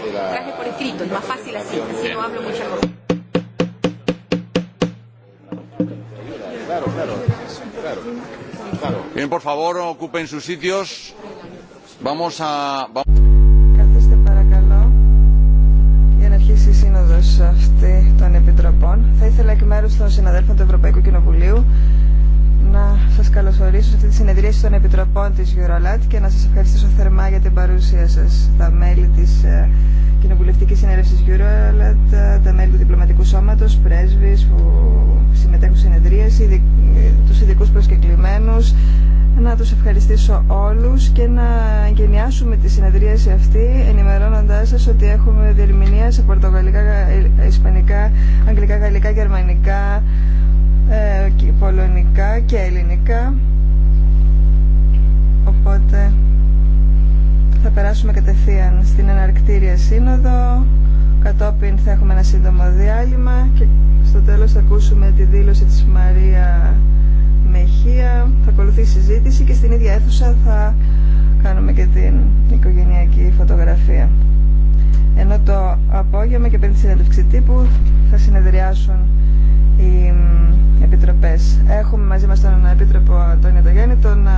traje por escrito, es más fácil así, así no hablo mucha cosa. Bien, por favor, ocupen sus sitios. Vamos a... Θα ήθελα εκ μέρου των συναδέλφων του Ευρωπαϊκού να σας καλωσορίσω σε αυτή τη συνεδρίαση των Επιτροπών της Eurolat και να σας ευχαριστήσω θερμά για την παρουσία σας. Τα μέλη της ε, Κοινοβουλευτικής Συνέλευσης Eurolat, ε, τα μέλη του Διπλωματικού Σώματος, πρέσβεις που συμμετέχουν στην συνεδρίαση, ε, τους ειδικούς προσκεκλημένους, να τους ευχαριστήσω όλους και να γενιάσουμε τη συνεδρίαση αυτή ενημερώνοντάς σας ότι έχουμε διερμηνία σε πορτογαλικά, ισπανικά, αγγλικά, γαλλικά, γερμανικά, ε, και πολωνικά και ελληνικά οπότε θα περάσουμε κατευθείαν στην εναρκτήρια σύνοδο κατόπιν θα έχουμε ένα σύντομο διάλειμμα και στο τέλος θα ακούσουμε τη δήλωση της Μαρία Μεχία θα ακολουθήσει συζήτηση και στην ίδια αίθουσα θα κάνουμε και την οικογενειακή φωτογραφία ενώ το απόγευμα και πριν τη συνέντευξη τύπου θα συνεδριάσουν οι Έχουμε μαζί μας τον Επίτροπο Αντώνιο Ταγιάννη, τον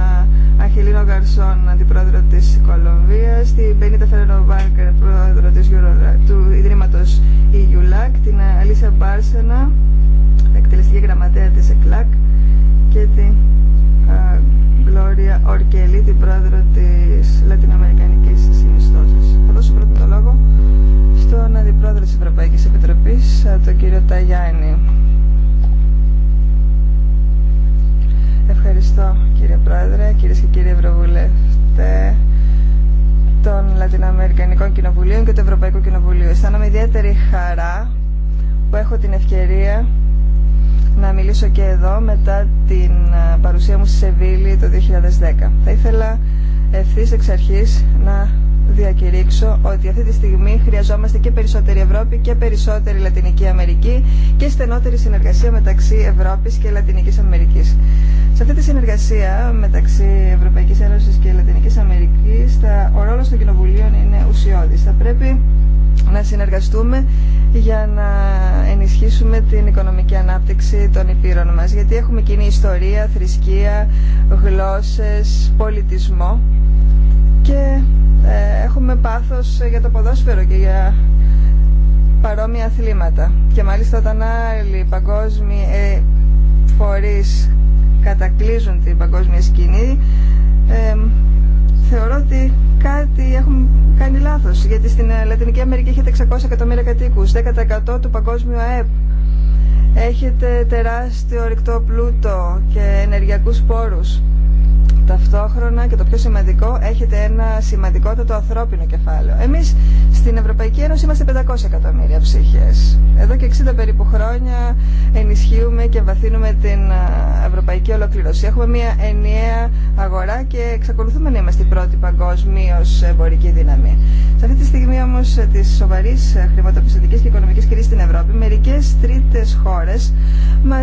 Αχιλίνο Γκαρσόν, αντιπρόεδρο της Κολομβίας, την Μπενίτα Βάρκερ, πρόεδρο της του Ιδρύματος EULAC, την Αλίσια Μπάρσενα, εκτελεστική γραμματέα της ΕΚΛΑΚ e και την Γκλώρια Ορκελή, την πρόεδρο τη Λατινοαμερικανικής Συνιστώσης. Θα δώσω πρώτα το λόγο στον Αντιπρόεδρο της Ευρωπαϊκής Επιτροπής, τον κύριο Ταγιάννη. Ευχαριστώ κύριε Πρόεδρε, κυρίε και κύριοι Ευρωβουλευτέ των Λατιναμερικανικών Κοινοβουλίων και του Ευρωπαϊκού Κοινοβουλίου. Αισθάνομαι ιδιαίτερη χαρά που έχω την ευκαιρία να μιλήσω και εδώ μετά την ε, παρουσία μου στη Σεβίλη το 2010. Θα ήθελα ευθύ εξ αρχής να διακηρύξω ότι αυτή τη στιγμή χρειαζόμαστε και περισσότερη Ευρώπη και περισσότερη Λατινική Αμερική και στενότερη συνεργασία μεταξύ Ευρώπης και Λατινικής Αμερικής. Σε αυτή τη συνεργασία μεταξύ Ευρωπαϊκής Ένωσης και Λατινικής Αμερικής ο ρόλος των κοινοβουλίων είναι ουσιώδης. Θα πρέπει να συνεργαστούμε για να ενισχύσουμε την οικονομική ανάπτυξη των υπήρων μας γιατί έχουμε κοινή ιστορία, θρησκεία, γλώσσες, πολιτισμό και ε, έχουμε πάθος για το ποδόσφαιρο και για παρόμοια αθλήματα. Και μάλιστα όταν άλλοι παγκόσμιοι ε, φορείς κατακλείζουν την παγκόσμια σκηνή, ε, θεωρώ ότι κάτι έχουμε κάνει λάθος. Γιατί στην ε, Λατινική Αμερική έχετε 600 εκατομμύρια κατοίκους, 10% του παγκόσμιου ΑΕΠ. Έχετε τεράστιο ρηκτό πλούτο και ενεργειακούς πόρους. Ταυτόχρονα και το πιο σημαντικό, έχετε ένα σημαντικότατο ανθρώπινο κεφάλαιο. Εμεί στην Ευρωπαϊκή Ένωση είμαστε 500 εκατομμύρια ψυχέ. Εδώ και 60 περίπου χρόνια ενισχύουμε και βαθύνουμε την ευρωπαϊκή ολοκλήρωση. Έχουμε μια ενιαία αγορά και εξακολουθούμε να είμαστε η πρώτη παγκοσμίω εμπορική δύναμη. Σε αυτή τη στιγμή όμω τη σοβαρή χρηματοπιστωτική και οικονομική κρίση στην Ευρώπη, μερικέ τρίτε χώρε μα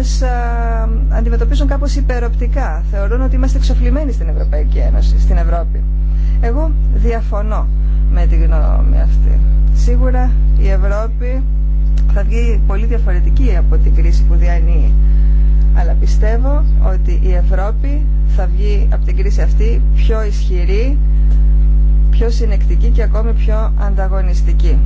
αντιμετωπίζουν κάπω υπεροπτικά. Θεωρούν ότι είμαστε εξοφλημένοι στην Ευρωπαϊκή Ένωση, στην Ευρώπη. Εγώ διαφωνώ με τη γνώμη αυτή. Σίγουρα η Ευρώπη θα βγει πολύ διαφορετική από την κρίση που διανύει. Αλλά πιστεύω ότι η Ευρώπη θα βγει από την κρίση αυτή πιο ισχυρή, πιο συνεκτική και ακόμη πιο ανταγωνιστική.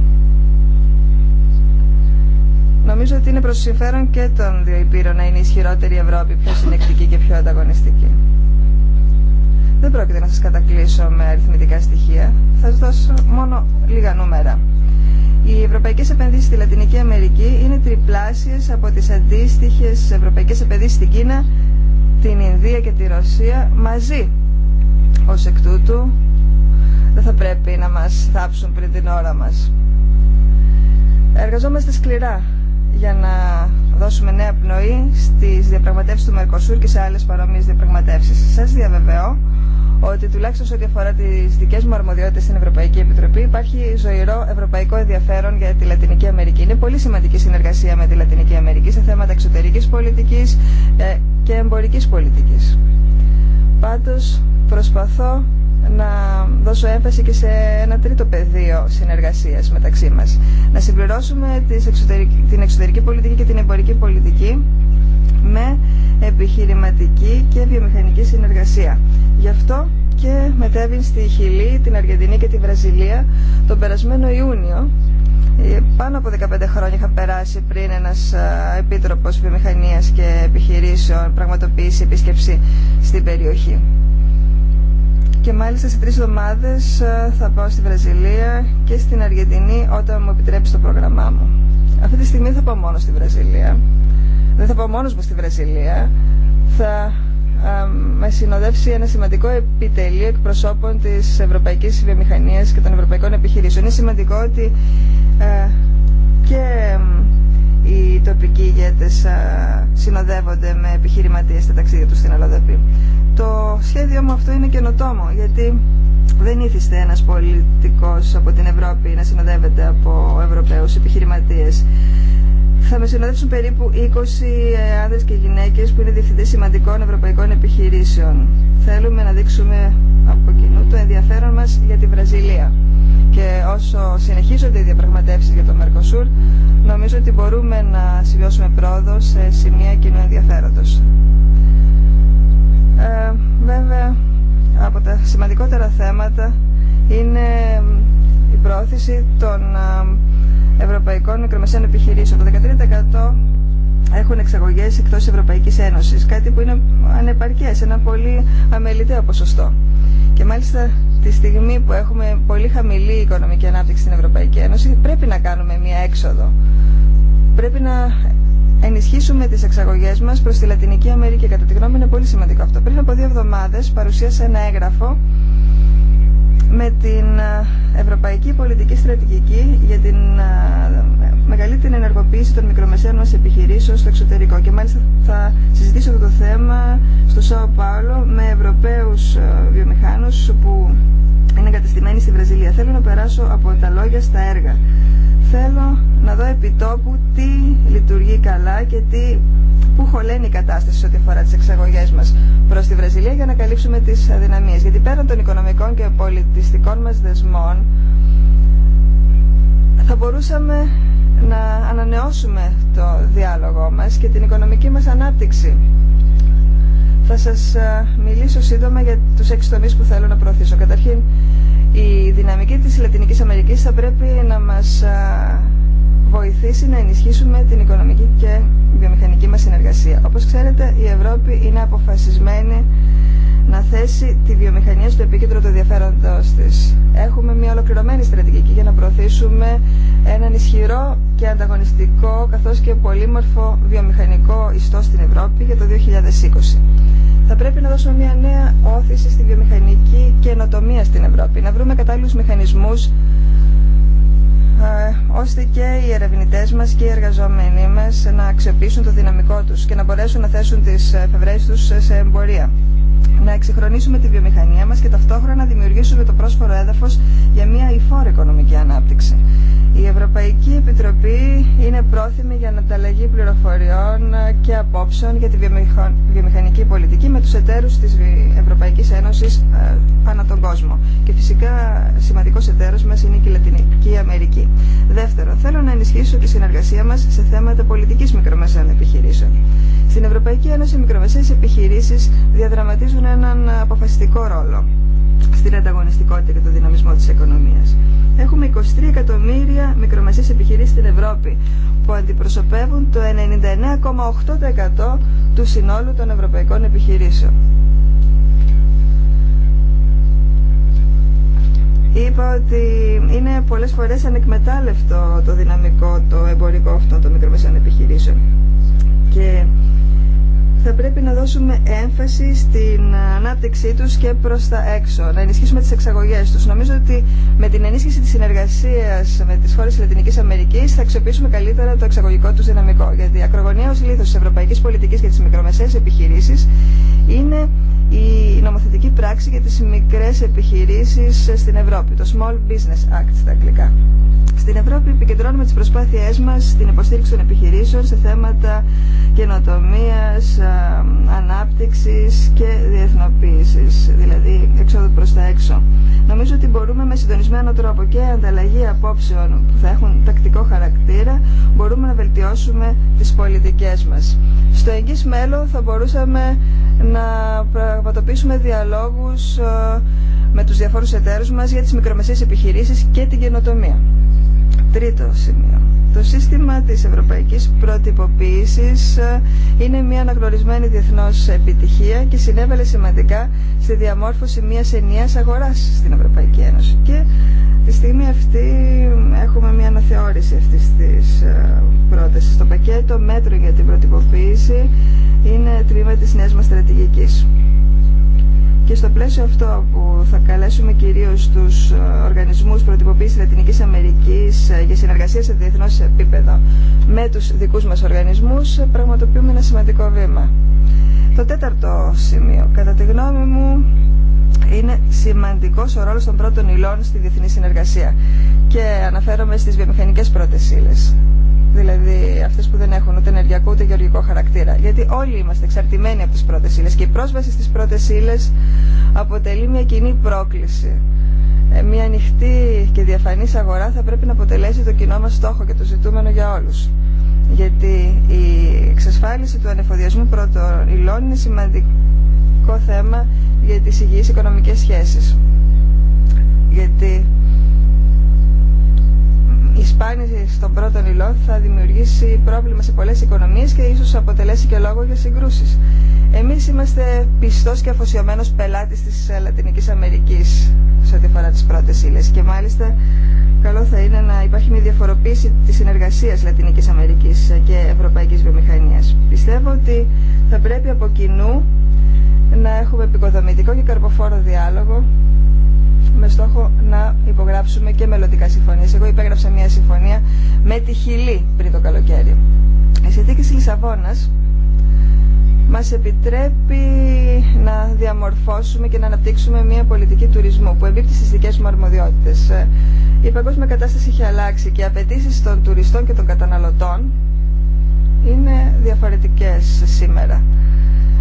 Νομίζω ότι είναι προς συμφέρον και των δύο υπήρων να είναι ισχυρότερη η Ευρώπη, πιο συνεκτική και πιο ανταγωνιστική. Δεν πρόκειται να σας κατακλείσω με αριθμητικά στοιχεία. Θα σας δώσω μόνο λίγα νούμερα. Οι Ευρωπαϊκή επενδύσεις στη Λατινική Αμερική είναι τριπλάσιες από τι αντίστοιχε ευρωπαϊκές επενδύσεις στην Κίνα, την Ινδία και τη Ρωσία μαζί. Ως εκ τούτου, δεν θα πρέπει να μας θάψουν πριν την ώρα μας. Εργαζόμαστε σκληρά για να δώσουμε νέα πνοή στις διαπραγματεύσεις του Μερκοσούρ και σε άλλες παρόμοιες διαπραγματεύσεις. Σας διαβεβαιώ ότι τουλάχιστον σε ό,τι αφορά τις δικές μου αρμοδιότητες στην Ευρωπαϊκή Επιτροπή υπάρχει ζωηρό ευρωπαϊκό ενδιαφέρον για τη Λατινική Αμερική. Είναι πολύ σημαντική συνεργασία με τη Λατινική Αμερική σε θέματα εξωτερικής πολιτικής ε, και εμπορικής πολιτικής. Πάντως προσπαθώ να δώσω έμφαση και σε ένα τρίτο πεδίο συνεργασίας μεταξύ μας. Να συμπληρώσουμε την εξωτερική πολιτική και την εμπορική πολιτική με επιχειρηματική και βιομηχανική συνεργασία. Γι' αυτό και μετέβη στη Χιλή, την Αργεντινή και τη Βραζιλία τον περασμένο Ιούνιο. Ε, πάνω από 15 χρόνια είχα περάσει πριν ένας ε, επίτροπος βιομηχανίας και επιχειρήσεων πραγματοποιήσει επίσκεψη στην περιοχή και μάλιστα σε τρεις εβδομάδες ε, θα πάω στη Βραζιλία και στην Αργεντινή όταν μου επιτρέψει το πρόγραμμά μου. Αυτή τη στιγμή θα πάω μόνο στη Βραζιλία. Δεν θα πάω μόνος μου στη Βραζιλία. Θα με συνοδεύσει ένα σημαντικό επιτελείο εκπροσώπων της ευρωπαϊκής βιομηχανίας και των ευρωπαϊκών επιχειρήσεων. Είναι σημαντικό ότι ε, και οι τοπικοί ηγέτες συνοδεύονται με επιχειρηματίες στα ταξίδια τους στην Αλοδαπή. Το σχέδιο μου αυτό είναι καινοτόμο γιατί δεν ήθιστε ένας πολιτικός από την Ευρώπη να συνοδεύεται από Ευρωπαίους επιχειρηματίες. Θα με συνοδεύσουν περίπου 20 ε, άνδρες και γυναίκες που είναι διευθυντές σημαντικών ευρωπαϊκών επιχειρήσεων. Θέλουμε να δείξουμε από κοινού το ενδιαφέρον μας για τη Βραζιλία και όσο συνεχίζονται οι διαπραγματεύσεις για το Μερκοσούρ, νομίζω ότι μπορούμε να συμβιώσουμε πρόοδο σε σημεία κοινού ενδιαφέροντος. Ε, βέβαια, από τα σημαντικότερα θέματα είναι η πρόθεση των ε, ευρωπαϊκών μικρομεσαίων επιχειρήσεων. Το 13% έχουν εξαγωγέ εκτός Ευρωπαϊκής Ένωσης, Κάτι που είναι ανεπαρκές, ένα πολύ αμεληταίο ποσοστό. Και μάλιστα τη στιγμή που έχουμε πολύ χαμηλή οικονομική ανάπτυξη στην Ευρωπαϊκή Ένωση πρέπει να κάνουμε μία έξοδο. Πρέπει να ενισχύσουμε τις εξαγωγές μας προς τη Λατινική Αμερική. Κατά τη γνώμη είναι πολύ σημαντικό αυτό. Πριν από δύο εβδομάδες παρουσίασα ένα έγγραφο με την ε, Ευρωπαϊκή Πολιτική Στρατηγική για την ε, μεγαλύτερη ενεργοποίηση των μικρομεσαίων μα επιχειρήσεων στο εξωτερικό. Και μάλιστα θα συζητήσω αυτό το θέμα στο Σάο Πάολο με ευρωπαίου ε, βιομηχανου που είναι εγκατεστημένοι στη Βραζιλία. Θέλω να περάσω από τα λόγια στα έργα. Θέλω να δω επιτόπου τι λειτουργεί καλά και τι, που χωλαίνει η κατάσταση ό,τι αφορά τι εξαγωγέ μα προ τη Βραζιλία για να καλύψουμε τι αδυναμίε. Γιατί πέραν των οικονομικών και πολιτιστικών μα δεσμών θα μπορούσαμε να ανανεώσουμε το διάλογό μας και την οικονομική μας ανάπτυξη. Θα σας ε, μιλήσω σύντομα για τους έξι τομείς που θέλω να προωθήσω. Καταρχήν, η δυναμική της Λατινικής Αμερικής θα πρέπει να μας ε, βοηθήσει να ενισχύσουμε την οικονομική και βιομηχανική μας συνεργασία. Όπως ξέρετε, η Ευρώπη είναι αποφασισμένη να θέσει τη βιομηχανία στο επίκεντρο του ενδιαφέροντός της. Έχουμε μια ολοκληρωμένη στρατηγική για να προωθήσουμε έναν ισχυρό και ανταγωνιστικό καθώς και πολύμορφο βιομηχανικό ιστό στην Ευρώπη για το 2020. Θα πρέπει να δώσουμε μια νέα όθηση στη βιομηχανική καινοτομία στην Ευρώπη, να βρούμε κατάλληλους μηχανισμούς ε, ώστε και οι ερευνητές μας και οι εργαζόμενοι μας να αξιοποιήσουν το δυναμικό τους και να μπορέσουν να θέσουν τις εφευρέσει του σε εμπορία να εξυγχρονίσουμε τη βιομηχανία μα και ταυτόχρονα να δημιουργήσουμε το πρόσφορο έδαφο για μια υφόρη οικονομική ανάπτυξη. Η Ευρωπαϊκή Επιτροπή είναι πρόθυμη για ανταλλαγή πληροφοριών και απόψεων για τη βιομηχανική πολιτική με τους εταίρους της Ευρωπαϊκής Ένωσης πάνω ε, τον κόσμο. Και φυσικά σημαντικό εταίρο μα είναι και η Λατινική Αμερική. Δεύτερο, θέλω να ενισχύσω τη συνεργασία μα σε θέματα πολιτική μικρομεσαίων επιχειρήσεων. Στην Ευρωπαϊκή Ένωση οι μικρομεσαίε επιχειρήσει διαδραματίζουν έναν αποφασιστικό ρόλο στην ανταγωνιστικότητα και το δυναμισμό της οικονομίας. Έχουμε 23 εκατομμύρια μικρομεσαίες επιχειρήσεις στην Ευρώπη που αντιπροσωπεύουν το 99,8% του συνόλου των ευρωπαϊκών επιχειρήσεων. Είπα ότι είναι πολλές φορές ανεκμετάλλευτο το δυναμικό, το εμπορικό αυτό των μικρομεσαίων επιχειρήσεων. Και θα πρέπει να δώσουμε έμφαση στην ανάπτυξή τους και προς τα έξω, να ενισχύσουμε τις εξαγωγές τους. Νομίζω ότι με την ενίσχυση της συνεργασίας με τις χώρες της Λατινικής Αμερικής θα αξιοποιήσουμε καλύτερα το εξαγωγικό τους δυναμικό. Γιατί η ακρογωνία ως λίθος της ευρωπαϊκής πολιτικής για τις μικρομεσαίες επιχειρήσεις είναι η νομοθετική πράξη για τις μικρές επιχειρήσεις στην Ευρώπη, το Small Business Act στα αγγλικά. Στην Ευρώπη επικεντρώνουμε τις προσπάθειές μας στην υποστήριξη των επιχειρήσεων σε θέματα καινοτομίας, ε, ανάπτυξης και διεθνοποίησης, δηλαδή εξόδου προς τα έξω. Νομίζω ότι μπορούμε με συντονισμένο τρόπο και ανταλλαγή απόψεων που θα έχουν τακτικό χαρακτήρα, μπορούμε να βελτιώσουμε τις πολιτικές μας. Στο εγγύς μέλλον θα μπορούσαμε να πραγματοποιήσουμε διαλόγους ε, με τους διαφόρους εταίρους μας για τις μικρομεσαίες επιχειρήσεις και την καινοτομία. Τρίτο σημείο. Το σύστημα της ευρωπαϊκής προτυποποίησης ε, είναι μια αναγνωρισμένη ορισμένη διεθνώς επιτυχία και συνέβαλε σημαντικά στη διαμόρφωση μιας ενιαίας αγοράς στην Ευρωπαϊκή Ένωση. Και τη στιγμή αυτή έχουμε μια αναθεώρηση αυτής της ε, πρότασης. Το πακέτο μέτρων για την προτυποποίηση είναι τμήμα της νέας μας στρατηγικής. Και στο πλαίσιο αυτό που θα καλέσουμε κυρίως τους ε, οργανισμούς προτυποποίησης Λατινικής Αμερικής ε, για συνεργασία σε διεθνώς επίπεδο με τους δικούς μας οργανισμούς, ε, πραγματοποιούμε ένα σημαντικό βήμα. Το τέταρτο σημείο, κατά τη γνώμη μου, είναι σημαντικό ο ρόλο των πρώτων υλών στη διεθνή συνεργασία. Και αναφέρομαι στι βιομηχανικέ πρώτε ύλε. Δηλαδή αυτέ που δεν έχουν ούτε ενεργειακό ούτε γεωργικό χαρακτήρα. Γιατί όλοι είμαστε εξαρτημένοι από τι πρώτε ύλε και η πρόσβαση στι πρώτε ύλε αποτελεί μια κοινή πρόκληση. Ε, μια ανοιχτή και διαφανή αγορά θα πρέπει να αποτελέσει το κοινό μα στόχο και το ζητούμενο για όλου. γιατί η εξασφάλιση του ανεφοδιασμού πρώτων υλών είναι σημαντική σημαντικό θέμα για τις υγιείς οικονομικές σχέσεις. Γιατί η σπάνιση στον πρώτο υλών θα δημιουργήσει πρόβλημα σε πολλές οικονομίες και ίσως αποτελέσει και λόγο για συγκρούσεις. Εμείς είμαστε πιστός και αφοσιωμένος πελάτης της Λατινικής Αμερικής σε ό,τι αφορά τις πρώτες ύλες και μάλιστα καλό θα είναι να υπάρχει μια διαφοροποίηση της συνεργασίας Λατινικής Αμερικής και Ευρωπαϊκής ότι θα πρέπει από κοινού να έχουμε επικοδομητικό και καρποφόρο διάλογο με στόχο να υπογράψουμε και μελλοντικά συμφωνίες. Εγώ υπέγραψα μια συμφωνία με τη Χιλή πριν το καλοκαίρι. Η συνθήκη της Λισαβόνας μας επιτρέπει να διαμορφώσουμε και να αναπτύξουμε μια πολιτική τουρισμού που εμπίπτει στις δικές μου αρμοδιότητες. Ε, η παγκόσμια κατάσταση έχει αλλάξει και οι απαιτήσει των τουριστών και των καταναλωτών είναι διαφορετικές σήμερα.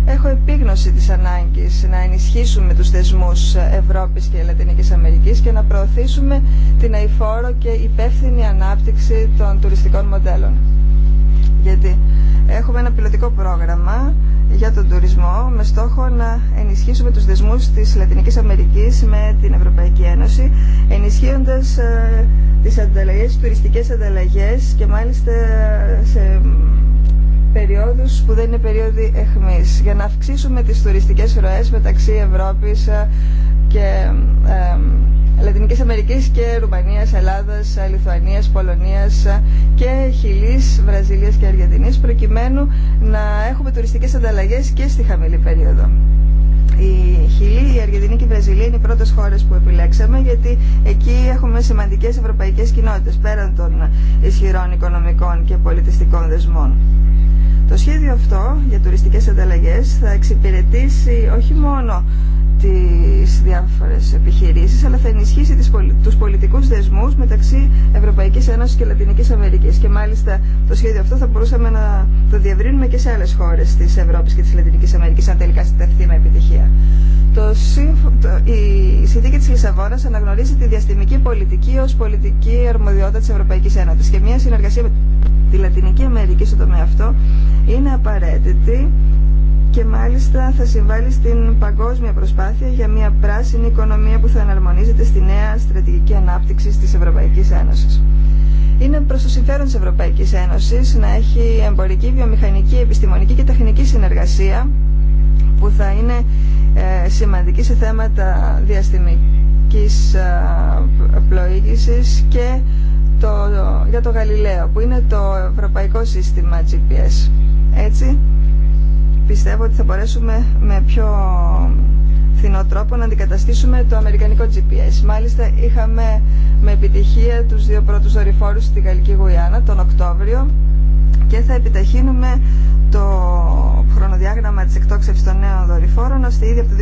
Έχω επίγνωση της ανάγκης να ενισχύσουμε τους θεσμούς Ευρώπης και Λατινικής Αμερικής και να προωθήσουμε την αηφόρο και υπεύθυνη ανάπτυξη των τουριστικών μοντέλων. Γιατί έχουμε ένα πιλωτικό πρόγραμμα για τον τουρισμό με στόχο να ενισχύσουμε τους δεσμούς της Λατινικής Αμερικής με την Ευρωπαϊκή Ένωση ενισχύοντας ε, τις ανταλλαγές, τουριστικές ανταλλαγές και μάλιστα σε περιόδους που δεν είναι περίοδοι εχμής για να αυξήσουμε τις τουριστικές ροές μεταξύ Ευρώπης ε, και ε, Λατινικής Αμερικής και Ρουμανίας, Ελλάδας, ε, Λιθουανίας, Πολωνίας και Χιλής, Βραζιλίας και Αργεντινής προκειμένου να έχουμε τουριστικές ανταλλαγές και στη χαμηλή περίοδο η Χιλή, η Αργεντινή και η Βραζιλία είναι οι πρώτε χώρε που επιλέξαμε γιατί εκεί έχουμε σημαντικέ ευρωπαϊκέ κοινότητε πέραν των ισχυρών οικονομικών και πολιτιστικών δεσμών. Το σχέδιο αυτό για τουριστικές ανταλλαγές θα εξυπηρετήσει όχι μόνο τις διάφορες επιχειρήσεις αλλά θα ενισχύσει του πολιτικού τους πολιτικούς μεταξύ Ευρωπαϊκής Ένωσης και Λατινικής Αμερικής και μάλιστα το σχέδιο αυτό θα μπορούσαμε να το διευρύνουμε και σε άλλες χώρες της Ευρώπης και της Λατινικής Αμερικής αν τελικά επιτυχία. Το, η συνθήκη τη Λισαβόνα αναγνωρίζει τη διαστημική πολιτική ω πολιτική αρμοδιότητα τη Ευρωπαϊκή Ένωση και μια συνεργασία με τη Λατινική Αμερική στο τομέα αυτό είναι απαραίτητη και μάλιστα θα συμβάλλει στην παγκόσμια προσπάθεια για μια πράσινη οικονομία που θα εναρμονίζεται στη νέα στρατηγική ανάπτυξη τη Ευρωπαϊκή Ένωση. Είναι προ το συμφέρον τη Ευρωπαϊκή Ένωση να έχει εμπορική, βιομηχανική, επιστημονική και τεχνική συνεργασία που θα είναι ε, σημαντική σε θέματα διαστημικής ε, πλοήγησης και το, για το Γαλιλαίο που είναι το ευρωπαϊκό σύστημα GPS. Έτσι πιστεύω ότι θα μπορέσουμε με πιο φθηνό τρόπο να αντικαταστήσουμε το αμερικανικό GPS. Μάλιστα είχαμε με επιτυχία τους δύο πρώτους δορυφόρους στη Γαλλική Γουιάννα τον Οκτώβριο και θα επιταχύνουμε το χρονοδιάγραμμα της εκτόξευσης των νέων δορυφόρων ώστε ήδη από το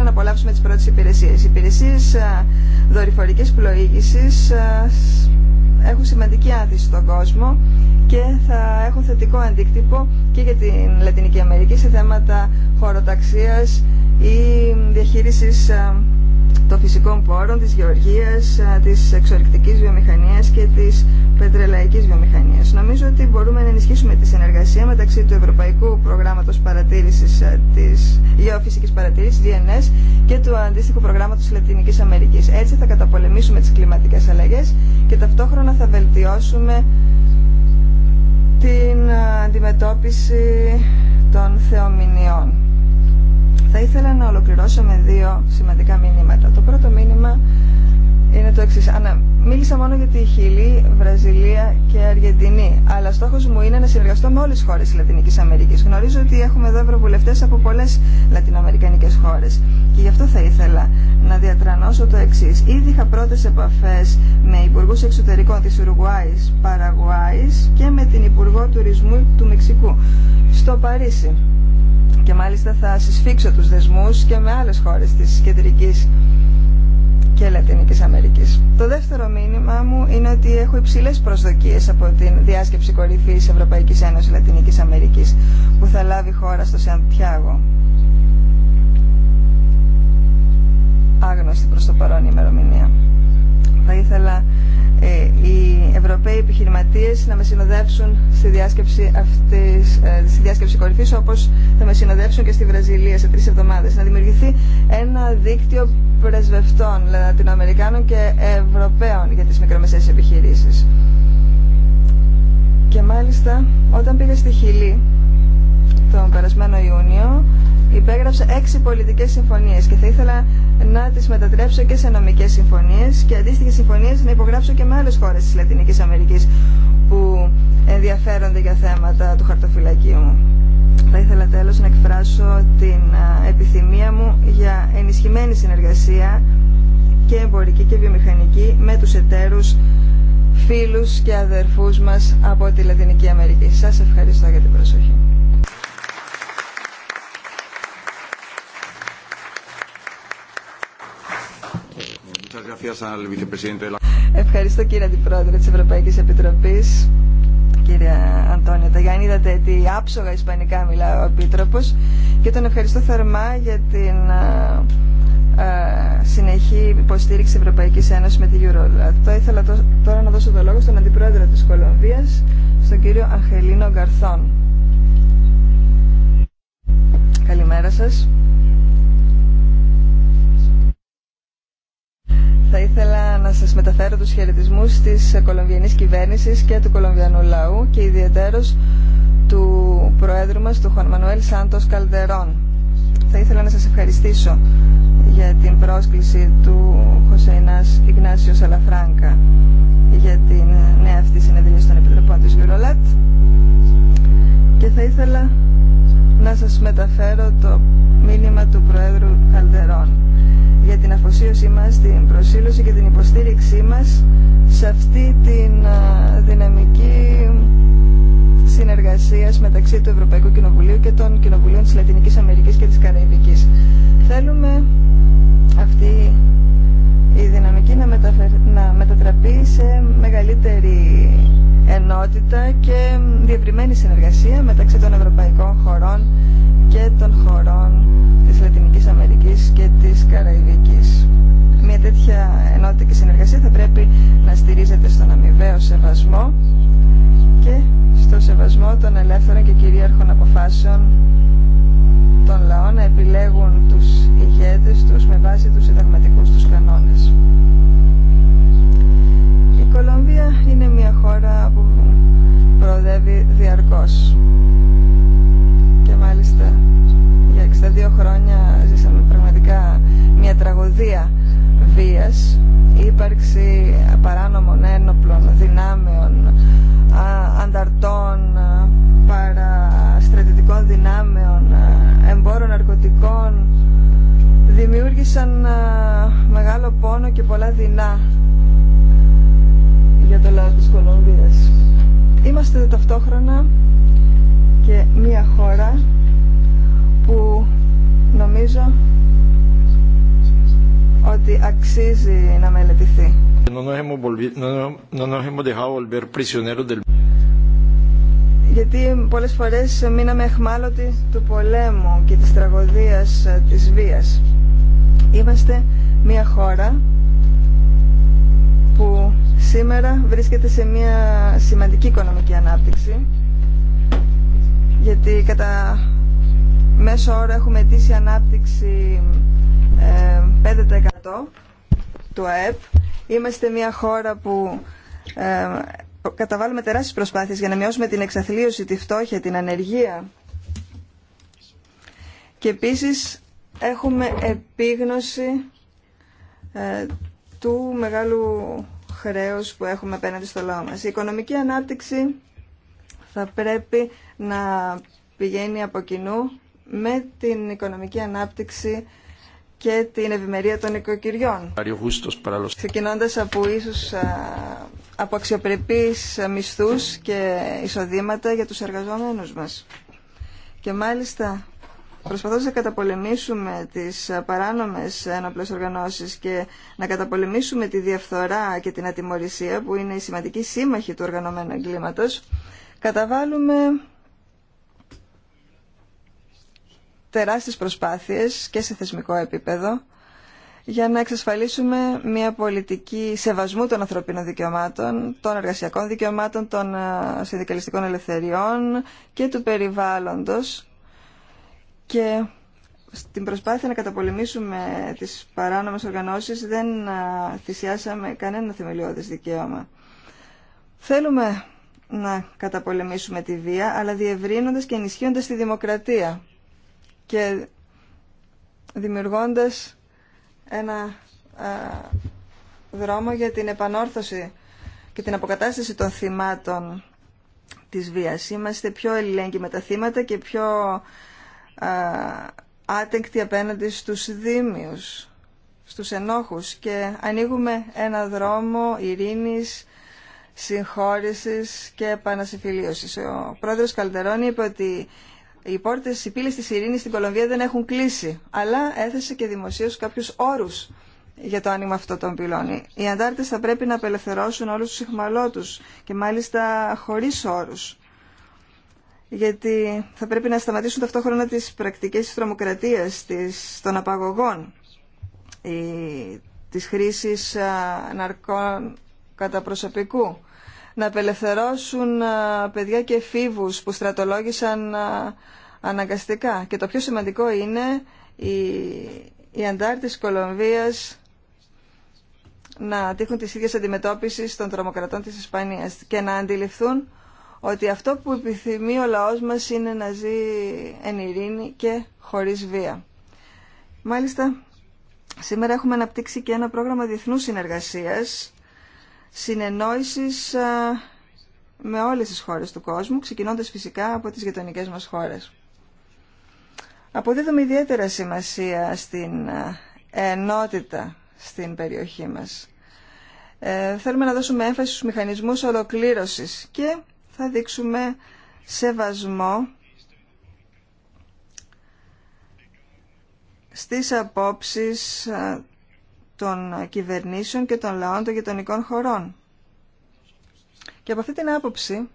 2014 να απολαύσουμε τις πρώτες υπηρεσίες. Οι υπηρεσίες ε, δορυφορικής πλοήγησης ε, έχουν σημαντική άδεια στον κόσμο και θα έχουν θετικό αντίκτυπο και για την Λατινική Αμερική σε θέματα χωροταξίας ή διαχείρισης ε, των φυσικών πόρων, της γεωργίας, ε, της εξορρυκτικής βιομηχανίας και της πετρελαϊκής βιομηχανίας. Νομίζω ότι μπορούμε να ενισχύσουμε τη συνεργασία μεταξύ του Ευρωπαϊκού Προγράμματος Παρατήρησης ε, της Γεωφυσικής Παρατήρησης, DNS, και του αντίστοιχου προγράμματος της Λατινικής Αμερικής. Έτσι θα καταπολεμήσουμε τις κλιματικές αλλαγές και ταυτόχρονα θα βελτιώσουμε την ε, αντιμετώπιση των θεομηνιών. Θα ήθελα να ολοκληρώσω με δύο σημαντικά μήνυματα. Το πρώτο μήνυμα είναι το εξή. Μίλησα μόνο για τη Χιλή, Βραζιλία και Αργεντινή. Αλλά στόχο μου είναι να συνεργαστώ με όλε τι χώρε τη Λατινική Αμερική. Γνωρίζω ότι έχουμε εδώ ευρωβουλευτέ από πολλέ λατινοαμερικανικέ χώρε. Και γι' αυτό θα ήθελα να διατρανώσω το εξή. Ήδη είχα πρώτε επαφέ με υπουργού εξωτερικών τη Ουρουγουάη, Παραγουάη και με την υπουργό τουρισμού του Μεξικού στο Παρίσι και μάλιστα θα συσφίξω τους δεσμούς και με άλλες χώρες της Κεντρικής και Λατινικής Αμερικής. Το δεύτερο μήνυμα μου είναι ότι έχω υψηλές προσδοκίες από την διάσκεψη κορυφής Ευρωπαϊκής Ένωσης Λατινικής Αμερικής που θα λάβει χώρα στο Σαντιάγο. Άγνωστη προς το παρόν ημερομηνία. Θα ήθελα ε, οι Ευρωπαίοι επιχειρηματίες να με συνοδεύσουν στη διάσκεψη, αυτής, ε, στη διάσκεψη κορυφής όπως θα με συνοδεύσουν και στη Βραζιλία σε τρεις εβδομάδες. Να δημιουργηθεί ένα δίκτυο πρεσβευτών δηλαδή Λατινοαμερικάνων και Ευρωπαίων για τις μικρομεσαίες επιχειρήσεις. Και μάλιστα όταν πήγα στη Χιλή τον περασμένο Ιούνιο υπέγραψα έξι πολιτικές συμφωνίες και θα ήθελα να τις μετατρέψω και σε νομικέ συμφωνίες και αντίστοιχε συμφωνίες να υπογράψω και με άλλε χώρε της Λατινικής Αμερικής που ενδιαφέρονται για θέματα του χαρτοφυλακίου μου. Θα ήθελα τέλος να εκφράσω την επιθυμία μου για ενισχυμένη συνεργασία και εμπορική και βιομηχανική με του εταίρους φίλους και αδερφούς μας από τη Λατινική Αμερική. Σας ευχαριστώ για την προσοχή. Ευχαριστώ κύριε Αντιπρόεδρε της Ευρωπαϊκής Επιτροπής, κύριε Αντώνιο Ταγιάννη. Είδατε τι άψογα ισπανικά μιλάει ο Επίτροπος και τον ευχαριστώ θερμά για την συνεχή υποστήριξη Ευρωπαϊκής Ένωσης με τη Eurolat. Θα ήθελα τώρα να δώσω το λόγο στον Αντιπρόεδρο της Κολομβίας, στον κύριο Αγχελίνο Γκαρθών. Καλημέρα σας. Θα ήθελα να σας μεταφέρω τους χαιρετισμούς της κολομβιανής κυβέρνησης και του κολομβιανού λαού και ιδιαίτερος του Προέδρου μας, του Χων Μανουέλ Σάντος Καλδερών. Θα ήθελα να σας ευχαριστήσω για την πρόσκληση του Χωσέινας Ιγνάσιο Αλαφράγκα για την ε, νέα αυτή συνεδρία των Επιτροπών της Γιουρολάτ και θα ήθελα να σας μεταφέρω το μήνυμα του Προέδρου Καλδερών για την αφοσίωσή μας, την προσήλωση και την υποστήριξή μας σε αυτή την δυναμική συνεργασία μεταξύ του Ευρωπαϊκού Κοινοβουλίου και των Κοινοβουλίων της Λατινικής Αμερικής και της Καραϊβικής. Θέλουμε αυτή η δυναμική να, να μετατραπεί σε μεγαλύτερη ενότητα και διευρυμένη συνεργασία μεταξύ των ευρωπαϊκών χωρών και των χωρών της Λατινικής Αμερικής και της Καραϊβικής. Μια τέτοια ενότητα και συνεργασία θα πρέπει να στηρίζεται στον αμοιβαίο σεβασμό και στο σεβασμό των ελεύθερων και κυρίαρχων αποφάσεων των λαών να επιλέγουν τους ηγέτες τους με βάση τους συνταγματικούς τους κανόνες. Η Κολομβία είναι μια χώρα που προοδεύει διαρκώς και μάλιστα για 62 χρόνια ζήσαμε πραγματικά μια τραγωδία βίας, η ύπαρξη παράνομων ένοπλων, δυνάμεων, ανταρτών, παραστρατητικών δυνάμεων, εμπόρων ναρκωτικών, δημιούργησαν μεγάλο πόνο και πολλά δεινά για το λαό της Κολομβίας. Είμαστε ταυτόχρονα και μία χώρα που νομίζω ότι αξίζει να μελετηθεί. Γιατί πολλές φορές μείναμε εχμάλωτοι του πολέμου και της τραγωδίας ε, της βίας. Είμαστε μια χώρα που σήμερα βρίσκεται σε μια σημαντική οικονομική ανάπτυξη γιατί κατά Μέσο όρο έχουμε αιτήσει ανάπτυξη 5% ε, του ΑΕΠ. Είμαστε μια χώρα που ε, καταβάλουμε τεράστιες προσπάθειες για να μειώσουμε την εξαθλίωση, τη φτώχεια, την ανεργία. Και επίσης έχουμε επίγνωση ε, του μεγάλου χρέους που έχουμε απέναντι στο λαό μας. Η οικονομική ανάπτυξη θα πρέπει να πηγαίνει από κοινού με την οικονομική ανάπτυξη και την ευημερία των οικοκυριών. Ξεκινώντας από ίσω από αξιοπρεπείς μισθούς και εισοδήματα για τους εργαζόμενους μας. Και μάλιστα προσπαθώντας να καταπολεμήσουμε τις παράνομες ένοπλες οργανώσεις και να καταπολεμήσουμε τη διαφθορά και την ατιμορρησία που είναι η σημαντική σύμμαχη του οργανωμένου εγκλήματος, καταβάλουμε τεράστιες προσπάθειες και σε θεσμικό επίπεδο για να εξασφαλίσουμε μια πολιτική σεβασμού των ανθρωπίνων δικαιωμάτων, των εργασιακών δικαιωμάτων, των ε, συνδικαλιστικών ελευθεριών και του περιβάλλοντος και στην προσπάθεια να καταπολεμήσουμε τις παράνομες οργανώσεις δεν ε, θυσιάσαμε κανένα θεμελιώδες δικαίωμα. Θέλουμε να καταπολεμήσουμε τη βία, αλλά διευρύνοντας και ενισχύοντας τη δημοκρατία και δημιουργώντας ένα δρόμο για την επανόρθωση και την αποκατάσταση των θυμάτων της βίας. Είμαστε πιο ελληνικοί με τα θύματα και πιο άτεκτοι απέναντι στους δήμιους, στους ενόχους και ανοίγουμε ένα δρόμο ειρήνης, συγχώρησης και επανασυμφιλίωσης. Ο πρόεδρος Καλτερώνη είπε ότι οι πόρτε οι πύλες της ειρήνη στην Κολομβία δεν έχουν κλείσει, αλλά έθεσε και δημοσίως κάποιου όρου για το άνοιγμα αυτό των πυλών. Οι αντάρτες θα πρέπει να απελευθερώσουν όλους τους εχμαλώτους και μάλιστα χωρίς όρου. Γιατί θα πρέπει να σταματήσουν ταυτόχρονα τις πρακτικές της τρομοκρατία των απαγωγών, τη χρήση ναρκών κατά προσωπικού να απελευθερώσουν παιδιά και φίβους που στρατολόγησαν αναγκαστικά. Και το πιο σημαντικό είναι οι, οι αντάρτες Κολομβίας να τύχουν τις ίδιες αντιμετώπισης των τρομοκρατών της Ισπανίας και να αντιληφθούν ότι αυτό που επιθυμεί ο λαός μας είναι να ζει εν ειρήνη και χωρίς βία. Μάλιστα, σήμερα έχουμε αναπτύξει και ένα πρόγραμμα διεθνούς συνεργασίας συνεννόησης ε, με όλες τις χώρες του κόσμου, ξεκινώντας φυσικά από τις γειτονικέ μας χώρες. Αποδίδουμε ιδιαίτερα σημασία στην ε, ενότητα στην περιοχή μας. Ε, θέλουμε να δώσουμε έμφαση στους μηχανισμούς ολοκλήρωσης και θα δείξουμε σεβασμό στις απόψεις ε, των κυβερνήσεων και των λαών των γειτονικών χωρών. Και από αυτή την άποψη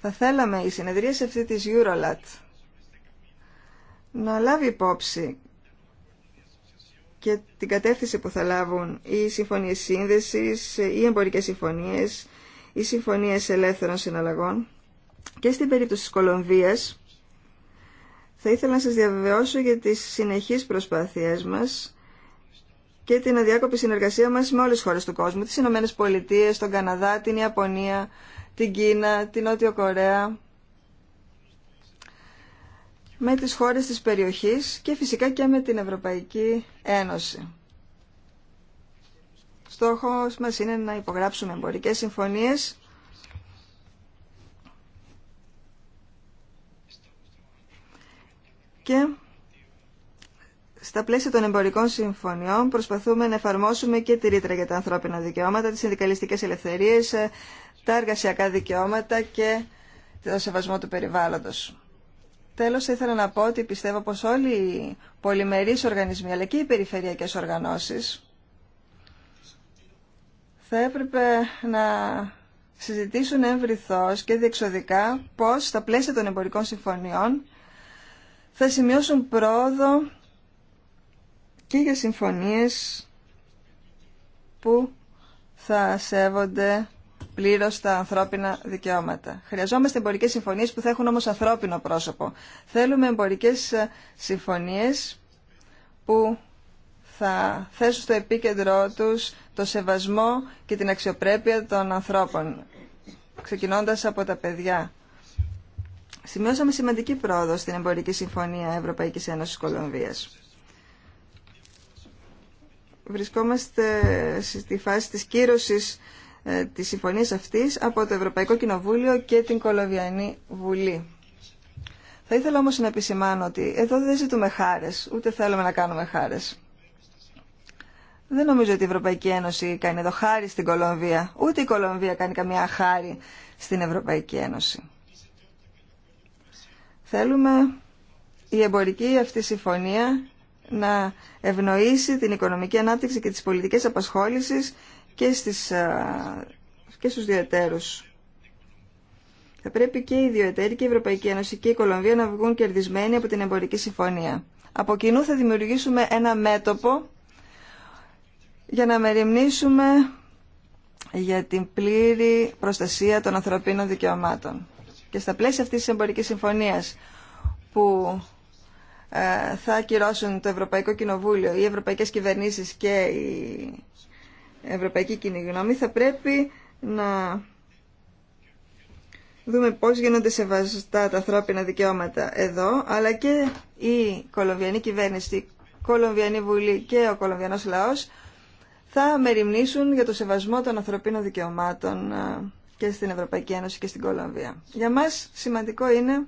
θα θέλαμε η συνεδρία αυτή της Eurolat να λάβει υπόψη και την κατεύθυνση που θα λάβουν οι συμφωνίες σύνδεσης, οι εμπορικές συμφωνίες, οι συμφωνίες ελεύθερων συναλλαγών και στην περίπτωση της Κολομβίας θα ήθελα να σας διαβεβαιώσω για τις συνεχείς προσπάθειές μας και την αδιάκοπη συνεργασία μας με όλες τις χώρες του κόσμου, τις Ηνωμένες Πολιτείες, τον Καναδά, την Ιαπωνία, την Κίνα, την Νότιο Κορέα, με τις χώρες της περιοχής και φυσικά και με την Ευρωπαϊκή Ένωση. Στόχος μας είναι να υπογράψουμε εμπορικές συμφωνίες και στα πλαίσια των εμπορικών συμφωνιών προσπαθούμε να εφαρμόσουμε και τη ρήτρα για τα ανθρώπινα δικαιώματα, τις συνδικαλιστικές ελευθερίες, ε, τα εργασιακά δικαιώματα και το σεβασμό του περιβάλλοντος. Τέλος, ήθελα να πω ότι πιστεύω πως όλοι οι πολυμερείς οργανισμοί, αλλά και οι περιφερειακές οργανώσεις, θα έπρεπε να συζητήσουν εμβριθώς και διεξοδικά πώς στα πλαίσια των εμπορικών συμφωνιών θα σημειώσουν πρόοδο και για συμφωνίες που θα σέβονται πλήρω τα ανθρώπινα δικαιώματα. Χρειαζόμαστε εμπορικέ συμφωνίε που θα έχουν όμω ανθρώπινο πρόσωπο. Θέλουμε εμπορικέ ε, συμφωνίε που θα θέσουν στο επίκεντρό τους το σεβασμό και την αξιοπρέπεια των ανθρώπων, ξεκινώντας από τα παιδιά. Σημειώσαμε σημαντική πρόοδο στην Εμπορική Συμφωνία Ευρωπαϊκή Ένωση Κολομβίας βρισκόμαστε στη φάση της κύρωσης ε, της συμφωνίας αυτής από το Ευρωπαϊκό Κοινοβούλιο και την Κολοβιανή Βουλή. Θα ήθελα όμως να επισημάνω ότι εδώ δεν ζητούμε χάρες, ούτε θέλουμε να κάνουμε χάρες. Δεν νομίζω ότι η Ευρωπαϊκή Ένωση κάνει εδώ χάρη στην Κολομβία, ούτε η Κολομβία κάνει καμιά χάρη στην Ευρωπαϊκή Ένωση. Θέλουμε η εμπορική αυτή συμφωνία να ευνοήσει την οικονομική ανάπτυξη και τις πολιτικές απασχόλησης και, στις, και στους διαιτέρους. Θα πρέπει και οι δύο και η Ευρωπαϊκή Ένωση και η Κολομβία να βγουν κερδισμένοι από την εμπορική συμφωνία. Από κοινού θα δημιουργήσουμε ένα μέτωπο για να μεριμνήσουμε για την πλήρη προστασία των ανθρωπίνων δικαιωμάτων. Και στα πλαίσια αυτής της εμπορικής συμφωνίας που ε, θα ακυρώσουν το Ευρωπαϊκό Κοινοβούλιο, οι ευρωπαϊκές κυβερνήσεις και η ευρωπαϊκή κοινή γνώμη, θα πρέπει να δούμε πώς γίνονται σεβαστά τα ανθρώπινα δικαιώματα εδώ, αλλά και η κολομβιανή κυβέρνηση, η κολομβιανή βουλή και ο κολομβιανός λαός θα μεριμνήσουν για το σεβασμό των ανθρωπίνων δικαιωμάτων ε, και στην Ευρωπαϊκή Ένωση και στην Κολομβία. Για μας σημαντικό είναι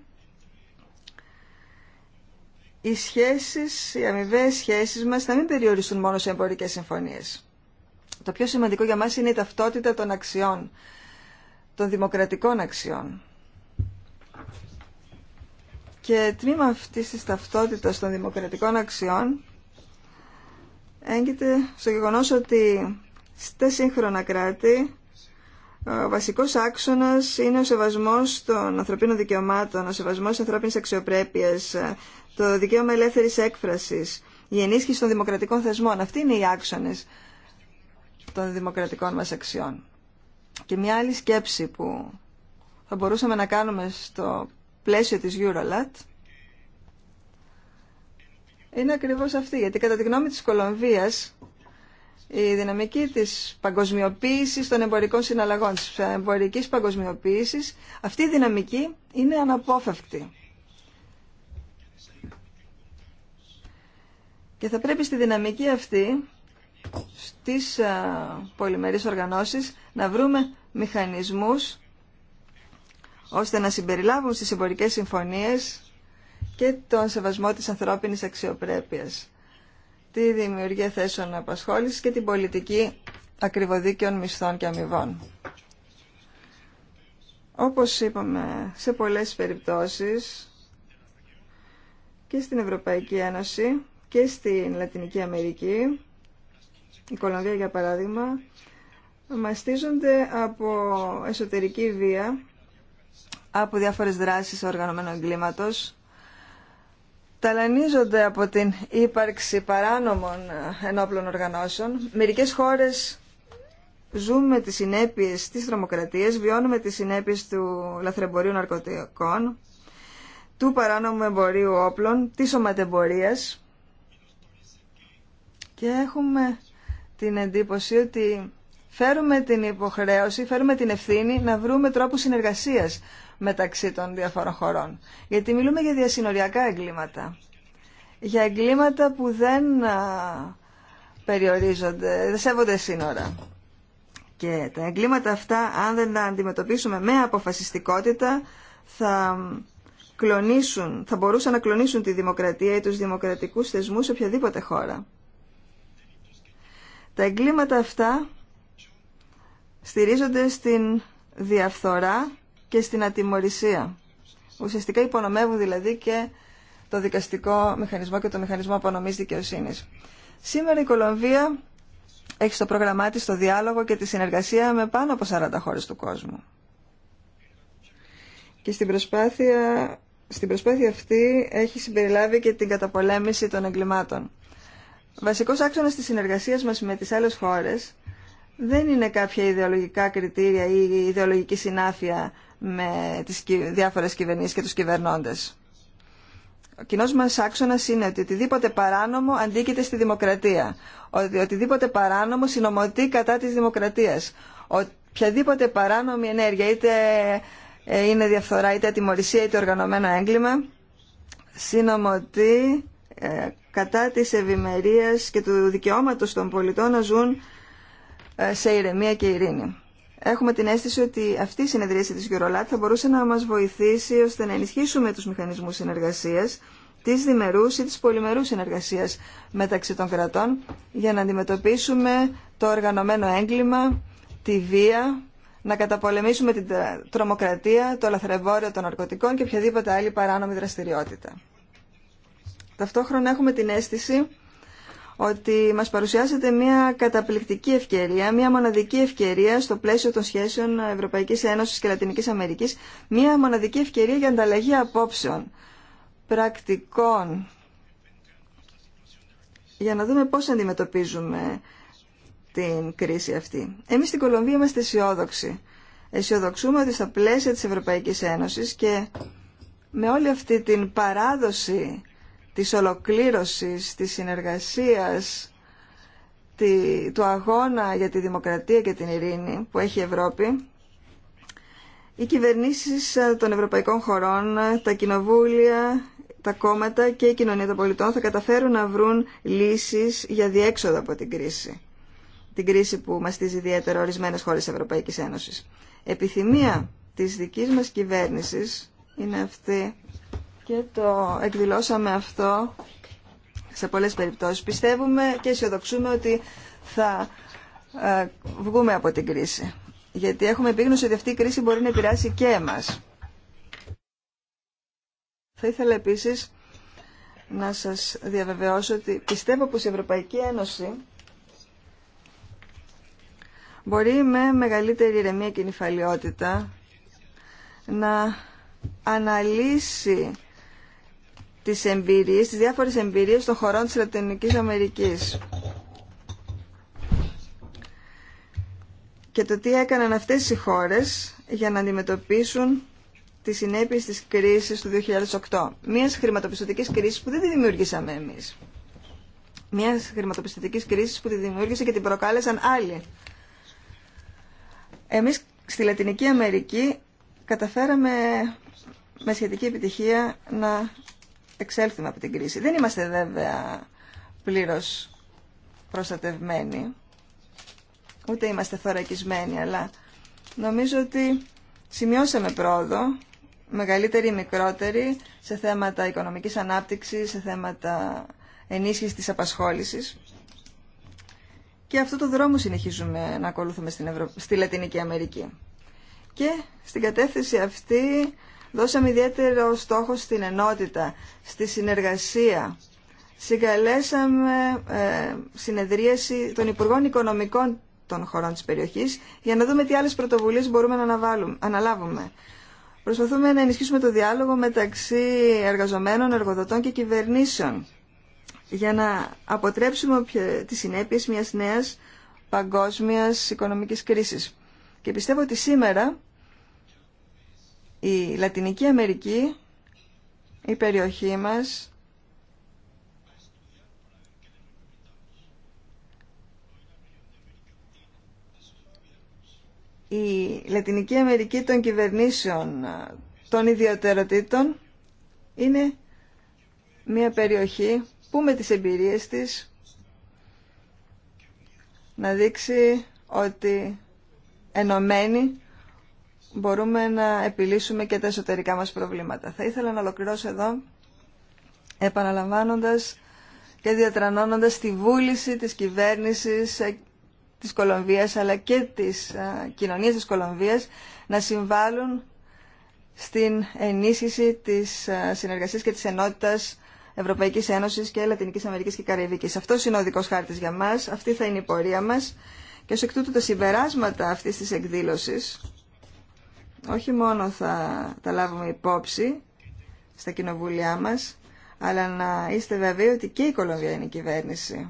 οι σχέσεις, οι αμοιβέ σχέσεις μας να μην περιοριστούν μόνο σε εμπορικές συμφωνίες. Το πιο σημαντικό για μας είναι η ταυτότητα των αξιών, των δημοκρατικών αξιών. Και τμήμα αυτής της ταυτότητας των δημοκρατικών αξιών έγκυται στο γεγονός ότι στα σύγχρονα κράτη ο βασικός άξονας είναι ο σεβασμός των ανθρωπίνων δικαιωμάτων, ο σεβασμός της ανθρώπινης αξιοπρέπειας, το δικαίωμα ελεύθερη έκφραση, η ενίσχυση των δημοκρατικών θεσμών. Αυτοί είναι οι άξονες των δημοκρατικών μας αξιών. Και μια άλλη σκέψη που θα μπορούσαμε να κάνουμε στο πλαίσιο της Eurolat είναι ακριβώς αυτή, γιατί κατά τη γνώμη της Κολομβίας η δυναμική της παγκοσμιοποίησης των εμπορικών συναλλαγών, της εμπορικής παγκοσμιοποίησης, αυτή η δυναμική είναι αναπόφευκτη. Και θα πρέπει στη δυναμική αυτή, στις πολυμερείς οργανώσεις, να βρούμε μηχανισμούς ώστε να συμπεριλάβουν στις εμπορικές συμφωνίες και τον σεβασμό της ανθρώπινης αξιοπρέπειας, τη δημιουργία θέσεων απασχόλησης και την πολιτική ακριβοδίκαιων μισθών και αμοιβών. Όπως είπαμε σε πολλές περιπτώσεις και στην Ευρωπαϊκή Ένωση, και στην Λατινική Αμερική, η Κολομβία για παράδειγμα, μαστίζονται από εσωτερική βία, από διάφορες δράσεις οργανωμένου εγκλήματος, ταλανίζονται από την ύπαρξη παράνομων ε, ενόπλων οργανώσεων. Μερικές χώρες ζούμε τις συνέπειες της τρομοκρατίας, βιώνουμε τις συνέπειες του λαθρεμπορίου ναρκωτικών, του παράνομου εμπορίου όπλων, της σωματεμπορίας και έχουμε την εντύπωση ότι φέρουμε την υποχρέωση, φέρουμε την ευθύνη να βρούμε τρόπους συνεργασίας μεταξύ των διαφορών χωρών. Γιατί μιλούμε για διασυνοριακά εγκλήματα. Για εγκλήματα που δεν περιορίζονται, δεν σέβονται σύνορα. Και τα εγκλήματα αυτά, αν δεν τα αντιμετωπίσουμε με αποφασιστικότητα, θα θα μπορούσαν να κλονίσουν τη δημοκρατία ή τους δημοκρατικούς θεσμούς σε οποιαδήποτε χώρα. Τα εγκλήματα αυτά στηρίζονται στην διαφθορά και στην ατιμορρησία. Ουσιαστικά υπονομεύουν δηλαδή και το δικαστικό μηχανισμό και το μηχανισμό απονομής δικαιοσύνης. Σήμερα η Κολομβία έχει στο πρόγραμμά της το διάλογο και τη συνεργασία με πάνω από 40 χώρες του κόσμου. Και στην προσπάθεια, στην προσπάθεια αυτή έχει συμπεριλάβει και την καταπολέμηση των εγκλημάτων. Βασικό άξονα τη συνεργασία μας με τις άλλες χώρες δεν είναι κάποια ιδεολογικά κριτήρια ή ιδεολογική συνάφεια με τις διάφορες κυβερνήσει και τους κυβερνώντες. Ο κοινό μα άξονα είναι ότι οτιδήποτε παράνομο αντίκειται στη δημοκρατία. Ότι οτιδήποτε παράνομο συνομωτεί κατά τη δημοκρατία. Οποιαδήποτε παράνομη ενέργεια, είτε ε, είναι διαφθορά, είτε ατιμορρησία, είτε οργανωμένο έγκλημα, συνομωτεί ε, κατά της ευημερία και του δικαιώματος των πολιτών να ζουν ε, σε ηρεμία και ειρήνη. Έχουμε την αίσθηση ότι αυτή η συνεδρίαση της Γιουρολάτ θα μπορούσε να μας βοηθήσει ώστε να ενισχύσουμε τους μηχανισμούς συνεργασίας, της διμερούς ή της πολυμερούς συνεργασίας μεταξύ των κρατών για να αντιμετωπίσουμε το οργανωμένο έγκλημα, τη βία, να καταπολεμήσουμε την τρομοκρατία, το λαθρεβόριο των ναρκωτικών και οποιαδήποτε άλλη παράνομη δραστηριότητα. Ταυτόχρονα έχουμε την αίσθηση ότι μας παρουσιάζεται μια καταπληκτική ευκαιρία, μια μοναδική ευκαιρία στο πλαίσιο των σχέσεων Ευρωπαϊκής Ένωσης και Λατινικής Αμερικής, μια μοναδική ευκαιρία για ανταλλαγή απόψεων, πρακτικών, για να δούμε πώς αντιμετωπίζουμε την κρίση αυτή. Εμείς στην Κολομβία είμαστε αισιόδοξοι. Αισιοδοξούμε ότι στα πλαίσια της Ευρωπαϊκής Ένωσης και με όλη αυτή την παράδοση της ολοκλήρωσης, της συνεργασίας, του αγώνα για τη δημοκρατία και την ειρήνη που έχει η Ευρώπη, οι κυβερνήσεις των ευρωπαϊκών χωρών, τα κοινοβούλια, τα κόμματα και η κοινωνία των πολιτών θα καταφέρουν να βρουν λύσεις για διέξοδο από την κρίση. Την κρίση που μαστίζει ιδιαίτερα ορισμένες χώρες της Ευρωπαϊκής Ένωσης. Επιθυμία της δικής μας κυβέρνησης είναι αυτή και το εκδηλώσαμε αυτό σε πολλές περιπτώσεις. Πιστεύουμε και αισιοδοξούμε ότι θα ε, βγούμε από την κρίση. Γιατί έχουμε επίγνωση ότι αυτή η κρίση μπορεί να επηρεάσει και εμάς. Θα ήθελα επίσης να σας διαβεβαιώσω ότι πιστεύω πως η Ευρωπαϊκή Ένωση μπορεί με μεγαλύτερη ηρεμία και νυφαλιότητα να αναλύσει τις εμπειρίες, τις διάφορες εμπειρίες των χωρών της Λατινικής Αμερικής. Και το τι έκαναν αυτές οι χώρες για να αντιμετωπίσουν τις συνέπειες της κρίσης του 2008. Μιας χρηματοπιστωτικής κρίσης που δεν τη δημιουργήσαμε εμείς. Μιας χρηματοπιστωτικής κρίσης που τη δημιούργησε και την προκάλεσαν άλλοι. Εμείς στη Λατινική Αμερική καταφέραμε με σχετική επιτυχία να εξέλθουμε από την κρίση. Δεν είμαστε βέβαια πλήρως προστατευμένοι, ούτε είμαστε θωρακισμένοι, αλλά νομίζω ότι σημειώσαμε πρόοδο, μεγαλύτερη ή μικρότερη, σε θέματα οικονομικής ανάπτυξης, σε θέματα ενίσχυσης της απασχόλησης. Και αυτό το δρόμο συνεχίζουμε να ακολουθούμε στην Ευρω... στη Λατινική Αμερική. Και στην κατεύθυνση αυτή Δώσαμε ιδιαίτερο στόχο στην ενότητα, στη συνεργασία. Συγκαλέσαμε ε, συνεδρίαση των Υπουργών Οικονομικών των χωρών της περιοχής για να δούμε τι άλλες πρωτοβουλίες μπορούμε να αναλάβουμε. Προσπαθούμε να ενισχύσουμε το διάλογο μεταξύ εργαζομένων, εργοδοτών και κυβερνήσεων για να αποτρέψουμε τις συνέπειες μιας νέας παγκόσμιας οικονομικής κρίσης. Και πιστεύω ότι σήμερα η Λατινική Αμερική, η περιοχή μας, η Λατινική Αμερική των κυβερνήσεων των ιδιωτεροτήτων είναι μια περιοχή που με τις εμπειρίες της να δείξει ότι ενωμένη μπορούμε να επιλύσουμε και τα εσωτερικά μας προβλήματα. Θα ήθελα να ολοκληρώσω εδώ επαναλαμβάνοντας και διατρανώνοντας τη βούληση της κυβέρνησης ε, της Κολομβίας αλλά και της ε, κοινωνίας της Κολομβίας να συμβάλλουν στην ενίσχυση της ε, συνεργασίας και της ενότητας Ευρωπαϊκής Ένωσης και Λατινικής Αμερικής και Καραϊβικής. Αυτό είναι ο δικός χάρτης για μας, αυτή θα είναι η πορεία μας και ως εκ τούτου τα συμπεράσματα αυτής της εκδήλωσης όχι μόνο θα τα λάβουμε υπόψη στα κοινοβούλια μας, αλλά να είστε βεβαίοι ότι και η Κολομβιανή κυβέρνηση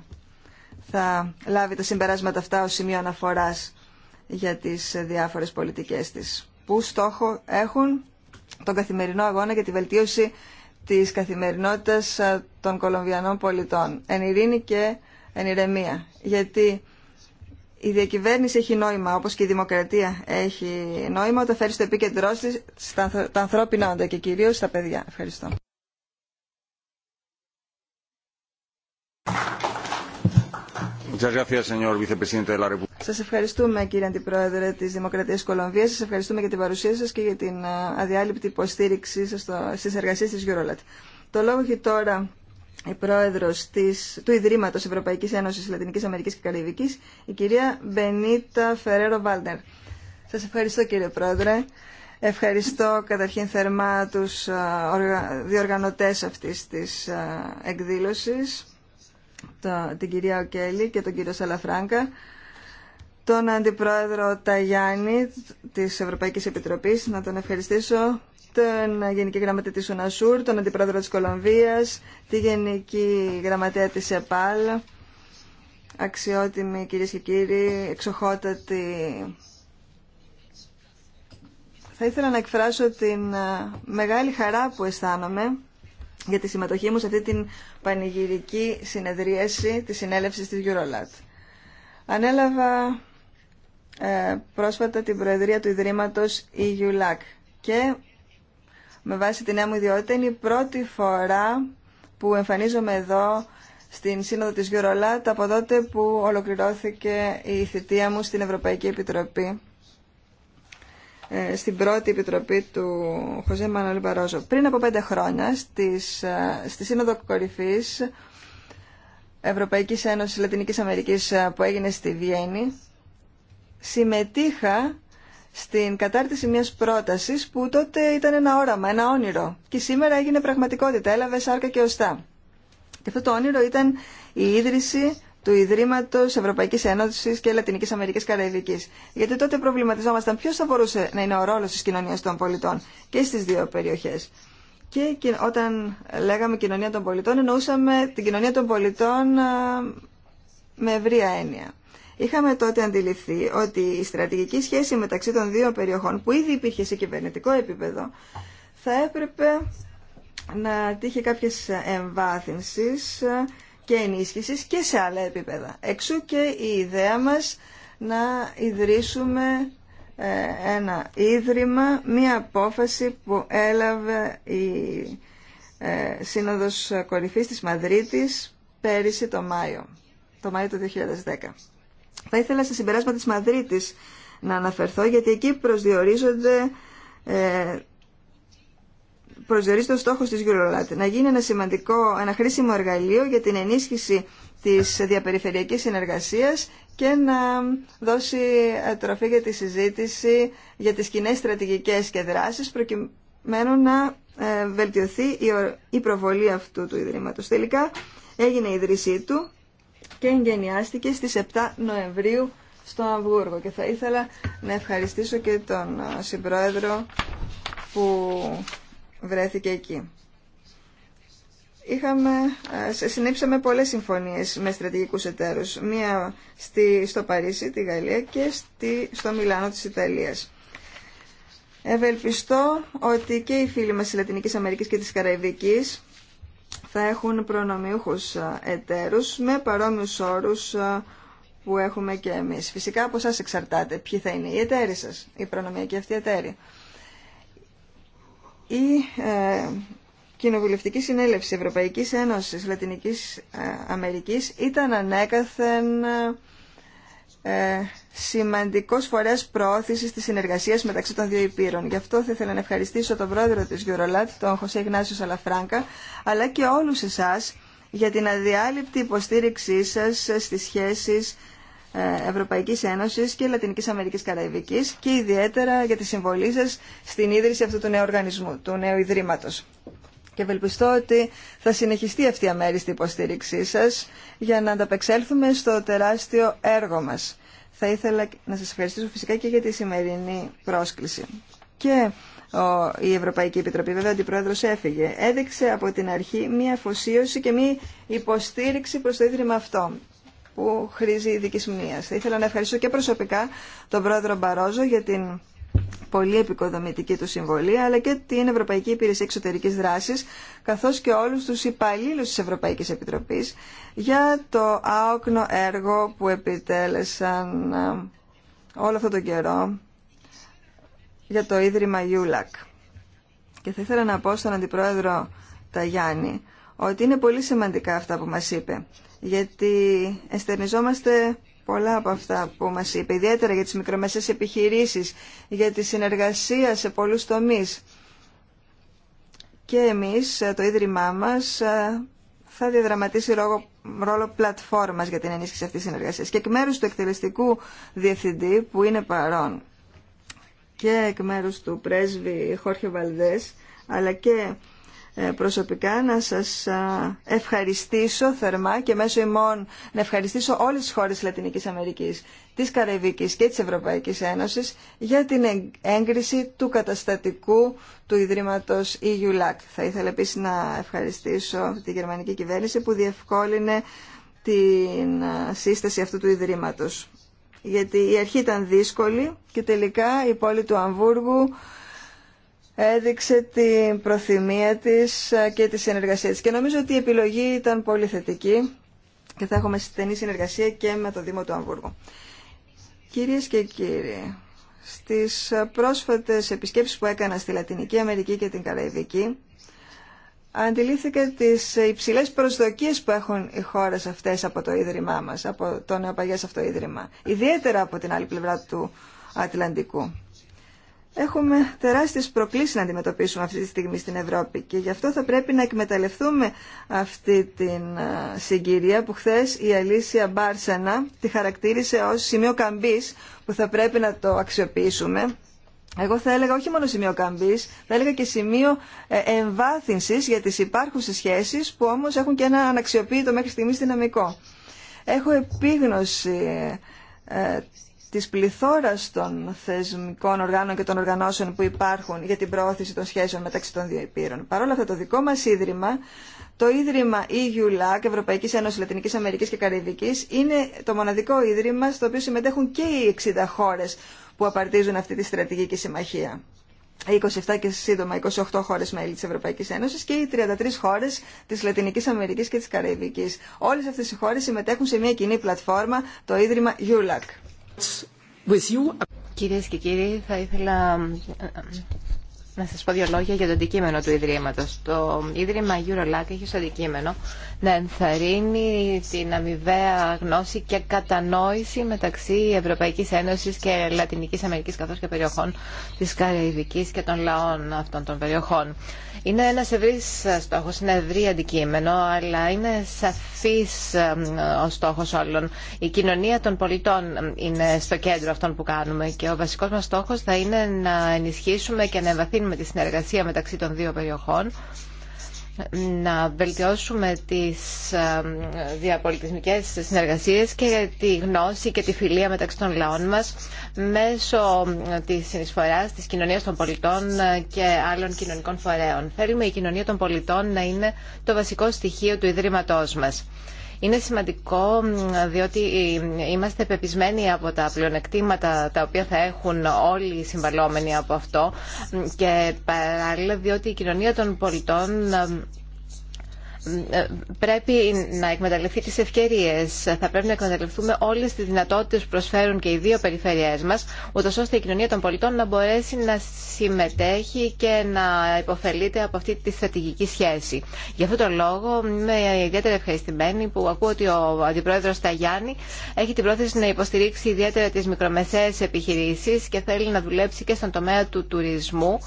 θα λάβει τα συμπεράσματα αυτά ως σημείο αναφοράς για τις διάφορες πολιτικές της, που στόχο έχουν τον καθημερινό αγώνα για τη βελτίωση της καθημερινότητας των Κολομβιανών πολιτών, εν ειρήνη και εν ηρεμία. Γιατί η διακυβέρνηση έχει νόημα, όπως και η δημοκρατία έχει νόημα, όταν φέρει στο επίκεντρό τη τα ανθρώπινα όντα και κυρίως τα παιδιά. Ευχαριστώ. Σας ευχαριστούμε κύριε Αντιπρόεδρε της Δημοκρατίας Κολομβίας, σας ευχαριστούμε για την παρουσία σας και για την ε, αδιάλειπτη υποστήριξή σας στις εργασίες της Eurolat. Το λόγο έχει τώρα η πρόεδρος του Ιδρύματος Ευρωπαϊκής Ένωσης Λατινικής Αμερικής και Καραϊβικής, η κυρία Μπενίτα Φερέρο Βάλτερ. Σας ευχαριστώ κύριε πρόεδρε. Ευχαριστώ καταρχήν θερμά τους διοργανωτές αυτής της εκδήλωσης, την κυρία Οκέλη και τον κύριο Σαλαφράγκα, τον Αντιπρόεδρο Ταγιάννη της Ευρωπαϊκής Επιτροπής, να τον ευχαριστήσω την Γενική Γραμματέα της Ουνασούρ, τον Αντιπρόεδρο της Κολομβίας, τη Γενική Γραμματέα της ΕΠΑΛ, αξιότιμοι κυρίες και κύριοι, εξοχότατοι. Θα ήθελα να εκφράσω την ε, μεγάλη χαρά που αισθάνομαι για τη συμμετοχή μου σε αυτή την πανηγυρική συνεδρίαση της συνέλευσης της Eurolat. Ανέλαβα ε, πρόσφατα την Προεδρία του Ιδρύματος EU-LAC και με βάση τη νέα μου ιδιότητα, είναι η πρώτη φορά που εμφανίζομαι εδώ στην Σύνοδο της Γιουρολάτ από τότε που ολοκληρώθηκε η θητεία μου στην Ευρωπαϊκή Επιτροπή ε, στην πρώτη επιτροπή του Χωζέ Μανώλη Μπαρόζο. Πριν από πέντε χρόνια, στις, ε, στη Σύνοδο Κορυφής Ευρωπαϊκής Ένωσης Λατινικής Αμερικής ε, που έγινε στη Βιέννη, συμμετείχα στην κατάρτιση μιας πρότασης που τότε ήταν ένα όραμα, ένα όνειρο και σήμερα έγινε πραγματικότητα, έλαβε σάρκα και οστά. Και αυτό το όνειρο ήταν η ίδρυση του Ιδρύματος Ευρωπαϊκής Ένωση και Λατινική Αμερική Καραϊβικής. Γιατί τότε προβληματιζόμασταν ποιο θα μπορούσε να είναι ο ρόλος της κοινωνία των πολιτών και στις δύο περιοχές. Και όταν λέγαμε κοινωνία των πολιτών, εννοούσαμε την κοινωνία των πολιτών με ευρία έννοια. Είχαμε τότε αντιληφθεί ότι η στρατηγική σχέση μεταξύ των δύο περιοχών που ήδη υπήρχε σε κυβερνητικό επίπεδο θα έπρεπε να τύχει κάποιες εμβάθυνσεις και ενίσχυσης και σε άλλα επίπεδα. Εξού και η ιδέα μας να ιδρύσουμε ε, ένα ίδρυμα, μία απόφαση που έλαβε η ε, Σύνοδος Κορυφής της Μαδρίτης πέρυσι το Μάιο, το Μάιο του 2010. Θα ήθελα στα συμπεράσματα της Μαδρίτης να αναφερθώ, γιατί εκεί προσδιορίζονται ε, προσδιορίζεται ο στόχος της Γιουρολάτη. να γίνει ένα σημαντικό, ένα χρήσιμο εργαλείο για την ενίσχυση της διαπεριφερειακής συνεργασίας και να δώσει τροφή για τη συζήτηση για τις κοινέ στρατηγικές και δράσεις προκειμένου να ε, βελτιωθεί η προβολή αυτού του Ιδρύματος. Τελικά έγινε η ίδρυσή του και εγγενιάστηκε στις 7 Νοεμβρίου στο Αυγούργο. Και θα ήθελα να ευχαριστήσω και τον ε, συμπρόεδρο που βρέθηκε εκεί. Είχαμε, ε, συνήψαμε πολλές συμφωνίες με στρατηγικούς εταίρους. Μία στη, στο Παρίσι, τη Γαλλία και στη, στο Μιλάνο της Ιταλίας. Ευελπιστώ ότι και οι φίλοι μας της Λατινικής Αμερικής και της Καραϊβικής θα έχουν προνομιούχους ε, εταίρους με παρόμοιους όρους ε, που έχουμε και εμείς. Φυσικά από εσά εξαρτάται ποιοι θα είναι οι εταίροι σας, οι προνομιακοί αυτοί εταίροι. Η ε, Κοινοβουλευτική Συνέλευση Ευρωπαϊκής Ένωσης Λατινικής Αμερικής ήταν ανέκαθεν σημαντικός φορέας προώθησης της συνεργασίας μεταξύ των δύο υπήρων. Γι' αυτό θα ήθελα να ευχαριστήσω τον πρόεδρο της Eurolat, τον Χωσέ Γνάσιο Αλαφράγκα, αλλά και όλους εσάς για την αδιάλειπτη υποστήριξή σας στις σχέσεις ε, Ευρωπαϊκής Ένωσης και Λατινικής Αμερικής Καραϊβικής και ιδιαίτερα για τη συμβολή σας στην ίδρυση αυτού του νέου οργανισμού, του νέου ιδρύματος. Και ευελπιστώ ότι θα συνεχιστεί αυτή η αμέριστη υποστήριξή σας για να ανταπεξέλθουμε στο τεράστιο έργο μας θα ήθελα να σας ευχαριστήσω φυσικά και για τη σημερινή πρόσκληση. Και η Ευρωπαϊκή Επιτροπή, βέβαια ο Αντιπρόεδρος έφυγε, έδειξε από την αρχή μία αφοσίωση και μία υποστήριξη προς το Ίδρυμα αυτό που χρήζει ειδική μνήμα. Θα ήθελα να ευχαριστήσω και προσωπικά τον πρόεδρο Μπαρόζο για την πολύ επικοδομητική του συμβολή, αλλά και την Ευρωπαϊκή Υπηρεσία Εξωτερικής Δράσης, καθώς και όλους τους υπαλλήλους της Ευρωπαϊκής Επιτροπής για το άοκνο έργο που επιτέλεσαν ε, όλο αυτό τον καιρό για το Ίδρυμα Ιούλακ. Και θα ήθελα να πω στον Αντιπρόεδρο Ταγιάννη ότι είναι πολύ σημαντικά αυτά που μας είπε, γιατί εστερνιζόμαστε πολλά από αυτά που μας είπε, ιδιαίτερα για τις μικρομεσαίες επιχειρήσεις, για τη συνεργασία σε πολλούς τομείς. Και εμείς, το Ίδρυμά μας, θα διαδραματίσει ρόλο πλατφόρμας για την ενίσχυση αυτής της συνεργασίας. Και εκ μέρους του εκτελεστικού διευθυντή που είναι παρόν και εκ μέρους του πρέσβη Χόρχε Βαλδές, αλλά και ε, προσωπικά να σας ευχαριστήσω θερμά και μέσω ημών να ευχαριστήσω όλες τις χώρες της Λατινικής Αμερικής, της Καραϊβικής και της Ευρωπαϊκής Ένωσης για την έγκριση του καταστατικού του Ιδρύματος EU-LAC. Θα ήθελα επίσης να ευχαριστήσω τη γερμανική κυβέρνηση που διευκόλυνε την σύσταση αυτού του Ιδρύματος. Γιατί η αρχή ήταν δύσκολη και τελικά η πόλη του Αμβούργου έδειξε την προθυμία της ε, και τη συνεργασία της. Και νομίζω ότι η επιλογή ήταν πολύ θετική και θα έχουμε στενή συνεργασία και με το Δήμο του Αμβούργου. Κυρίες και κύριοι, στις πρόσφατες επισκέψεις που έκανα στη Λατινική Αμερική και την Καραϊβική, αντιλήθηκα τις υψηλές προσδοκίες που έχουν οι χώρες αυτές από το Ίδρυμά μας, από το Νεοπαγές αυτό Ίδρυμα, ιδιαίτερα από την άλλη πλευρά του Ατλαντικού. Έχουμε τεράστιες προκλήσεις να αντιμετωπίσουμε αυτή τη στιγμή στην Ευρώπη και γι' αυτό θα πρέπει να εκμεταλλευτούμε αυτή την συγκυρία που χθε η Αλήσια Μπάρσανα τη χαρακτήρισε ως σημείο καμπής που θα πρέπει να το αξιοποιήσουμε. Εγώ θα έλεγα όχι μόνο σημείο καμπής, θα έλεγα και σημείο ε, εμβάθυνσης για τις υπάρχουσες σχέσεις που όμως έχουν και ένα αναξιοποιητό μέχρι στιγμής δυναμικό. Έχω επίγνωση ε, της πληθώρας των θεσμικών οργάνων και των οργανώσεων που υπάρχουν για την προώθηση των σχέσεων μεταξύ των δύο υπήρων. Παρ' όλα αυτά το δικό μας Ίδρυμα, το Ίδρυμα EU-LAC, Ευρωπαϊκής Ένωσης Λατινικής Αμερικής και Καραϊβικής, είναι το μοναδικό Ίδρυμα στο οποίο συμμετέχουν και οι 60 χώρες που απαρτίζουν αυτή τη στρατηγική συμμαχία. 27 και σύντομα 28 χώρες μέλη της Ευρωπαϊκής Ένωσης και οι 33 χώρες της Λατινικής Αμερικής και της Καραϊβικής. Όλες αυτές οι χώρες συμμετέχουν σε μια κοινή πλατφόρμα, το Ίδρυμα e ULAC. Κυρίες και κύριοι, θα ήθελα ε, ε, να σας πω δύο λόγια για το αντικείμενο του Ιδρύματος. Το Ίδρυμα EuroLac έχει στο αντικείμενο να ενθαρρύνει την αμοιβαία γνώση και κατανόηση μεταξύ Ευρωπαϊκής Ένωσης και Λατινικής Αμερικής καθώς και περιοχών της Καραϊβική και των λαών αυτών των περιοχών. Είναι ένα ευρύ στόχο, είναι ευρύ αντικείμενο, αλλά είναι σαφή ο στόχο όλων. Η κοινωνία των πολιτών είναι στο κέντρο αυτών που κάνουμε και ο βασικό μα στόχο θα είναι να ενισχύσουμε και να εμβαθύνουμε με τη συνεργασία μεταξύ των δύο περιοχών να βελτιώσουμε τις ε, διαπολιτισμικές συνεργασίες και τη γνώση και τη φιλία μεταξύ των λαών μας μέσω ε, της συνεισφοράς της κοινωνίας των πολιτών ε, και άλλων κοινωνικών φορέων. Θέλουμε η κοινωνία των πολιτών να είναι το βασικό στοιχείο του Ιδρύματός μας. Είναι σημαντικό διότι ε, είμαστε πεπισμένοι από τα πλεονεκτήματα τα οποία θα έχουν όλοι οι συμβαλόμενοι από αυτό και παράλληλα διότι η κοινωνία των πολιτών πρέπει να εκμεταλλευτεί τις ευκαιρίες. Θα πρέπει να εκμεταλλευτούμε όλες τις δυνατότητες που προσφέρουν και οι δύο περιφέρειές μας, ούτως ώστε η κοινωνία των πολιτών να μπορέσει να συμμετέχει και να υποφελείται από αυτή τη στρατηγική σχέση. Γι' αυτό τον λόγο είμαι ιδιαίτερα ευχαριστημένη που ακούω ότι ο Αντιπρόεδρος Ταγιάννη έχει την πρόθεση να υποστηρίξει ιδιαίτερα τις μικρομεσαίες επιχειρήσεις και θέλει να δουλέψει και στον τομέα του τουρισμού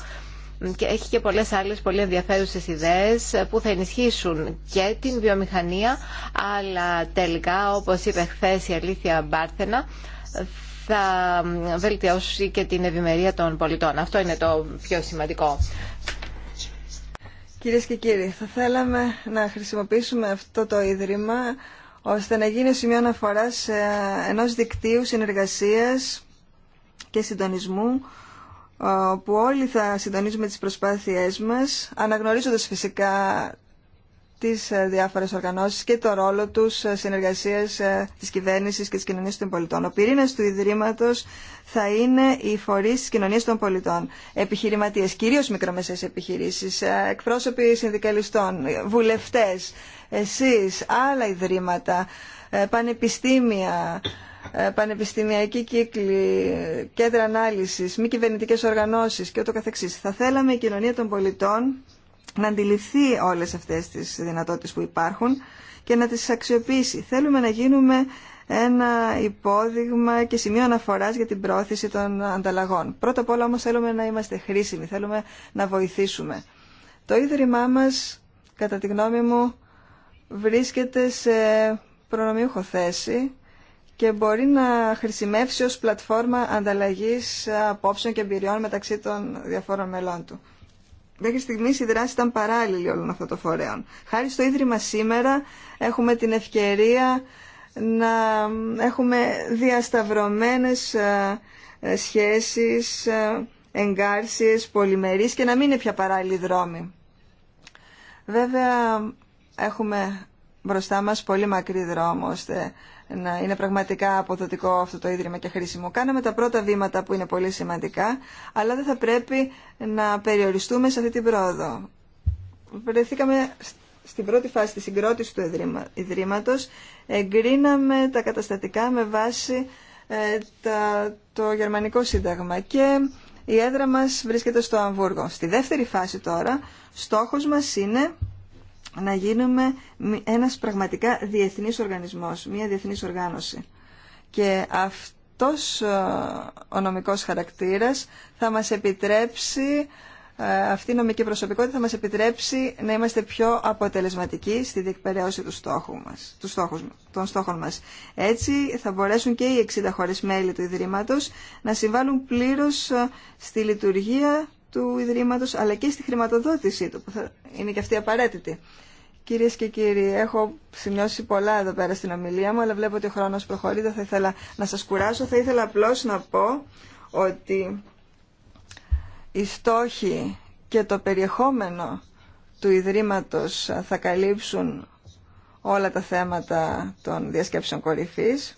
και έχει και πολλές άλλες πολύ ενδιαφέρουσες ιδέες που θα ενισχύσουν και την βιομηχανία αλλά τελικά όπως είπε χθε η Αλήθεια Μπάρθενα θα βελτιώσει και την ευημερία των πολιτών. Αυτό είναι το πιο σημαντικό. Κυρίες και κύριοι, θα θέλαμε να χρησιμοποιήσουμε αυτό το Ίδρυμα ώστε να γίνει σημείο αναφοράς ενός δικτύου συνεργασίας και συντονισμού που όλοι θα συντονίζουμε τις προσπάθειές μας, αναγνωρίζοντας φυσικά τις ε, διάφορες οργανώσεις και το ρόλο τους ε, συνεργασίας ε, της κυβέρνησης και της κοινωνίας των πολιτών. Ο πυρήνας του Ιδρύματος θα είναι οι φορείς της κοινωνίας των πολιτών, επιχειρηματίες, κυρίως μικρομεσαίες επιχειρήσεις, εκπρόσωποι συνδικαλιστών, βουλευτές, εσείς, άλλα ιδρύματα, πανεπιστήμια, ε, πανεπιστημιακοί κύκλοι, κέντρα ανάλυσης, μη κυβερνητικέ οργανώσεις και ούτω καθεξής. Θα θέλαμε η κοινωνία των πολιτών να αντιληφθεί όλες αυτές τις δυνατότητες που υπάρχουν και να τις αξιοποιήσει. Θέλουμε να γίνουμε ένα υπόδειγμα και σημείο αναφοράς για την πρόθεση των ανταλλαγών. Πρώτα απ' όλα όμως θέλουμε να είμαστε χρήσιμοι, θέλουμε να βοηθήσουμε. Το Ίδρυμά μας, κατά τη γνώμη μου, βρίσκεται σε προνομιούχο θέση και μπορεί να χρησιμεύσει ως πλατφόρμα ανταλλαγής απόψεων και εμπειριών μεταξύ των διαφόρων μελών του. Μέχρι στιγμή η δράση ήταν παράλληλη όλων αυτών των φορέων. Χάρη στο Ίδρυμα σήμερα έχουμε την ευκαιρία να έχουμε διασταυρωμένες ε, ε, σχέσεις, ε, εγκάρσεις, πολυμερείς και να μην είναι πια παράλληλοι δρόμοι. Βέβαια έχουμε μπροστά μας πολύ μακρύ δρόμο να είναι πραγματικά αποδοτικό αυτό το Ίδρυμα και χρήσιμο. Κάναμε τα πρώτα βήματα που είναι πολύ σημαντικά, αλλά δεν θα πρέπει να περιοριστούμε σε αυτή την πρόοδο. Βρεθήκαμε στην πρώτη φάση της συγκρότησης του Ιδρύματος, εγκρίναμε τα καταστατικά με βάση ε, το Γερμανικό Σύνταγμα και η έδρα μας βρίσκεται στο Αμβούργο. Στη δεύτερη φάση τώρα, στόχος μας είναι να γίνουμε ένας πραγματικά διεθνής οργανισμός, μια διεθνής οργάνωση. Και αυτός ε, ο νομικός χαρακτήρας θα μας επιτρέψει, ε, αυτή η νομική προσωπικότητα θα μας επιτρέψει να είμαστε πιο αποτελεσματικοί στη διεκπαιρέωση του στόχου μας, του των στόχων μας. Έτσι θα μπορέσουν και οι 60 χώρες μέλη του Ιδρύματος να συμβάλλουν πλήρως ε, στη λειτουργία του Ιδρύματος αλλά και στη χρηματοδότησή του που είναι και αυτή απαραίτητη. Κυρίες και κύριοι, έχω σημειώσει πολλά εδώ πέρα στην ομιλία μου αλλά βλέπω ότι ο χρόνος προχωρεί, δεν θα ήθελα να σας κουράσω. Θα ήθελα απλώς να πω ότι οι στόχοι και το περιεχόμενο του Ιδρύματος θα καλύψουν όλα τα θέματα των διασκέψεων κορυφής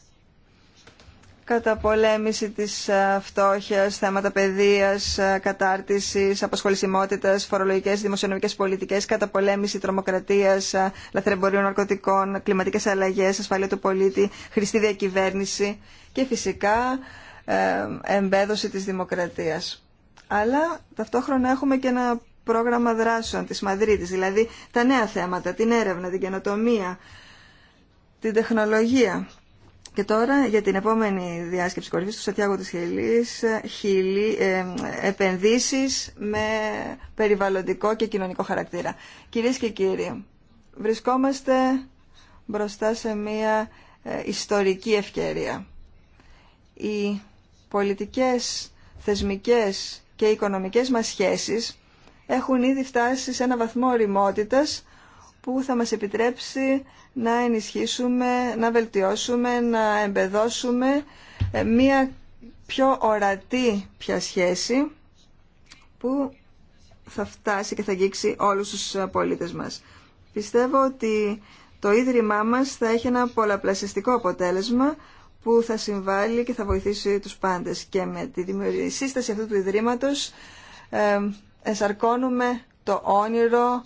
Κατά πολέμηση της ε, φτώχειας, θέματα παιδείας, ε, κατάρτισης, απασχολησιμότητας, φορολογικές, δημοσιονομικές πολιτικές, καταπολέμηση τρομοκρατίας, ε, λαθρεμπορίων ναρκωτικών, κλιματικές αλλαγές, ασφάλεια του πολίτη, χρηστή διακυβέρνηση και φυσικά εμπέδωση της δημοκρατίας. Αλλά ταυτόχρονα έχουμε και ένα πρόγραμμα δράσεων της Μαδρίτης, δηλαδή τα νέα θέματα, την έρευνα, την καινοτομία, την τεχνολογία και τώρα για την επόμενη διάσκεψη κορυφής του Σαντιάγο της Χιλής, ε, χιλή, ε, με περιβαλλοντικό και κοινωνικό χαρακτήρα. Κυρίες και κύριοι, βρισκόμαστε μπροστά σε μια ε, ιστορική ευκαιρία. Οι πολιτικές, θεσμικές και οικονομικές μας σχέσεις έχουν ήδη φτάσει σε ένα βαθμό ρημότητας που θα μας επιτρέψει να ενισχύσουμε, να βελτιώσουμε, να εμπεδώσουμε ε, μία πιο ορατή πια σχέση που θα φτάσει και θα αγγίξει όλους τους πολίτες μας. Πιστεύω ότι το Ίδρυμά μας θα έχει ένα πολλαπλασιαστικό αποτέλεσμα που θα συμβάλλει και θα βοηθήσει τους πάντες. Και με τη σύσταση αυτού του Ιδρύματος ε, εσαρκώνουμε το όνειρο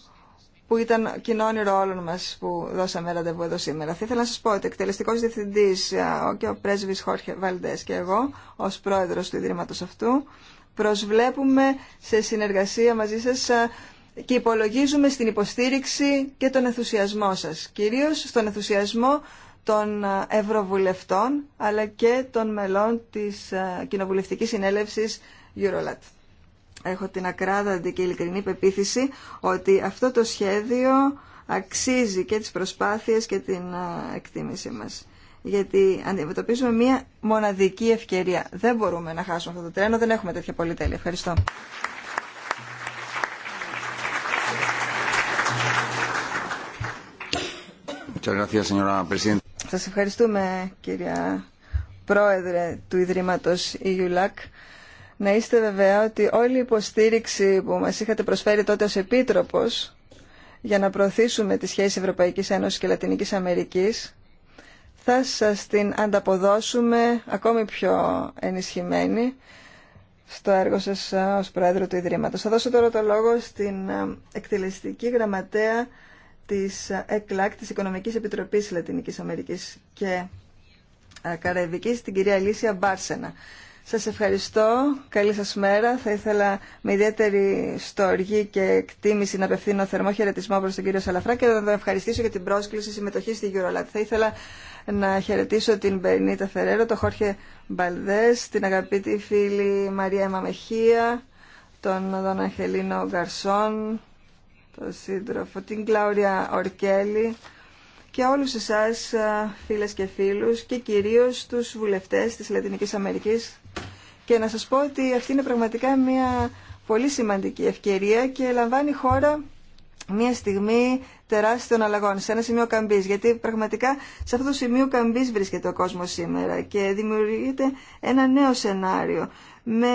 που ήταν κοινό όνειρο όλων μα που δώσαμε ραντεβού εδώ σήμερα. Θα ήθελα να σα πω ότι ο εκτελεστικό διευθυντής και ο πρέσβη Χόρχε Βαλντέ και εγώ ω πρόεδρο του ιδρύματο αυτού προσβλέπουμε σε συνεργασία μαζί σα και υπολογίζουμε στην υποστήριξη και τον ενθουσιασμό σα. Κυρίω στον ενθουσιασμό των Ευρωβουλευτών αλλά και των μελών της Κοινοβουλευτικής Συνέλευσης Eurolat έχω την ακράδαντη και ειλικρινή πεποίθηση ότι αυτό το σχέδιο αξίζει και τις προσπάθειες και την εκτίμησή μας. Γιατί αντιμετωπίζουμε μία μοναδική ευκαιρία. Δεν μπορούμε να χάσουμε αυτό το τρένο, δεν έχουμε τέτοια πολυτέλεια. Ευχαριστώ. Σας ευχαριστούμε κυρία Πρόεδρε του Ιδρύματος EULAC να είστε βεβαία ότι όλη η υποστήριξη που μας είχατε προσφέρει τότε ως Επίτροπος για να προωθήσουμε τη σχέση Ευρωπαϊκής Ένωσης και Λατινικής Αμερικής θα σας την ανταποδώσουμε ακόμη πιο ενισχυμένη στο έργο σας ως Πρόεδρο του Ιδρύματος. Θα δώσω τώρα το λόγο στην ε, εκτελεστική γραμματέα της ε, ΕΚΛΑΚ, της Οικονομικής Επιτροπής Λατινικής Αμερικής και ε, Καραϊβικής, την κυρία Ελίσια Μπάρσενα. Σας ευχαριστώ. Καλή σας μέρα. Θα ήθελα με ιδιαίτερη στοργή και εκτίμηση να απευθύνω θερμό χαιρετισμό προς τον κύριο Σαλαφρά και να τον ευχαριστήσω για την πρόσκληση συμμετοχή στη Eurolat. Θα ήθελα να χαιρετήσω την Μπερνίτα Φερέρο, τον Χόρχε Μπαλδές, την αγαπητή φίλη Μαρία Εμαμεχία, τον Δον Αγχελίνο Γκαρσόν, τον σύντροφο, την Κλάουρια Ορκέλη, και όλους εσάς ε, φίλες και φίλους και κυρίως τους βουλευτές της Λατινικής Αμερικής και να σας πω ότι αυτή είναι πραγματικά μια πολύ σημαντική ευκαιρία και λαμβάνει η χώρα μια στιγμή τεράστιων αλλαγών, σε ένα σημείο καμπή. Γιατί πραγματικά σε αυτό το σημείο καμπή βρίσκεται ο κόσμο σήμερα και δημιουργείται ένα νέο σενάριο με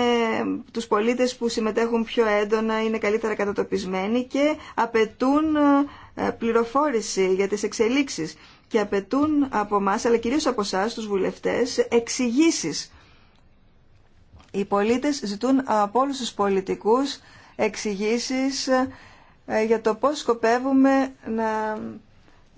τους πολίτες που συμμετέχουν πιο έντονα, είναι καλύτερα κατατοπισμένοι και απαιτούν ε, ε, πληροφόρηση για τις εξελίξεις και απαιτούν από εμά, αλλά κυρίως από εσά, τους βουλευτές, εξηγήσει. Οι πολίτες ζητούν από όλους τους πολιτικούς εξηγήσει ε, για το πώς σκοπεύουμε να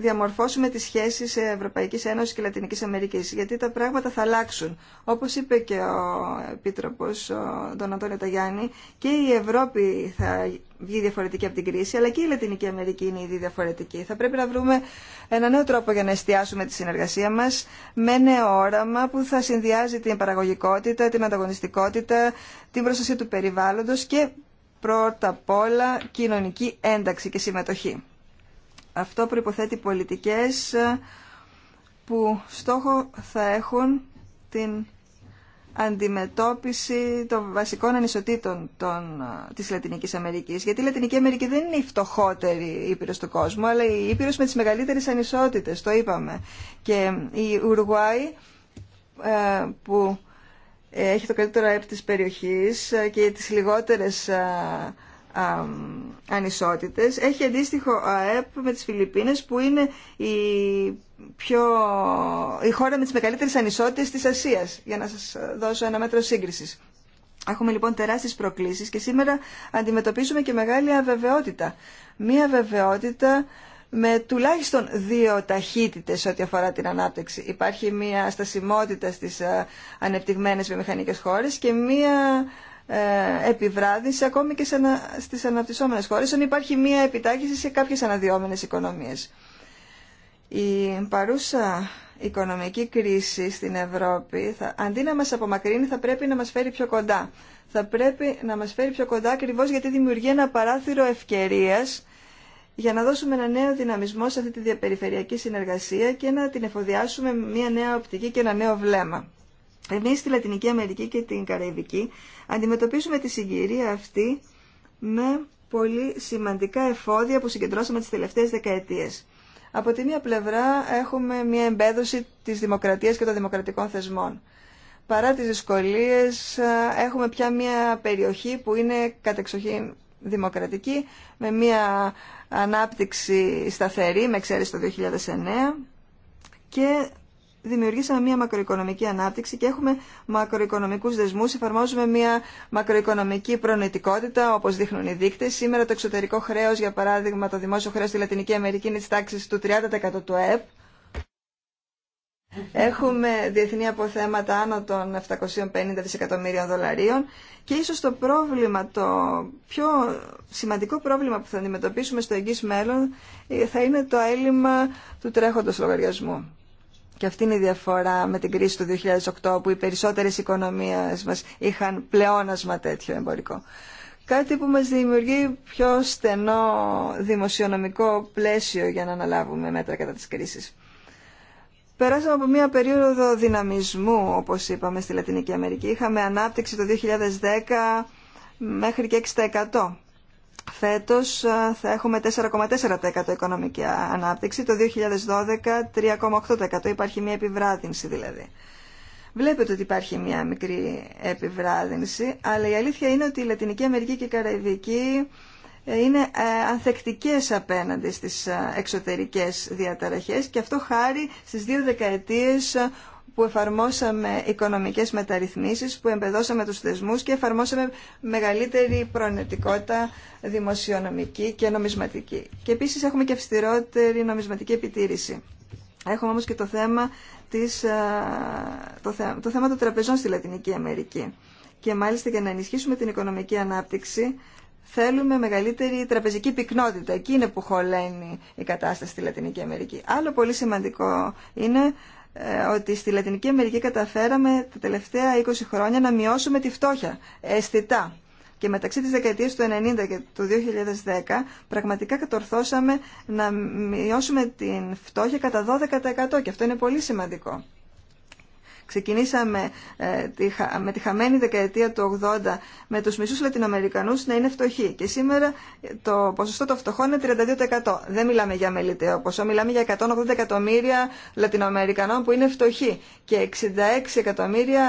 διαμορφώσουμε τις σχέσεις Ευρωπαϊκής Ένωσης και Λατινικής Αμερικής, γιατί τα πράγματα θα αλλάξουν. Όπως είπε και ο Επίτροπος, ο Τον Αντώνιο Ταγιάννη, και η Ευρώπη θα βγει διαφορετική από την κρίση, αλλά και η Λατινική Αμερική είναι ήδη διαφορετική. Θα πρέπει να βρούμε ένα νέο τρόπο για να εστιάσουμε τη συνεργασία μας με νέο όραμα που θα συνδυάζει την παραγωγικότητα, την ανταγωνιστικότητα, την προστασία του περιβάλλοντος και πρώτα απ' όλα κοινωνική ένταξη και συμμετοχή. Αυτό προϋποθέτει πολιτικές ε, που στόχο θα έχουν την αντιμετώπιση των βασικών ανισοτήτων των, ε, της Λατινικής Αμερικής. Γιατί η Λατινική Αμερική δεν είναι η φτωχότερη ήπειρος του κόσμου, αλλά η ήπειρος με τις μεγαλύτερες ανισότητες, το είπαμε. Και ε, η Ουρουάη που έχει το καλύτερο ΑΕΠ της περιοχής και τις λιγότερες ανισότητες έχει αντίστοιχο ΑΕΠ με τις Φιλιππίνες που είναι η, πιο, η χώρα με τις μεγαλύτερες ανισότητες της Ασίας για να σας δώσω ένα μέτρο σύγκρισης. Έχουμε λοιπόν τεράστιες προκλήσεις και σήμερα αντιμετωπίζουμε και μεγάλη αβεβαιότητα. Μία αβεβαιότητα με τουλάχιστον δύο ταχύτητες ό,τι αφορά την ανάπτυξη. Υπάρχει μία στασιμότητα στις ε, ανεπτυγμένες βιομηχανικές χώρες και μία ε, επιβράδυνση ακόμη και στις αναπτυσσόμενες χώρες, αν υπάρχει μία επιτάχυση σε κάποιες αναδυόμενες οικονομίες. Η παρούσα οικονομική κρίση στην Ευρώπη, θα, αντί να μας απομακρύνει, θα πρέπει να μας φέρει πιο κοντά. Θα πρέπει να μας φέρει πιο κοντά ακριβώς γιατί δημιουργεί ένα παράθυρο ευκαιρίας για να δώσουμε ένα νέο δυναμισμό σε αυτή τη διαπεριφερειακή συνεργασία και να την εφοδιάσουμε μια νέα οπτική και ένα νέο βλέμμα. Εμείς στη Λατινική Αμερική και την Καραϊβική αντιμετωπίζουμε τη συγκυρία αυτή με πολύ σημαντικά εφόδια που συγκεντρώσαμε τις τελευταίες δεκαετίες. Από τη μία πλευρά έχουμε μια εμπέδωση της δημοκρατίας και των δημοκρατικών θεσμών. Παρά τις δυσκολίες έχουμε πια μια περιοχή που είναι κατεξοχήν δημοκρατική με μια ανάπτυξη σταθερή με εξαίρεση το 2009 και δημιουργήσαμε μια μακροοικονομική ανάπτυξη και έχουμε μακροοικονομικού δεσμού. εφαρμόζουμε μια μακροοικονομική προνοητικότητα, όπω δείχνουν οι δείκτες. Σήμερα το εξωτερικό χρέο, για παράδειγμα το δημόσιο χρέο στη Λατινική Αμερική είναι τη τάξη του 30% του ΕΠ. Έχουμε διεθνή αποθέματα άνω των 750 δισεκατομμύριων δολαρίων και ίσως το πρόβλημα, το πιο σημαντικό πρόβλημα που θα αντιμετωπίσουμε στο εγγύς μέλλον ε, θα είναι το έλλειμμα του τρέχοντος λογαριασμού. Και αυτή είναι η διαφορά με την κρίση του 2008 που οι περισσότερες οικονομίες μας είχαν πλεόνασμα τέτοιο εμπορικό. Κάτι που μας δημιουργεί πιο στενό δημοσιονομικό πλαίσιο για να αναλάβουμε μέτρα κατά της κρίσης. Περάσαμε από μια περίοδο δυναμισμού, όπως είπαμε, στη Λατινική Αμερική. Είχαμε ανάπτυξη το 2010 μέχρι και 6%. Φέτος ε, θα έχουμε 4,4% οικονομική ανάπτυξη, το 2012 3,8%. Υπάρχει μια επιβράδυνση δηλαδή. Βλέπετε ότι υπάρχει μια μικρή επιβράδυνση, αλλά η αλήθεια είναι ότι η Λατινική Αμερική και η Καραϊβική ε, είναι ε, ανθεκτικές απέναντι στις εξωτερικές διαταραχές και αυτό χάρη στις δύο δεκαετίες που εφαρμόσαμε οικονομικές μεταρρυθμίσεις, που εμπεδώσαμε τους θεσμούς και εφαρμόσαμε μεγαλύτερη προνετικότητα δημοσιονομική και νομισματική. Και επίσης έχουμε και αυστηρότερη νομισματική επιτήρηση. Έχουμε όμως και το θέμα, της, το θέμα, το θέμα των τραπεζών στη Λατινική Αμερική. Και μάλιστα για να ενισχύσουμε την οικονομική ανάπτυξη, θέλουμε μεγαλύτερη τραπεζική πυκνότητα. Εκεί είναι που χωλαίνει η κατάσταση στη Λατινική Αμερική. Άλλο πολύ σημαντικό είναι ε, ότι στη Λατινική Αμερική καταφέραμε τα τελευταία 20 χρόνια να μειώσουμε τη φτώχεια αισθητά. Και μεταξύ της δεκαετίας του 1990 και του 2010 πραγματικά κατορθώσαμε να μειώσουμε την φτώχεια κατά 12% και αυτό είναι πολύ σημαντικό. Ξεκινήσαμε ε, με τη χαμένη δεκαετία του 80 με τους μισούς Λατινοαμερικανούς να είναι φτωχοί και σήμερα ε, το ποσοστό των φτωχών είναι 32%. Δεν μιλάμε για μελιτέο ε, ποσό, μιλάμε για 180 εκατομμύρια Λατινοαμερικανών που είναι φτωχοί και 66 εκατομμύρια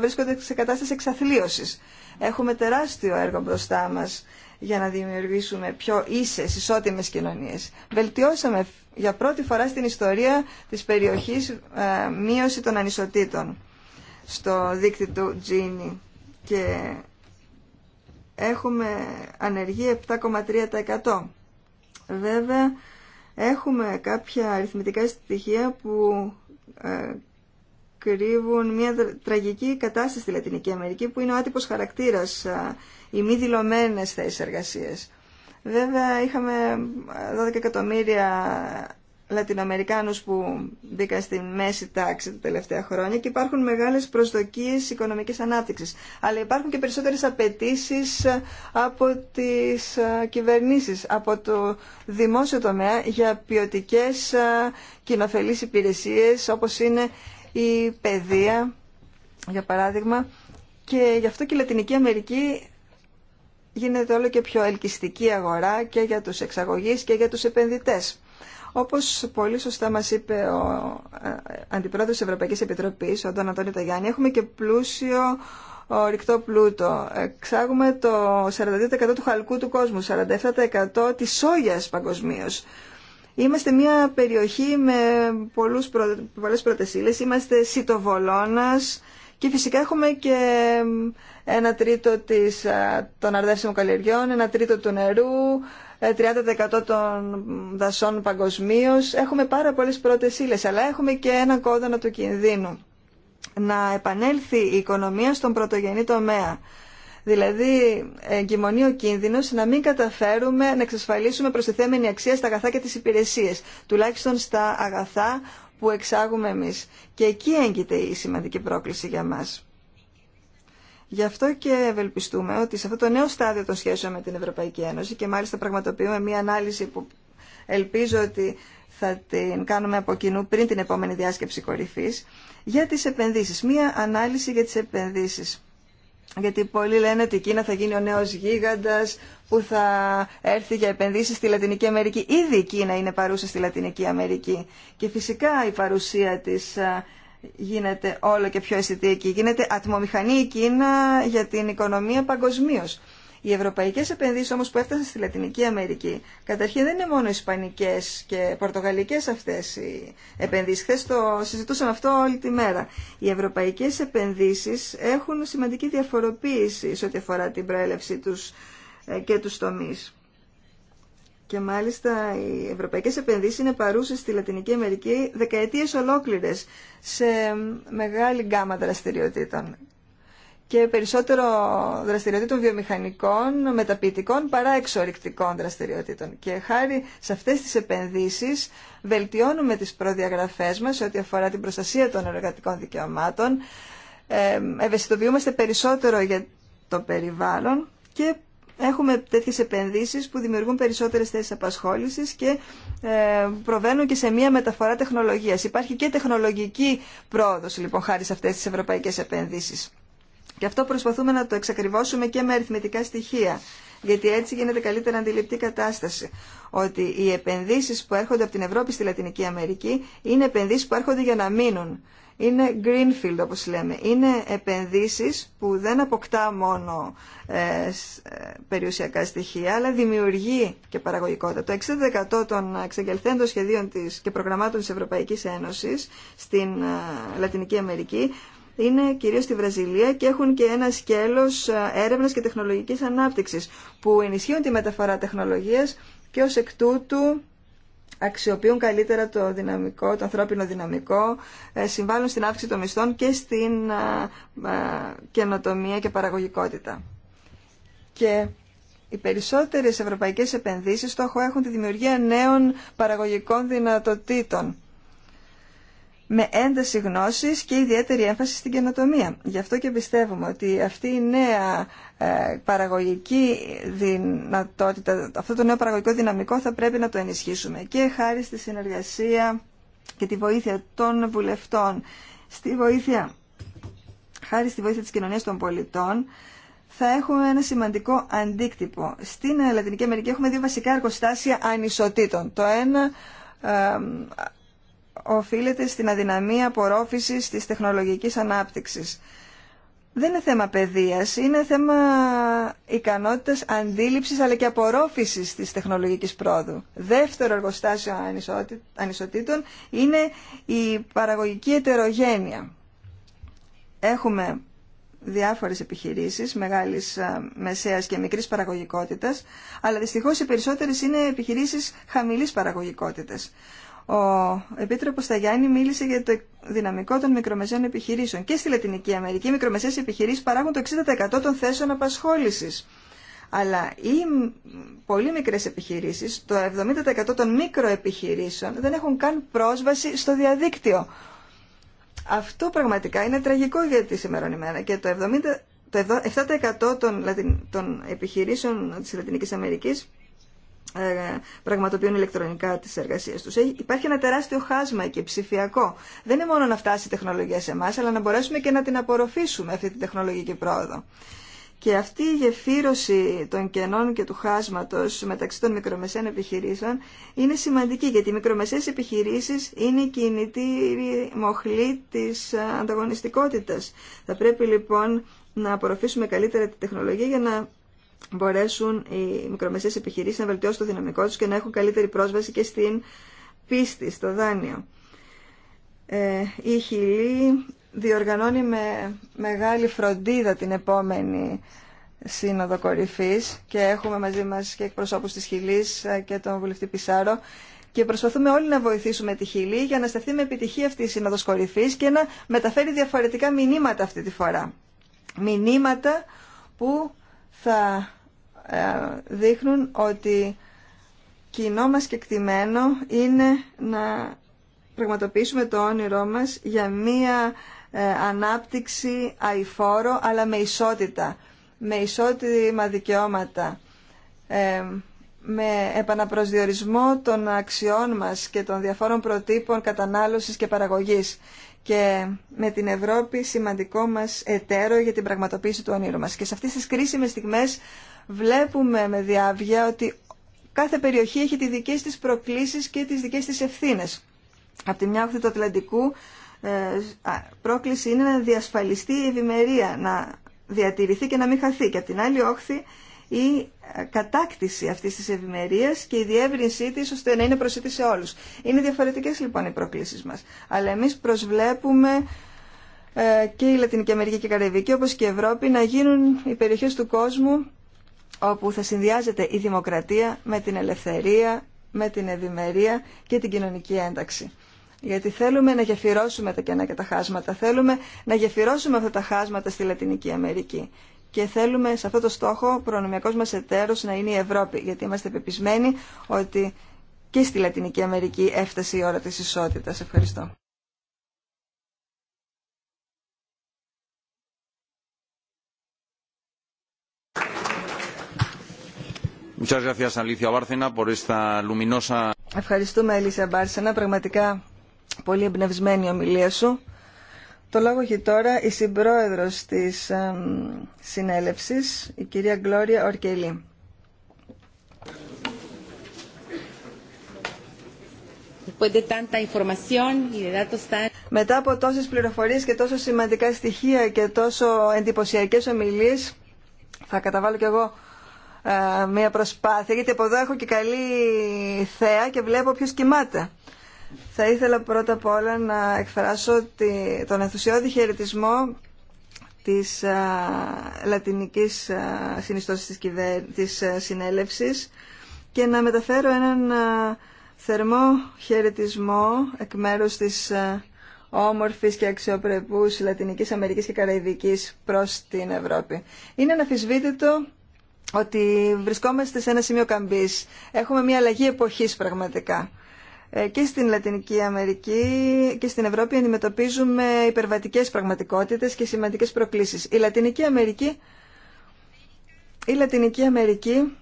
βρίσκονται σε κατάσταση εξαθλίωσης. Έχουμε τεράστιο έργο μπροστά μας για να δημιουργήσουμε πιο ίσες, ισότιμες κοινωνίες. Βελτιώσαμε για πρώτη φορά στην ιστορία της περιοχής ε, μείωση των ανισοτήτων στο δίκτυο του Gini και έχουμε ανεργία 7,3%. Βέβαια, έχουμε κάποια αριθμητικά στοιχεία που ε, κρύβουν μια τραγική κατάσταση στη Λατινική Αμερική που είναι ο άτυπος χαρακτήρας, οι μη δηλωμένε θέσει εργασία. Βέβαια είχαμε 12 εκατομμύρια Λατινοαμερικάνους που μπήκαν στη μέση τάξη τα τελευταία χρόνια και υπάρχουν μεγάλες προσδοκίες οικονομικής ανάπτυξης. Αλλά υπάρχουν και περισσότερες απαιτήσει από τις κυβερνήσεις, από το δημόσιο τομέα για ποιοτικές κοινοφελείς υπηρεσίες όπως είναι η παιδεία, για παράδειγμα. Και γι' αυτό και η Λατινική Αμερική γίνεται όλο και πιο ελκυστική αγορά και για τους εξαγωγείς και για τους επενδυτές. Όπως πολύ σωστά μας είπε ο ε, Αντιπρόεδρος Ευρωπαϊκής Επιτροπής, ο Αντώνη Ταγιάννη, έχουμε και πλούσιο ρηκτό πλούτο. Ξάγουμε το 42% του χαλκού του κόσμου, 47% της σόγιας παγκοσμίω. Είμαστε μια περιοχή με πολλούς προ... πολλές πρωτεσίλες, είμαστε σιτοβολώνας και φυσικά έχουμε και ένα τρίτο της, των αρδεύσιμων καλλιεργιών, ένα τρίτο του νερού, 30% ε, των δασών παγκοσμίω. Έχουμε πάρα πολλές πρώτες αλλά έχουμε και ένα κόδωνα του κινδύνου. Να επανέλθει η οικονομία στον πρωτογενή τομέα Δηλαδή, εγκυμονεί ο κίνδυνο να μην καταφέρουμε να εξασφαλίσουμε προστιθέμενη αξία στα αγαθά και τι υπηρεσίε, τουλάχιστον στα αγαθά που εξάγουμε εμεί. Και εκεί έγκυται η σημαντική πρόκληση για μα. Γι' αυτό και ευελπιστούμε ότι σε αυτό το νέο στάδιο των σχέσεων με την Ευρωπαϊκή Ένωση και μάλιστα πραγματοποιούμε μια ανάλυση που ελπίζω ότι θα την κάνουμε από κοινού πριν την επόμενη διάσκεψη κορυφής, για τις επενδύσεις. Μία ανάλυση για τις επενδύσεις. Γιατί πολλοί λένε ότι η Κίνα θα γίνει ο νέος γίγαντας που θα έρθει για επενδύσει στη Λατινική Αμερική. Ήδη η Κίνα είναι παρούσα στη Λατινική Αμερική. Και φυσικά η παρουσία της γίνεται όλο και πιο αισθητή εκεί. Γίνεται ατμομηχανή η Κίνα για την οικονομία παγκοσμίω. Οι ευρωπαϊκέ επενδύσει όμω που έφτασαν στη Λατινική Αμερική, καταρχήν δεν είναι μόνο ισπανικέ και πορτογαλικέ αυτέ οι επενδύσει. Χθε το συζητούσαμε αυτό όλη τη μέρα. Οι ευρωπαϊκέ επενδύσει έχουν σημαντική διαφοροποίηση σε ό,τι αφορά την προέλευση του ε, και του τομεί. Και μάλιστα οι ευρωπαϊκέ επενδύσει είναι παρούσες στη Λατινική Αμερική δεκαετίες ολόκληρε σε μεγάλη γκάμα δραστηριοτήτων και περισσότερο δραστηριοτήτων βιομηχανικών, μεταποιητικών παρά εξορρυκτικών δραστηριοτήτων. Και χάρη σε αυτές τις επενδύσεις βελτιώνουμε τις προδιαγραφές μας σε ό,τι αφορά την προστασία των εργατικών δικαιωμάτων, ε, ευαισθητοποιούμαστε περισσότερο για το περιβάλλον και έχουμε τέτοιες επενδύσεις που δημιουργούν περισσότερες θέσεις απασχόλησης και ε, προβαίνουν και σε μια μεταφορά τεχνολογίας. Υπάρχει και τεχνολογική πρόοδος λοιπόν χάρη σε αυτέ τι ευρωπαϊκέ επενδύσει. Και αυτό προσπαθούμε να το εξακριβώσουμε και με αριθμητικά στοιχεία. Γιατί έτσι γίνεται καλύτερα αντιληπτή κατάσταση. Ότι οι επενδύσεις που έρχονται από την Ευρώπη στη Λατινική Αμερική είναι επενδύσεις που έρχονται για να μείνουν. Είναι greenfield όπως λέμε. Είναι επενδύσεις που δεν αποκτά μόνο ε, ε, περιουσιακά στοιχεία, αλλά δημιουργεί και παραγωγικότητα. Το 60% των εξεγγελθέντων σχεδίων της και προγραμμάτων της Ευρωπαϊκής Ένωσης στην ε, Λατινική Αμερική είναι κυρίως στη Βραζιλία και έχουν και ένα σκέλος ε, έρευνας και τεχνολογικής ανάπτυξης που ενισχύουν τη μεταφορά τεχνολογίας και ως εκ τούτου αξιοποιούν καλύτερα το δυναμικό, το ανθρώπινο δυναμικό, ε, συμβάλλουν στην αύξηση των μισθών και στην ε, καινοτομία και παραγωγικότητα. Και οι περισσότερες ευρωπαϊκές επενδύσεις στόχο έχουν τη δημιουργία νέων παραγωγικών δυνατοτήτων με ένταση γνώσης και ιδιαίτερη έμφαση στην καινοτομία. Γι' αυτό και πιστεύουμε ότι αυτή η νέα ε, παραγωγική αυτό το νέο παραγωγικό δυναμικό θα πρέπει να το ενισχύσουμε και χάρη στη συνεργασία και τη βοήθεια των βουλευτών, στη βοήθεια, χάρη στη βοήθεια της κοινωνίας των πολιτών, θα έχουμε ένα σημαντικό αντίκτυπο. Στην Λατινική Αμερική έχουμε δύο βασικά εργοστάσια ανισοτήτων. Το ένα ε, οφείλεται στην αδυναμία απορρόφησης της τεχνολογικής ανάπτυξης. Δεν είναι θέμα παιδείας, είναι θέμα ικανότητας αντίληψης αλλά και απορρόφησης της τεχνολογικής πρόοδου. Δεύτερο εργοστάσιο ανισοτήτων είναι η παραγωγική ετερογένεια. Έχουμε διάφορες επιχειρήσεις μεγάλης, μεσαίας και μικρής παραγωγικότητας, αλλά δυστυχώς οι περισσότερες είναι επιχειρήσεις χαμηλής παραγωγικότητας. Ο Επίτροπο Σταγιάννη μίλησε για το δυναμικό των μικρομεσαίων επιχειρήσεων. Και στη Λατινική Αμερική οι μικρομεσαίε επιχειρήσει παράγουν το 60% των θέσεων απασχόληση. Αλλά οι πολύ μικρές επιχειρήσεις, το 70% των μικροεπιχειρήσεων, δεν έχουν καν πρόσβαση στο διαδίκτυο. Αυτό πραγματικά είναι τραγικό για τη σήμερα ημέρα και το 70% το 7% των, των επιχειρήσεων της Λατινικής Αμερικής ε, πραγματοποιούν ηλεκτρονικά τι εργασίες του. Ε, υπάρχει ένα τεράστιο χάσμα και ψηφιακό. Δεν είναι μόνο να φτάσει η τεχνολογία σε εμά, αλλά να μπορέσουμε και να την απορροφήσουμε αυτή τη τεχνολογική πρόοδο. Και αυτή η γεφύρωση των κενών και του χάσματος μεταξύ των μικρομεσαίων επιχειρήσεων είναι σημαντική, γιατί οι μικρομεσαίες επιχειρήσεις είναι η κινητήρη μοχλή της ανταγωνιστικότητας. Θα πρέπει λοιπόν να απορροφήσουμε καλύτερα τη τεχνολογία για να μπορέσουν οι μικρομεσαίες επιχειρήσει να βελτιώσουν το δυναμικό του και να έχουν καλύτερη πρόσβαση και στην πίστη, στο δάνειο. Ε, η Χιλή διοργανώνει με μεγάλη φροντίδα την επόμενη σύνοδο κορυφή και έχουμε μαζί μα και εκπροσώπους τη Χιλή και τον βουλευτή Πισάρο και προσπαθούμε όλοι να βοηθήσουμε τη Χιλή για να σταθεί με επιτυχία αυτή η σύνοδο κορυφή και να μεταφέρει διαφορετικά μηνύματα αυτή τη φορά. Μηνύματα που θα ε, δείχνουν ότι κοινό μας κεκτημένο είναι να πραγματοποιήσουμε το όνειρό μας για μία ε, ανάπτυξη αηφόρο αλλά με ισότητα, με ισότιμα δικαιώματα, ε, με επαναπροσδιορισμό των αξιών μας και των διαφόρων προτύπων κατανάλωσης και παραγωγής και με την Ευρώπη σημαντικό μας εταίρο για την πραγματοποίηση του ονείρου μας. Και σε αυτές τις κρίσιμες στιγμές βλέπουμε με διάβια ότι κάθε περιοχή έχει τις δικές της προκλήσεις και τις δικές της ευθύνες. Από τη μια όχθη του Ατλαντικού ε, πρόκληση είναι να διασφαλιστεί η ευημερία, να διατηρηθεί και να μην χαθεί. Και από την άλλη όχθη η κατάκτηση αυτής της ευημερία και η διεύρυνσή της ώστε να είναι προσιτή σε όλους. Είναι διαφορετικές λοιπόν οι προκλήσεις μας. Αλλά εμείς προσβλέπουμε ε, και η Λατινική Αμερική και η Καραϊβική όπως και η Ευρώπη να γίνουν οι περιοχές του κόσμου όπου θα συνδυάζεται η δημοκρατία με την ελευθερία, με την ευημερία και την κοινωνική ένταξη. Γιατί θέλουμε να γεφυρώσουμε τα κενά και τα χάσματα. Θέλουμε να γεφυρώσουμε αυτά τα χάσματα στη Λατινική Αμερική και θέλουμε σε αυτό το στόχο προνομιακός μας εταίρος να είναι η Ευρώπη, γιατί είμαστε πεπισμένοι ότι και στη Λατινική Αμερική έφτασε η ώρα της ισότητας. Ευχαριστώ. Ευχαριστούμε, Αλήθεια Μπάρσενα. Πραγματικά πολύ εμπνευσμένη η ομιλία σου. Το λόγο έχει τώρα η συμπρόεδρος της συνέλευσης, η κυρία Γκλώρια Ορκελή. Μετά από τόσες πληροφορίες και τόσο σημαντικά στοιχεία και τόσο εντυπωσιακές ομιλίες, θα καταβάλω κι εγώ ε, μία προσπάθεια, γιατί από εδώ έχω και καλή θέα και βλέπω ποιος κοιμάται. Θα ήθελα πρώτα απ' όλα να εκφράσω τον ενθουσιώδη χαιρετισμό της α, λατινικής συνιστώσης της, της συνέλευσης και να μεταφέρω έναν θερμό χαιρετισμό εκ μέρους της α, όμορφης και αξιοπρεπούς Λατινικής Αμερικής και Καραϊβικής προς την Ευρώπη. Είναι αναφυσβήτητο ότι βρισκόμαστε σε ένα σημείο καμπής. Έχουμε μια αλλαγή εποχής πραγματικά. Ε, και στην Λατινική Αμερική και στην Ευρώπη αντιμετωπίζουμε υπερβατικές πραγματικότητες και σημαντικές προκλήσεις. Η Λατινική Αμερική, η Λατινική Αμερική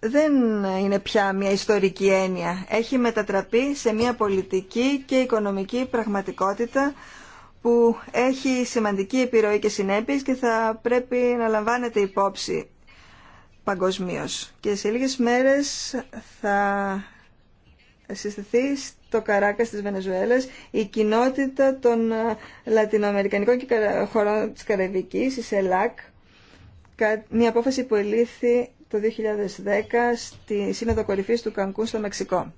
δεν είναι πια μια ιστορική έννοια. Έχει μετατραπεί σε μια πολιτική και οικονομική πραγματικότητα που έχει σημαντική επιρροή και συνέπειες και θα πρέπει να λαμβάνεται υπόψη παγκοσμίω. Και σε λίγες μέρες θα συστηθεί στο Καράκα της Βενεζουέλας η κοινότητα των ε, Λατινοαμερικανικών και χωρών της Καραϊβικής, η ΣΕΛΑΚ, μια απόφαση που ελήφθη το 2010 στη Σύνοδο Κορυφής του Κανκού στο Μεξικό.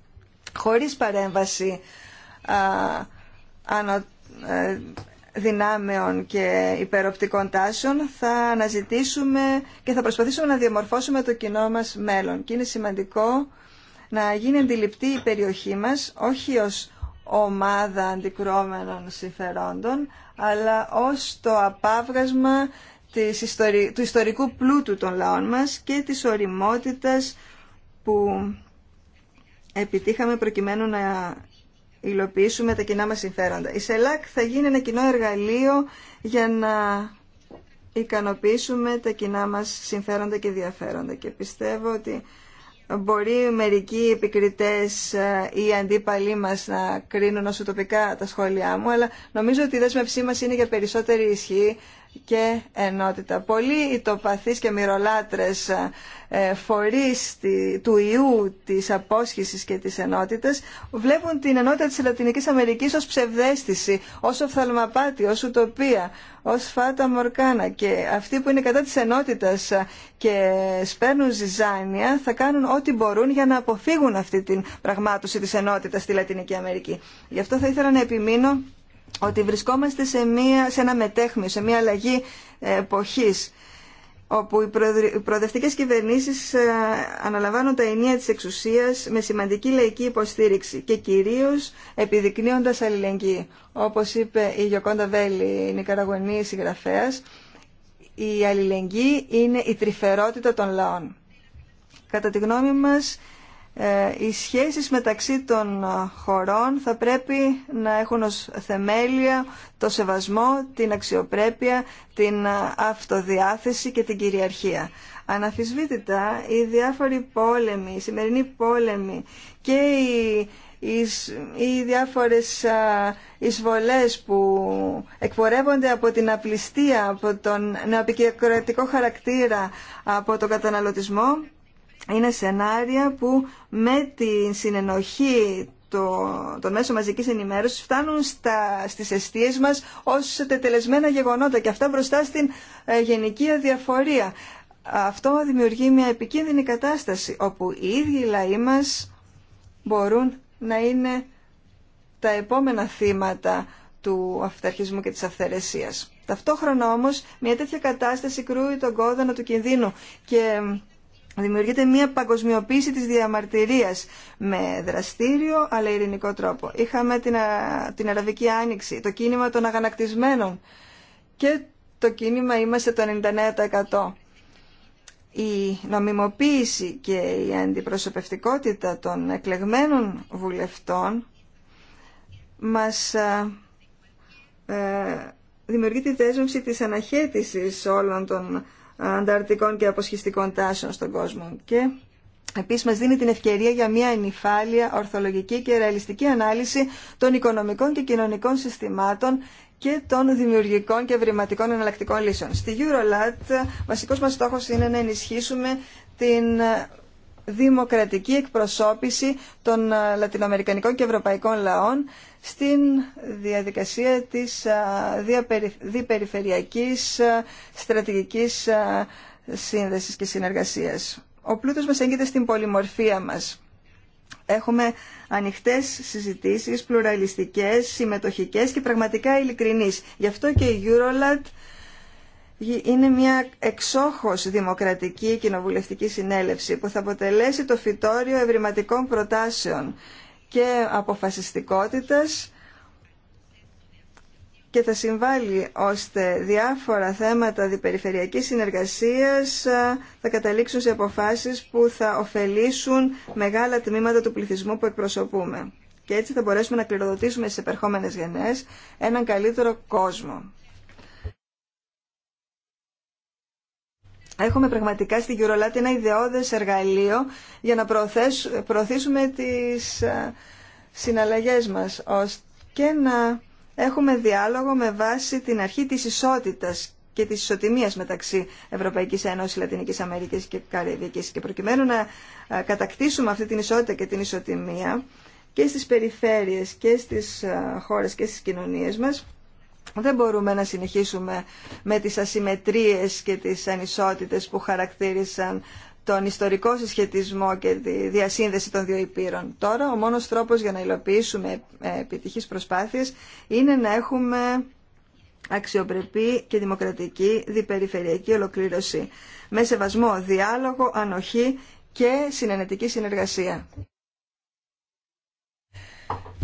Χωρίς παρέμβαση α, ε, δυνάμεων και υπεροπτικών τάσεων θα αναζητήσουμε και θα προσπαθήσουμε να διαμορφώσουμε το κοινό μας μέλλον. Και είναι σημαντικό να γίνει αντιληπτή η περιοχή μας, όχι ως ομάδα αντικρώμενων συμφερόντων, αλλά ως το απάβγασμα της του ιστορικού πλούτου των λαών μας και της οριμότητας που επιτύχαμε προκειμένου να υλοποιήσουμε τα κοινά μας συμφέροντα. Η ΣΕΛΑΚ θα γίνει ένα κοινό εργαλείο για να ικανοποιήσουμε τα κοινά μας συμφέροντα και ενδιαφέροντα και πιστεύω ότι μπορεί μερικοί επικριτές ε, ή αντίπαλοι μας να κρίνουν όσο τοπικά τα σχόλιά μου, αλλά νομίζω ότι η δέσμευσή μας είναι για περισσότερη ισχύ, και ενότητα. Πολλοί ητοπαθείς και μυρολάτρες ε, φορείς του ιού της απόσχησης και της ενότητας βλέπουν την ενότητα της Λατινικής Αμερικής ως ψευδέστηση, ως οφθαλμαπάτη, ως ουτοπία, ως φάτα μορκάνα και αυτοί που είναι κατά της ενότητας και σπέρνουν ζυζάνια θα κάνουν ό,τι μπορούν για να αποφύγουν αυτή την πραγμάτωση της ενότητας στη Λατινική Αμερική. Γι' αυτό θα ήθελα να επιμείνω ότι βρισκόμαστε σε, μια, σε ένα μετέχμιο, σε μια αλλαγή εποχής όπου οι προοδευτικές κυβερνήσεις ε, αναλαμβάνουν τα ενία της εξουσίας με σημαντική λαϊκή υποστήριξη και κυρίως επιδεικνύοντας αλληλεγγύη. Όπως είπε η Γιωκόντα Βέλη, η Νικαραγωνή συγγραφέας, η αλληλεγγύη είναι η τρυφερότητα των λαών. Κατά τη γνώμη μας, ε, οι σχέσεις μεταξύ των χωρών θα πρέπει να έχουν ως θεμέλια το σεβασμό, την αξιοπρέπεια, την αυτοδιάθεση και την κυριαρχία. Αναφυσβήτητα, οι διάφοροι πόλεμοι, οι σημερινοί πόλεμοι και οι οι διάφορες εισβολές που εκπορεύονται από την απληστία, από τον νεοπικρατικό χαρακτήρα, από τον καταναλωτισμό είναι σενάρια που με την συνενοχή των μέσων μαζικής ενημέρωσης φτάνουν στα, στις αιστείες μας ως τετελεσμένα γεγονότα και αυτά μπροστά στην ε, γενική αδιαφορία. Αυτό δημιουργεί μια επικίνδυνη κατάσταση όπου οι ίδιοι λαοί μας μπορούν να είναι τα επόμενα θύματα του αυταρχισμού και της αυθαιρεσίας. Ταυτόχρονα όμως μια τέτοια κατάσταση κρούει τον κόδωνα του κινδύνου Δημιουργείται μια παγκοσμιοποίηση της διαμαρτυρίας με δραστήριο αλλά ειρηνικό τρόπο. Είχαμε την, την Αραβική Άνοιξη, το κίνημα των αγανακτισμένων και το κίνημα είμαστε το 99%. Η νομιμοποίηση και η αντιπροσωπευτικότητα των εκλεγμένων βουλευτών μας ε, δημιουργεί τη δέσμευση της αναχέτησης όλων των ανταρτικών και αποσχιστικών τάσεων στον κόσμο. Και Επίσης μας δίνει την ευκαιρία για μια ενυφάλια, ορθολογική και ρεαλιστική ανάλυση των οικονομικών και κοινωνικών συστημάτων και των δημιουργικών και ευρηματικών εναλλακτικών λύσεων. Στη Eurolat, βασικός μας στόχος είναι να ενισχύσουμε την δημοκρατική εκπροσώπηση των λατινοαμερικανικών και ευρωπαϊκών λαών στην διαδικασία της διπεριφερειακής στρατηγικής σύνδεσης και συνεργασίας. Ο πλούτος μας έγκυται στην πολυμορφία μας. Έχουμε ανοιχτές συζητήσεις, πλουραλιστικές, συμμετοχικές και πραγματικά ειλικρινείς. Γι' αυτό και η Eurolat είναι μια εξόχως δημοκρατική κοινοβουλευτική συνέλευση που θα αποτελέσει το φυτόριο ευρηματικών προτάσεων και αποφασιστικότητας και θα συμβάλλει ώστε διάφορα θέματα διπεριφερειακής συνεργασίας ε, θα καταλήξουν σε αποφάσεις που θα ωφελήσουν μεγάλα τμήματα του πληθυσμού που εκπροσωπούμε. Και έτσι θα μπορέσουμε να κληροδοτήσουμε στις επερχόμενες γενναίες έναν καλύτερο κόσμο. Έχουμε πραγματικά στην Κυρολάτη ένα ιδεώδες εργαλείο για να προωθήσουμε τις ε, συναλλαγές μας και να έχουμε διάλογο με βάση την αρχή της ισότητας και της ισοτιμίας μεταξύ Ευρωπαϊκής Ένωσης, Λατινικής Αμερικής και Καραϊβικής και προκειμένου να ε, κατακτήσουμε αυτή την ισότητα και την ισοτιμία και στις περιφέρειες και στις ε, χώρες και στις κοινωνίες μας δεν μπορούμε να συνεχίσουμε με τις ασυμμετρίες και τις ανισότητες που χαρακτήρισαν τον ιστορικό συσχετισμό και τη διασύνδεση των δύο υπήρων. Τώρα ο μόνος τρόπος για να υλοποιήσουμε ε, επιτυχείς προσπάθειες είναι να έχουμε αξιοπρεπή και δημοκρατική διπεριφερειακή ολοκλήρωση με σεβασμό, διάλογο, ανοχή και συνενετική συνεργασία.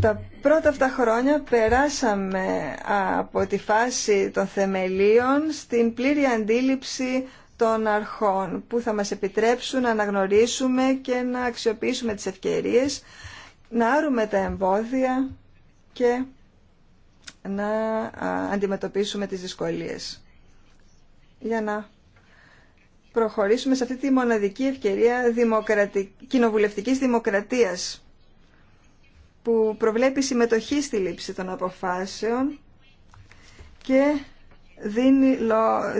Τα πρώτα αυτά χρόνια περάσαμε από τη φάση των θεμελίων στην πλήρη αντίληψη των αρχών που θα μας επιτρέψουν να αναγνωρίσουμε και να αξιοποιήσουμε τις ευκαιρίες, να άρουμε τα εμπόδια και να αντιμετωπίσουμε τις δυσκολίες. Για να προχωρήσουμε σε αυτή τη μοναδική ευκαιρία δημοκρατι... κοινοβουλευτικής δημοκρατίας που προβλέπει συμμετοχή στη λήψη των αποφάσεων και δίνει,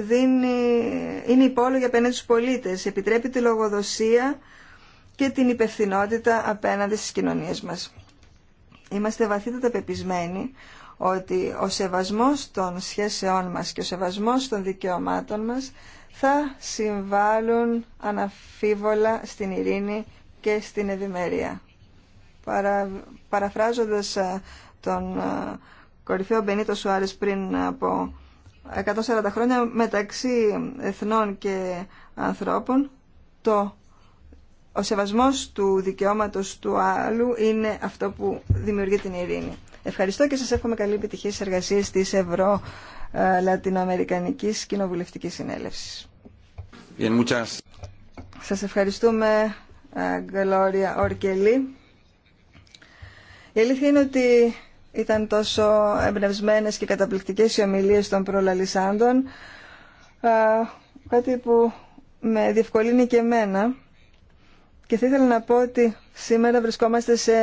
δίνει, είναι υπόλογη απέναντι στους πολίτες, επιτρέπει τη λογοδοσία και την υπευθυνότητα απέναντι στις κοινωνίες μας. Είμαστε βαθύτατα πεπισμένοι ότι ο σεβασμός των σχέσεών μας και ο σεβασμός των δικαιωμάτων μας θα συμβάλλουν αναφίβολα στην ειρήνη και στην ευημερία. Παρα, παραφράζοντας ε, τον ε, κορυφαίο Μπενίτο Σουάρες πριν από 140 χρόνια μεταξύ εθνών και ανθρώπων το ο σεβασμός του δικαιώματος του άλλου είναι αυτό που δημιουργεί την ειρήνη. Ευχαριστώ και σας εύχομαι καλή επιτυχία στις εργασίες της Ευρώ ε, Λατινοαμερικανικής Κοινοβουλευτικής Συνέλευσης. Σας ευχαριστούμε, Γκλώρια Ορκελή. Η αλήθεια είναι ότι ήταν τόσο εμπνευσμένε και καταπληκτικές οι ομιλίες των προλαλισάντων, κάτι που με διευκολύνει και εμένα. Και θα ήθελα να πω ότι σήμερα βρισκόμαστε σε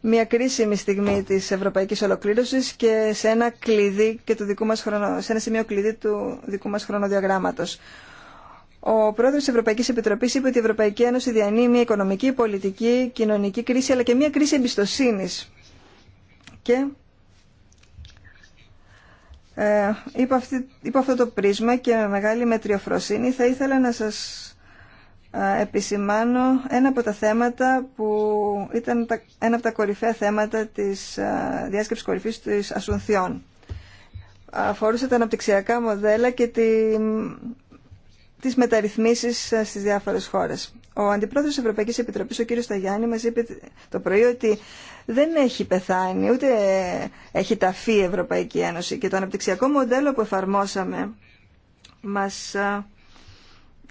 μια κρίσιμη στιγμή της ευρωπαϊκής ολοκλήρωσης και σε ένα κλειδί του δικού μας χρονο... σε ένα σημείο κλειδί του δικού μας χρονοδιαγράμματος. Ο πρόεδρο τη Ευρωπαϊκή Επιτροπή είπε ότι η Ευρωπαϊκή Ένωση διανύει μια οικονομική, πολιτική, κοινωνική κρίση, αλλά και μια κρίση εμπιστοσύνη. Και ε, υπό, αυτό το πρίσμα και με μεγάλη μετριοφροσύνη θα ήθελα να σας ε, επισημάνω ένα από τα θέματα που ήταν ένα από τα κορυφαία θέματα της ε, διάσκεψης κορυφής της Ασουνθιών. Αφορούσε τα αναπτυξιακά μοντέλα και τη τις μεταρρυθμίσεις ε, στις διάφορες χώρες. Ο Αντιπρόεδρος τη Ευρωπαϊκής Επιτροπής, ο κύριος Σταγιάννη, μα είπε το πρωί ότι δεν έχει πεθάνει, ούτε έχει ταφεί η Ευρωπαϊκή Ένωση και το αναπτυξιακό μοντέλο που εφαρμόσαμε μας ε,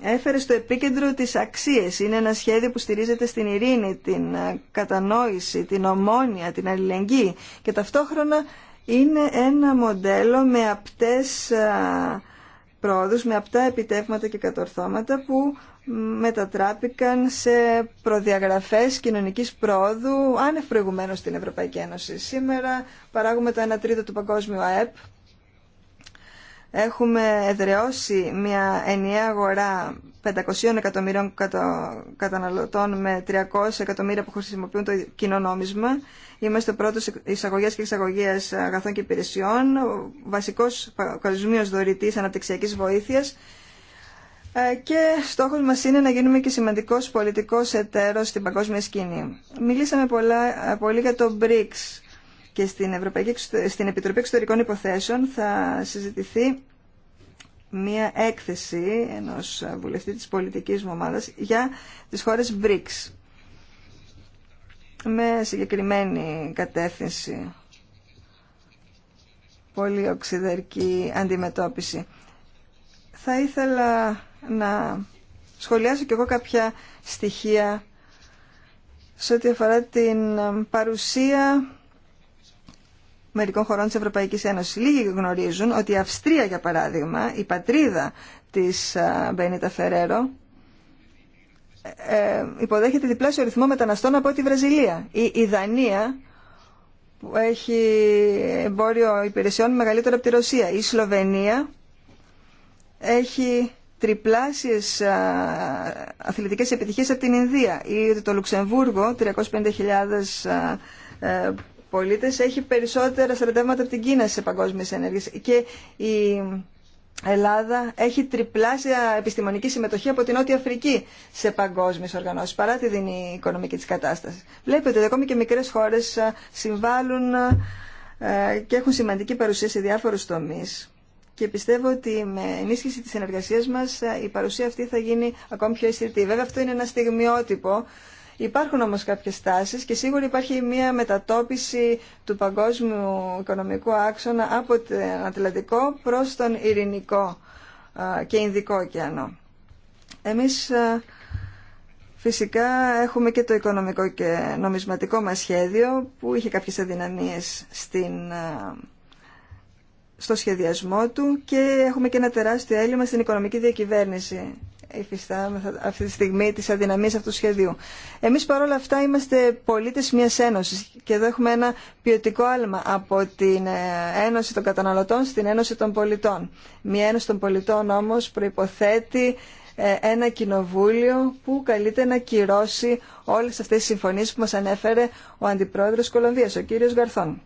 έφερε στο επίκεντρο τις αξίε. Είναι ένα σχέδιο που στηρίζεται στην ειρήνη, την ε, κατανόηση, την ομόνοια, την αλληλεγγύη και ταυτόχρονα είναι ένα μοντέλο με απτές πρόοδους με αυτά επιτεύγματα και κατορθώματα που μετατράπηκαν σε προδιαγραφές κοινωνικής πρόοδου άνευ προηγουμένως στην Ευρωπαϊκή Ένωση. Σήμερα παράγουμε το 1 τρίτο του παγκόσμιου ΑΕΠ. Έχουμε εδραιώσει μια ενιαία αγορά 500 εκατομμυρίων καταναλωτών με 300 εκατομμύρια που χρησιμοποιούν το κοινό νόμισμα Είμαστε πρώτο εισαγωγέ και εξαγωγέ αγαθών και υπηρεσιών, βασικό παγκοσμίω δωρητή αναπτυξιακή βοήθεια ε, και στοχο μα είναι να γίνουμε και σημαντικό πολιτικό εταίρο στην παγκόσμια σκηνή. Μιλήσαμε πολλά, ε, πολύ για το BRICS και στην, Ευρωπαϊκή, στην Επιτροπή Εξωτερικών Υποθέσεων θα συζητηθεί μία έκθεση ενός βουλευτή της πολιτικής μου ομάδας για τις χώρες BRICS με συγκεκριμένη κατεύθυνση πολύ οξυδερκή αντιμετώπιση. Θα ήθελα να σχολιάσω και εγώ κάποια στοιχεία σε ό,τι αφορά την παρουσία μερικών χωρών της Ευρωπαϊκής Ένωσης. Λίγοι γνωρίζουν ότι η Αυστρία, για παράδειγμα, η πατρίδα της ε, Μπένιτα Φερέρο, ε, ε, υποδέχεται διπλάσιο ρυθμό μεταναστών από τη Βραζιλία. Η, η Δανία που έχει εμπόριο υπηρεσιών μεγαλύτερο από τη Ρωσία. Η Σλοβενία έχει τριπλάσιες αθλητικές επιτυχίες από την Ινδία. Ή το Λουξεμβούργο, 350.000 ε, πολίτες, έχει περισσότερα στρατεύματα από την Κίνα σε παγκόσμιες ενέργειες. Και η Ελλάδα έχει τριπλάσια επιστημονική συμμετοχή από την Νότια Αφρική σε παγκόσμιε οργανώσει, παρά τη δινή οικονομική τη κατάσταση. Βλέπετε ότι ακόμη και μικρέ χώρε ε, συμβάλλουν ε, και έχουν σημαντική παρουσία σε διάφορου τομεί. Και πιστεύω ότι με ενίσχυση τη συνεργασία μα ε, η παρουσία αυτή θα γίνει ακόμη πιο αισθητή. Βέβαια, αυτό είναι ένα στιγμιότυπο Υπάρχουν όμως κάποιες τάσεις και σίγουρα υπάρχει μια μετατόπιση του παγκόσμιου οικονομικού άξονα από τον Ατλαντικό προς τον Ειρηνικό και Ινδικό ωκεανό. Εμείς φυσικά έχουμε και το οικονομικό και νομισματικό μας σχέδιο που είχε κάποιες αδυναμίες στην στο σχεδιασμό του και έχουμε και ένα τεράστιο έλλειμμα στην οικονομική διακυβέρνηση υφιστάμε αυτή τη στιγμή τις αδυναμίες αυτού του σχεδίου. Εμείς παρόλα αυτά είμαστε πολίτες μιας ένωσης και εδώ έχουμε ένα ποιοτικό άλμα από την ε, Ένωση των Καταναλωτών στην Ένωση των Πολιτών. Μια Ένωση των Πολιτών όμως προϋποθέτει ε, ένα κοινοβούλιο που καλείται να κυρώσει όλες αυτές τις συμφωνίες που μας ανέφερε ο Αντιπρόεδρος Κολομβίας, ο κύριος Γαρθών.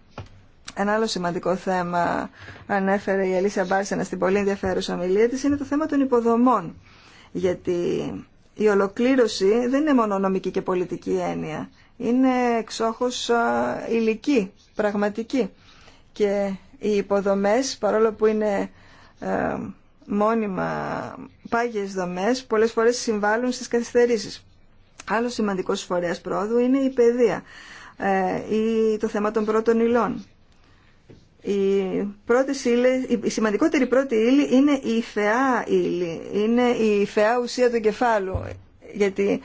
Ένα άλλο σημαντικό θέμα ανέφερε η Αλίσσα Μπάρσενα στην πολύ ενδιαφέρουσα ομιλία της είναι το θέμα των υποδομών γιατί η ολοκλήρωση δεν είναι μόνο νομική και πολιτική έννοια. Είναι εξόχως υλική, πραγματική. Και οι υποδομές, παρόλο που είναι ε, μόνιμα πάγιες δομές, πολλές φορές συμβάλλουν στις καθυστερήσεις. Άλλο σημαντικός φορέας πρόοδου είναι η παιδεία ή ε, το θέμα των πρώτων υλών. Η, πρώτη η σημαντικότερη πρώτη ύλη είναι η θεά ύλη, είναι η θεά ουσία του κεφάλου, γιατί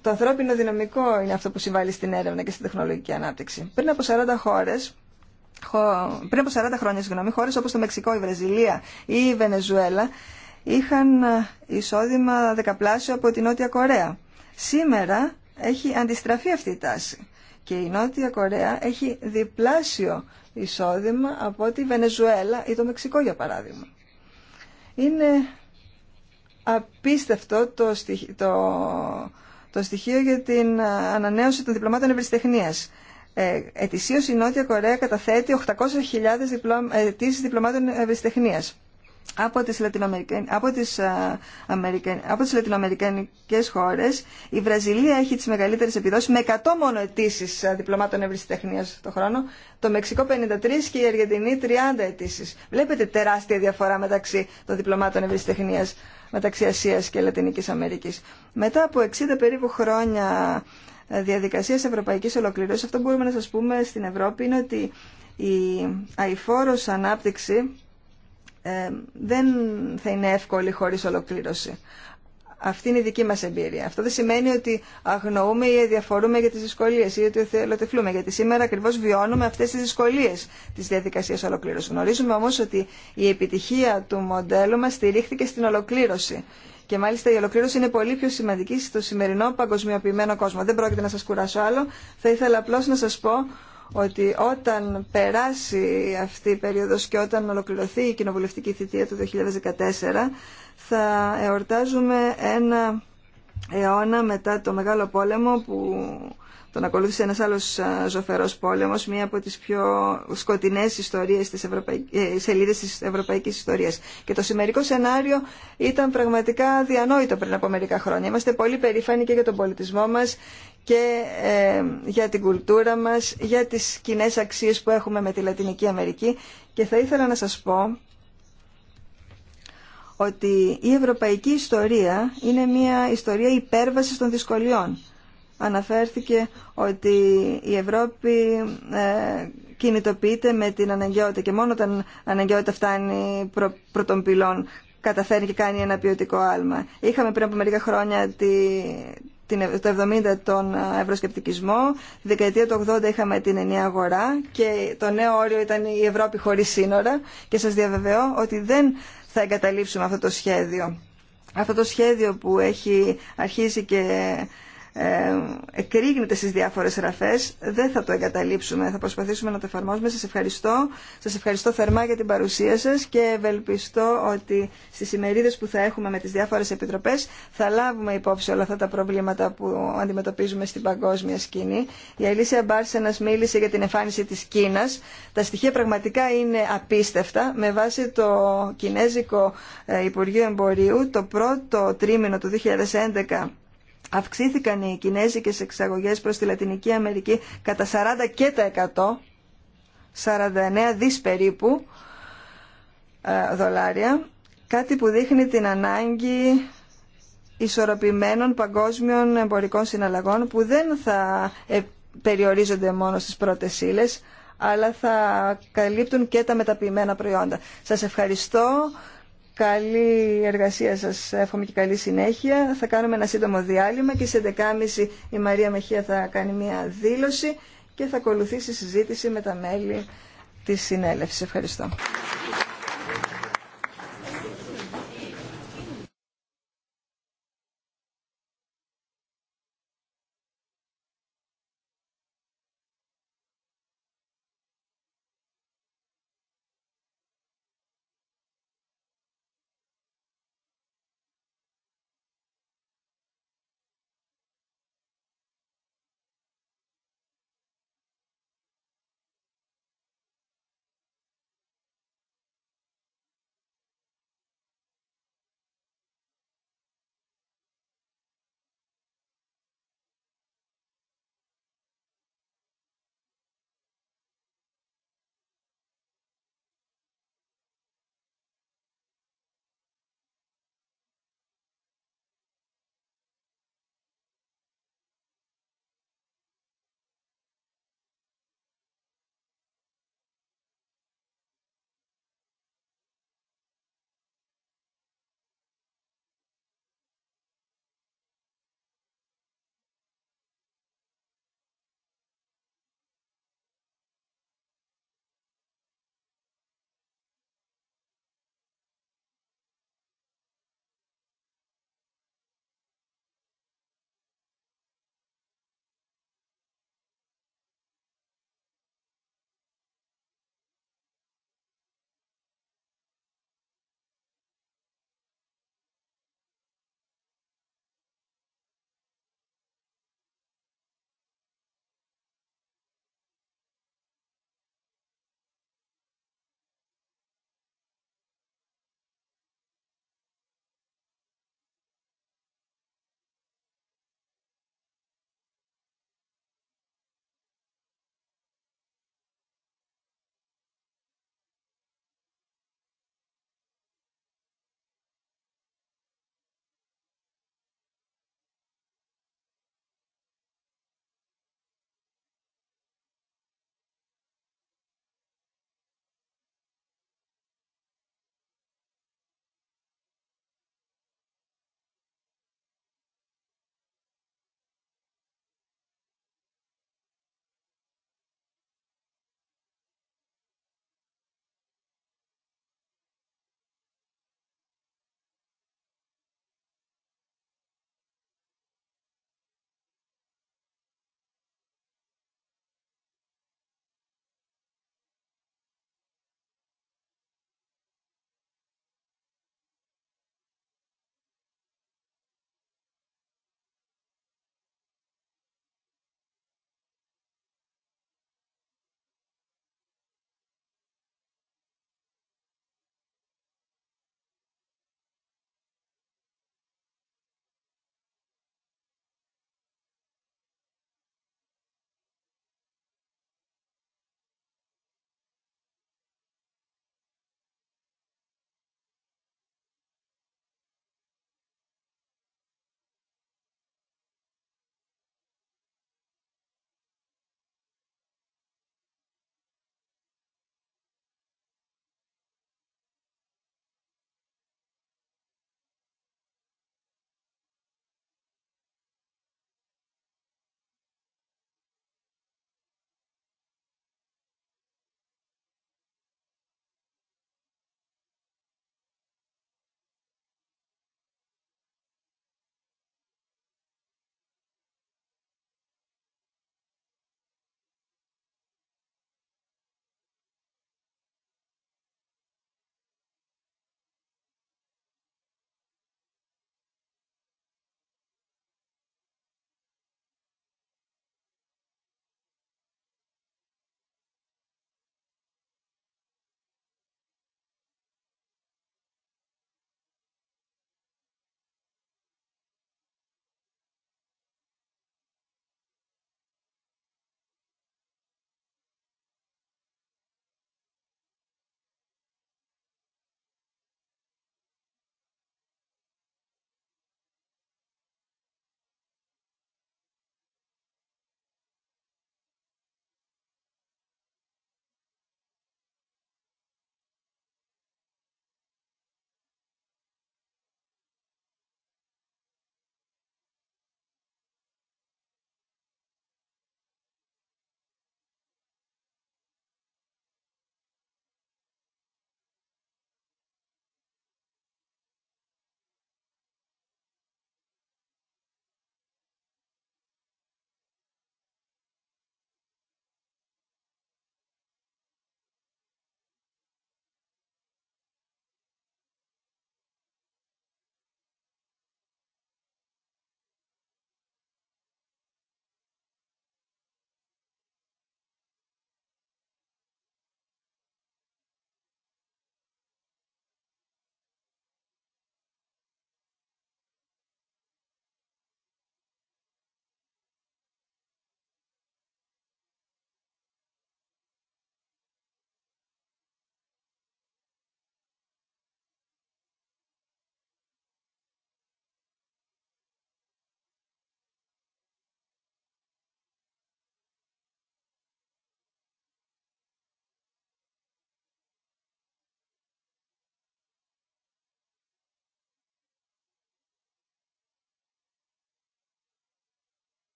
το ανθρώπινο δυναμικό είναι αυτό που συμβάλλει στην έρευνα και στην τεχνολογική ανάπτυξη. Πριν από 40 χώρες, πριν από 40 χρόνια, συγγνώμη, χώρες όπως το Μεξικό, η Βραζιλία ή η Βενεζουέλα είχαν εισόδημα δεκαπλάσιο από την Νότια Κορέα. Σήμερα έχει αντιστραφεί αυτή η βενεζουελα ειχαν εισοδημα δεκαπλασιο απο τη νοτια κορεα σημερα εχει αντιστραφει αυτη η ταση και η Νότια Κορέα έχει διπλάσιο εισόδημα από τη Βενεζουέλα ή το Μεξικό για παράδειγμα. Είναι απίστευτο το, στοιχείο, το, το στοιχείο για την ανανέωση των διπλωμάτων ευρυστεχνίας. Ε, ετησίως η Νότια Κορέα καταθέτει 800.000 διπλω, ε, διπλωμάτων ευρυστεχνίας από τις, από, τις, από τις λατινοαμερικανικές χώρες η Βραζιλία έχει τις μεγαλύτερες επιδόσεις με 100 μόνο αιτήσει διπλωμάτων ευρυσιτεχνίας το χρόνο το Μεξικό 53 και η Αργεντινή 30 αιτήσει. βλέπετε τεράστια διαφορά μεταξύ των διπλωμάτων ευρυσιτεχνίας μεταξύ Ασίας και Λατινικής Αμερικής μετά από 60 περίπου χρόνια διαδικασία ευρωπαϊκής ολοκληρώσης αυτό που μπορούμε να σας πούμε στην Ευρώπη είναι ότι η αηφόρος ανάπτυξη ε, δεν θα είναι εύκολη χωρίς ολοκλήρωση. Αυτή είναι η δική μας εμπειρία. Αυτό δεν σημαίνει ότι αγνοούμε ή αδιαφορούμε για τις δυσκολίες ή ότι θελοτεφλούμε, γιατί σήμερα ακριβώς βιώνουμε αυτές τις δυσκολίες της διαδικασίας ολοκλήρωσης. Γνωρίζουμε όμως ότι η επιτυχία του μοντέλου μας στηρίχθηκε στην ολοκλήρωση. Και μάλιστα η ολοκλήρωση είναι πολύ πιο σημαντική στο σημερινό παγκοσμιοποιημένο κόσμο. Δεν πρόκειται να σας κουράσω άλλο. Θα ήθελα απλώς να σας πω ότι όταν περάσει αυτή η περίοδος και όταν ολοκληρωθεί η κοινοβουλευτική θητεία του 2014 θα εορτάζουμε ένα αιώνα μετά το Μεγάλο Πόλεμο που τον ακολούθησε ένας άλλος ζωφερός πόλεμος, μία από τις πιο σκοτεινές ιστορίες της Ευρωπαϊ... Ε, σελίδες της ευρωπαϊκής ιστορίας. Και το σημερικό σενάριο ήταν πραγματικά διανόητο πριν από μερικά χρόνια. Είμαστε πολύ περήφανοι και για τον πολιτισμό μας και ε, για την κουλτούρα μας, για τις κοινέ αξίες που έχουμε με τη Λατινική Αμερική και θα ήθελα να σας πω ότι η ευρωπαϊκή ιστορία είναι μια ιστορία υπέρβασης των δυσκολιών. Αναφέρθηκε ότι η Ευρώπη ε, κινητοποιείται με την αναγκαιότητα και μόνο όταν αναγκαιότητα φτάνει προ, προ πυλών καταφέρνει και κάνει ένα ποιοτικό άλμα. Είχαμε πριν από μερικά χρόνια τη, το 70 τον ευρωσκεπτικισμό, τη δεκαετία του 80 είχαμε την ενιαία αγορά και το νέο όριο ήταν η Ευρώπη χωρίς σύνορα και σας διαβεβαιώ ότι δεν θα εγκαταλείψουμε αυτό το σχέδιο. Αυτό το σχέδιο που έχει αρχίσει και εκρήγνεται στις διάφορες ραφές. Δεν θα το εγκαταλείψουμε, θα προσπαθήσουμε να το εφαρμόσουμε. Σας ευχαριστώ. Σας ευχαριστώ θερμά για την παρουσία σας και ευελπιστώ ότι στις ημερίδες που θα έχουμε με τις διάφορες επιτροπές θα λάβουμε υπόψη όλα αυτά τα προβλήματα που αντιμετωπίζουμε στην παγκόσμια σκηνή. Η Αλήσια Μπάρσενας μίλησε για την εμφάνιση της Κίνας. Τα στοιχεία πραγματικά είναι απίστευτα. Με βάση το Κινέζικο ε, Υπουργείο Εμπορίου το πρώτο τρίμηνο του 2011 αυξήθηκαν οι κινέζικες εξαγωγές προς τη Λατινική Αμερική κατά 40 και τα 100, 49 δις περίπου ε, δολάρια, κάτι που δείχνει την ανάγκη ισορροπημένων παγκόσμιων εμπορικών συναλλαγών που δεν θα ε, περιορίζονται μόνο στις πρώτες ύλες, αλλά θα καλύπτουν και τα μεταποιημένα προϊόντα. Σας ευχαριστώ. Καλή εργασία σας, εύχομαι και καλή συνέχεια. Θα κάνουμε ένα σύντομο διάλειμμα και σε 11.30 η Μαρία Μεχία θα κάνει μια δήλωση και θα ακολουθήσει συζήτηση με τα μέλη της συνέλευσης. Ευχαριστώ.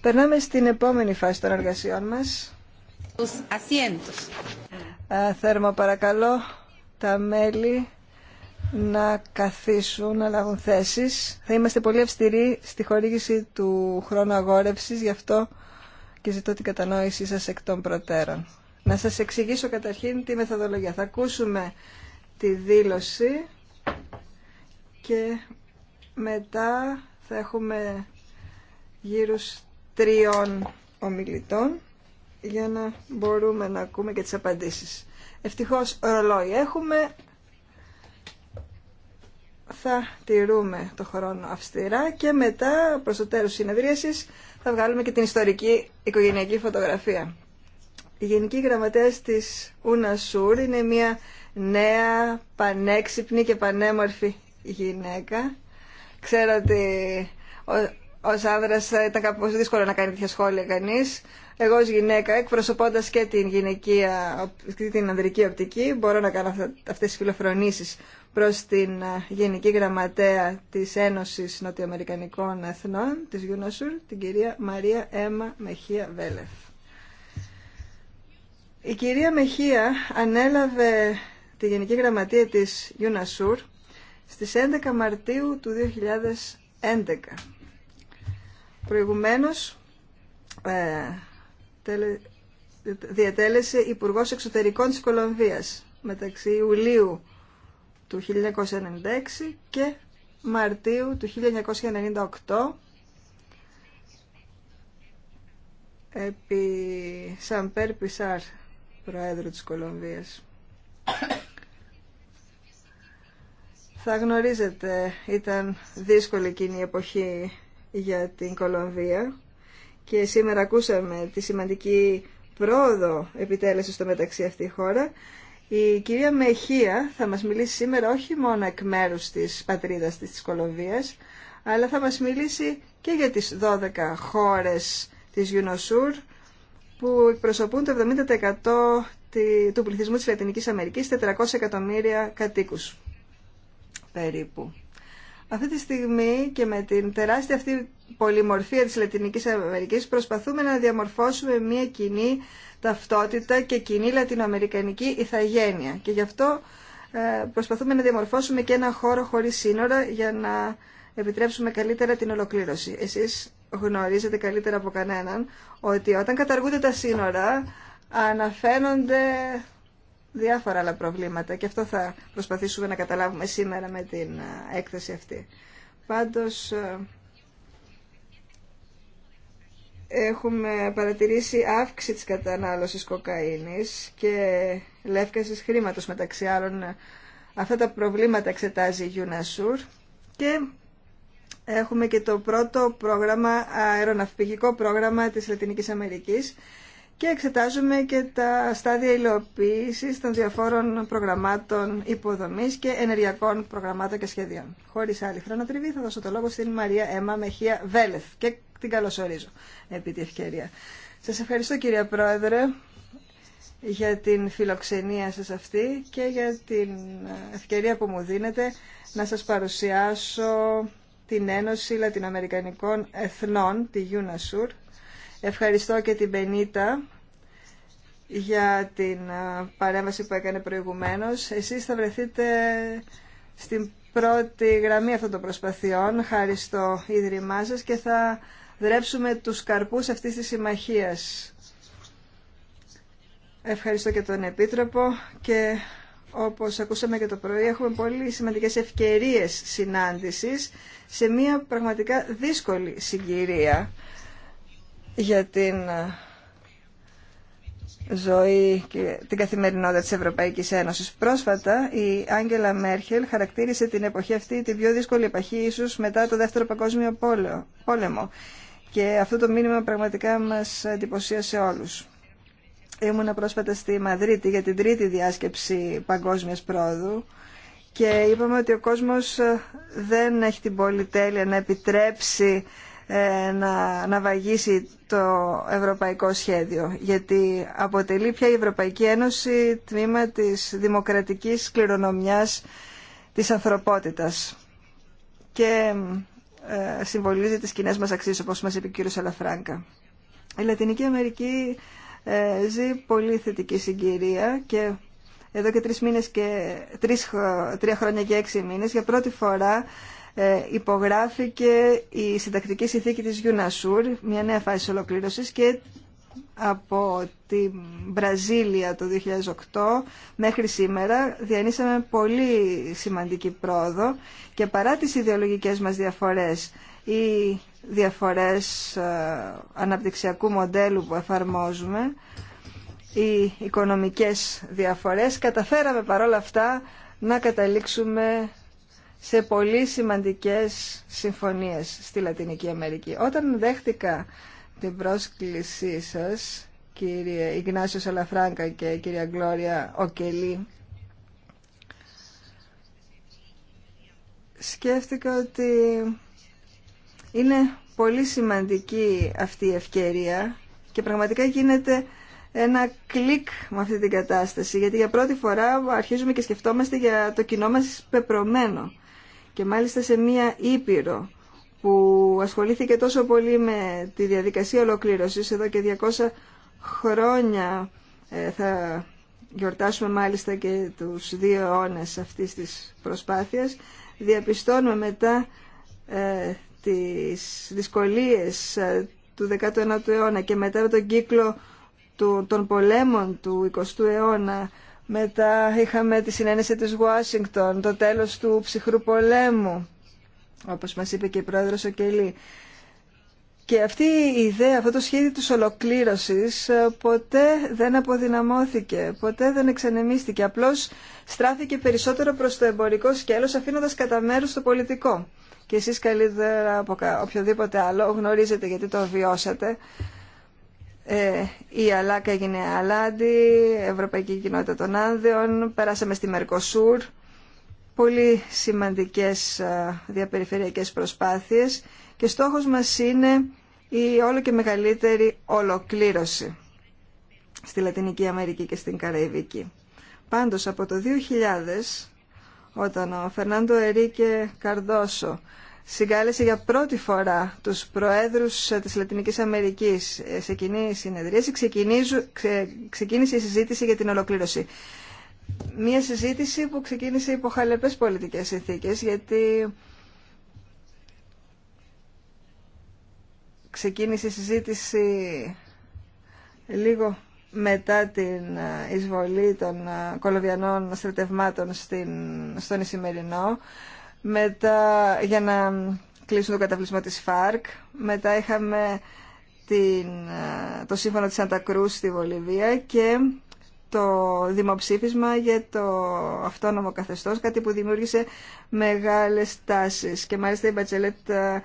Περνάμε στην επόμενη φάση των εργασιών μας. Τους Θέρμα παρακαλώ τα μέλη να καθίσουν, να λάβουν θέσεις. Θα είμαστε πολύ αυστηροί στη χορήγηση του χρόνου αγόρευσης, γι' αυτό και ζητώ την κατανόησή σας εκ των προτέρων. Να σας εξηγήσω καταρχήν τη μεθοδολογία. Θα ακούσουμε τη δήλωση και μετά θα έχουμε γύρους τριών ομιλητών για να μπορούμε να ακούμε και τις απαντήσεις. Ευτυχώς ρολόι έχουμε, θα τηρούμε το χρόνο αυστηρά και μετά προς το τέλος συνεδρίασης θα βγάλουμε και την ιστορική οικογενειακή φωτογραφία. Η Γενική Γραμματέας της Σούρ είναι μια νέα πανέξυπνη και πανέμορφη γυναίκα. Ξέρω ότι ω άνδρα ήταν κάπω δύσκολο να κάνει τέτοια σχόλια κανεί. Εγώ ω γυναίκα, εκπροσωπώντα και την γυναικεία, και την ανδρική οπτική, μπορώ να κάνω αυτέ τι φιλοφρονήσει προ την ε, Γενική Γραμματέα τη Ένωση Νοτιοαμερικανικών Εθνών, τη UNOSUR, την κυρία Μαρία Έμα Μεχία Βέλεφ. Η κυρία Μεχία ανέλαβε τη Γενική Γραμματεία της UNASUR στις 11 Μαρτίου του 2011. Προηγουμένως ε, τελε, διατέλεσε Υπουργός Εξωτερικών της Κολομβίας μεταξύ Ιουλίου του 1996 και Μαρτίου του 1998 επί Σαμπέρ Πισάρ, Προέδρου της Κολομβίας. Θα γνωρίζετε, ήταν δύσκολη εκείνη η εποχή για την Κολομβία και σήμερα ακούσαμε τη σημαντική πρόοδο επιτέλεση στο μεταξύ αυτή η χώρα. Η κυρία Μεχία θα μας μιλήσει σήμερα όχι μόνο εκ μέρου της πατρίδας της, της Κολομβίας, αλλά θα μας μιλήσει και για τις 12 χώρες της Γιουνοσούρ που εκπροσωπούν το 70% του πληθυσμού της Λατινικής Αμερικής, 400 εκατομμύρια κατοίκους περίπου. Αυτή τη στιγμή και με την τεράστια αυτή πολυμορφία της Λατινικής Αμερικής προσπαθούμε να διαμορφώσουμε μια κοινή ταυτότητα και κοινή λατινοαμερικανική ηθαγένεια. Και γι' αυτό ε, προσπαθούμε να διαμορφώσουμε και ένα χώρο χωρίς σύνορα για να επιτρέψουμε καλύτερα την ολοκλήρωση. Εσείς γνωρίζετε καλύτερα από κανέναν ότι όταν καταργούνται τα σύνορα αναφαίνονται διάφορα άλλα προβλήματα και αυτό θα προσπαθήσουμε να καταλάβουμε σήμερα με την ε, έκθεση αυτή. Πάντως ε, έχουμε παρατηρήσει αύξηση της κατανάλωσης κοκαίνης και λεύκασης χρήματος μεταξύ άλλων. Αυτά τα προβλήματα εξετάζει η UNASUR και έχουμε και το πρώτο πρόγραμμα, αεροναυπηγικό πρόγραμμα της Λατινικής Αμερικής και εξετάζουμε και τα στάδια υλοποίησης των διαφόρων προγραμμάτων υποδομή και ενεργειακών προγραμμάτων και σχεδίων. Χωρί άλλη χρονοτριβή, θα δώσω το λόγο στην Μαρία Έμα Μεχία Βέλεθ και την καλωσορίζω επί τη ευκαιρία. Σα ευχαριστώ, κυρία Πρόεδρε, για την φιλοξενία σας αυτή και για την ευκαιρία που μου δίνετε να σας παρουσιάσω την Ένωση Λατινοαμερικανικών Εθνών, τη UNASUR, Ευχαριστώ και την Πενίτα για την παρέμβαση που έκανε προηγουμένως. Εσείς θα βρεθείτε στην πρώτη γραμμή αυτών των προσπαθειών, χάρη στο Ίδρυμά σας και θα δρέψουμε τους καρπούς αυτής της συμμαχίας. Ευχαριστώ και τον Επίτροπο και όπως ακούσαμε και το πρωί έχουμε πολύ σημαντικές ευκαιρίες συνάντησης σε μια πραγματικά δύσκολη συγκυρία για την ε, ζωή και την καθημερινότητα της Ευρωπαϊκής Ένωσης. Πρόσφατα η Άγγελα Μέρχελ χαρακτήρισε την εποχή αυτή τη πιο δύσκολη εποχή ίσως μετά το Δεύτερο Παγκόσμιο Πόλεμο και αυτό το μήνυμα πραγματικά μας εντυπωσίασε όλους. Ήμουνα πρόσφατα στη Μαδρίτη για την τρίτη διάσκεψη παγκόσμιας πρόοδου και είπαμε ότι ο κόσμος ε, δεν έχει την πολυτέλεια να επιτρέψει ε, να, να βαγίσει το ευρωπαϊκό σχέδιο γιατί αποτελεί πια η Ευρωπαϊκή Ένωση τμήμα της δημοκρατικής κληρονομιάς της ανθρωπότητας και ε, συμβολίζει τις κοινέ μας αξίες όπως μας είπε ο κύριος Αλαφράγκα. Η Λατινική Αμερική ε, ζει πολύ θετική συγκυρία και εδώ και τρεις, μήνες και, τρία χρόνια και έξι μήνες για πρώτη φορά ε, υπογράφηκε η συντακτική συνθήκη της Γιουνασούρ μια νέα φάση ολοκλήρωσης και από τη Βραζίλια το 2008 μέχρι σήμερα διανύσαμε πολύ σημαντική πρόοδο και παρά τις ιδεολογικές μας διαφορές ή διαφορές ε, αναπτυξιακού μοντέλου που εφαρμόζουμε οι οικονομικές διαφορές καταφέραμε παρόλα αυτά να καταλήξουμε σε πολύ σημαντικές συμφωνίες στη Λατινική Αμερική. Όταν δέχτηκα την πρόσκλησή σας, κύριε Ιγνάσιο Σαλαφράγκα και κυρία Γκλώρια Οκελή, σκέφτηκα ότι είναι πολύ σημαντική αυτή η ευκαιρία και πραγματικά γίνεται ένα κλικ με αυτή την κατάσταση, γιατί για πρώτη φορά αρχίζουμε και σκεφτόμαστε για το κοινό μας πεπρωμένο και μάλιστα σε μία ήπειρο που ασχολήθηκε τόσο πολύ με τη διαδικασία ολοκλήρωσης εδώ και 200 χρόνια ε, θα γιορτάσουμε μάλιστα και τους δύο αιώνες αυτής της προσπάθειας διαπιστώνουμε μετά ε, τις δυσκολίες ε, του 19ου αιώνα και μετά τον κύκλο του, των πολέμων του 20ου αιώνα μετά είχαμε τη συνένεση της Ουάσιγκτον, το τέλος του ψυχρού πολέμου, όπως μας είπε και η πρόεδρος Οκελή. Και αυτή η ιδέα, αυτό το σχέδιο της ολοκλήρωσης ε, ποτέ δεν αποδυναμώθηκε, ποτέ δεν εξανεμίστηκε. Απλώς στράφηκε περισσότερο προς το εμπορικό σκέλος αφήνοντας κατά μέρους το πολιτικό. Και εσείς καλύτερα από οποιοδήποτε άλλο γνωρίζετε γιατί το βιώσατε ε, η ΑΛΑΚΑ έγινε ΑΛΑΝΤΙ, Ευρωπαϊκή Κοινότητα των Άνδεων, περάσαμε στη Μερκοσούρ, πολύ σημαντικές διαπεριφερειακές προσπάθειες και στόχος μας είναι η όλο και μεγαλύτερη ολοκλήρωση στη Λατινική Αμερική και στην Καραϊβική. Πάντως από το 2000 όταν ο Φερνάντο Ερίκε Καρδόσο συγκάλεσε για πρώτη φορά τους προέδρους ε, της Λατινικής Αμερικής ε, σε κοινή συνεδρίαση, ξεκίνησε η συζήτηση για την ολοκλήρωση. Μία συζήτηση που ξεκίνησε υπό χαλεπές πολιτικές συνθήκες, γιατί ξεκίνησε η συζήτηση λίγο μετά την ε, εισβολή των κολοβιανών στρατευμάτων στην, στον Ισημερινό μετά, για να κλείσουν το καταβλισμό της ΦΑΡΚ. Μετά είχαμε την, το σύμφωνο της Αντακρούς στη Βολιβία και το δημοψήφισμα για το αυτόνομο καθεστώς, κάτι που δημιούργησε μεγάλες τάσεις. Και μάλιστα η Μπατσελέτ ε,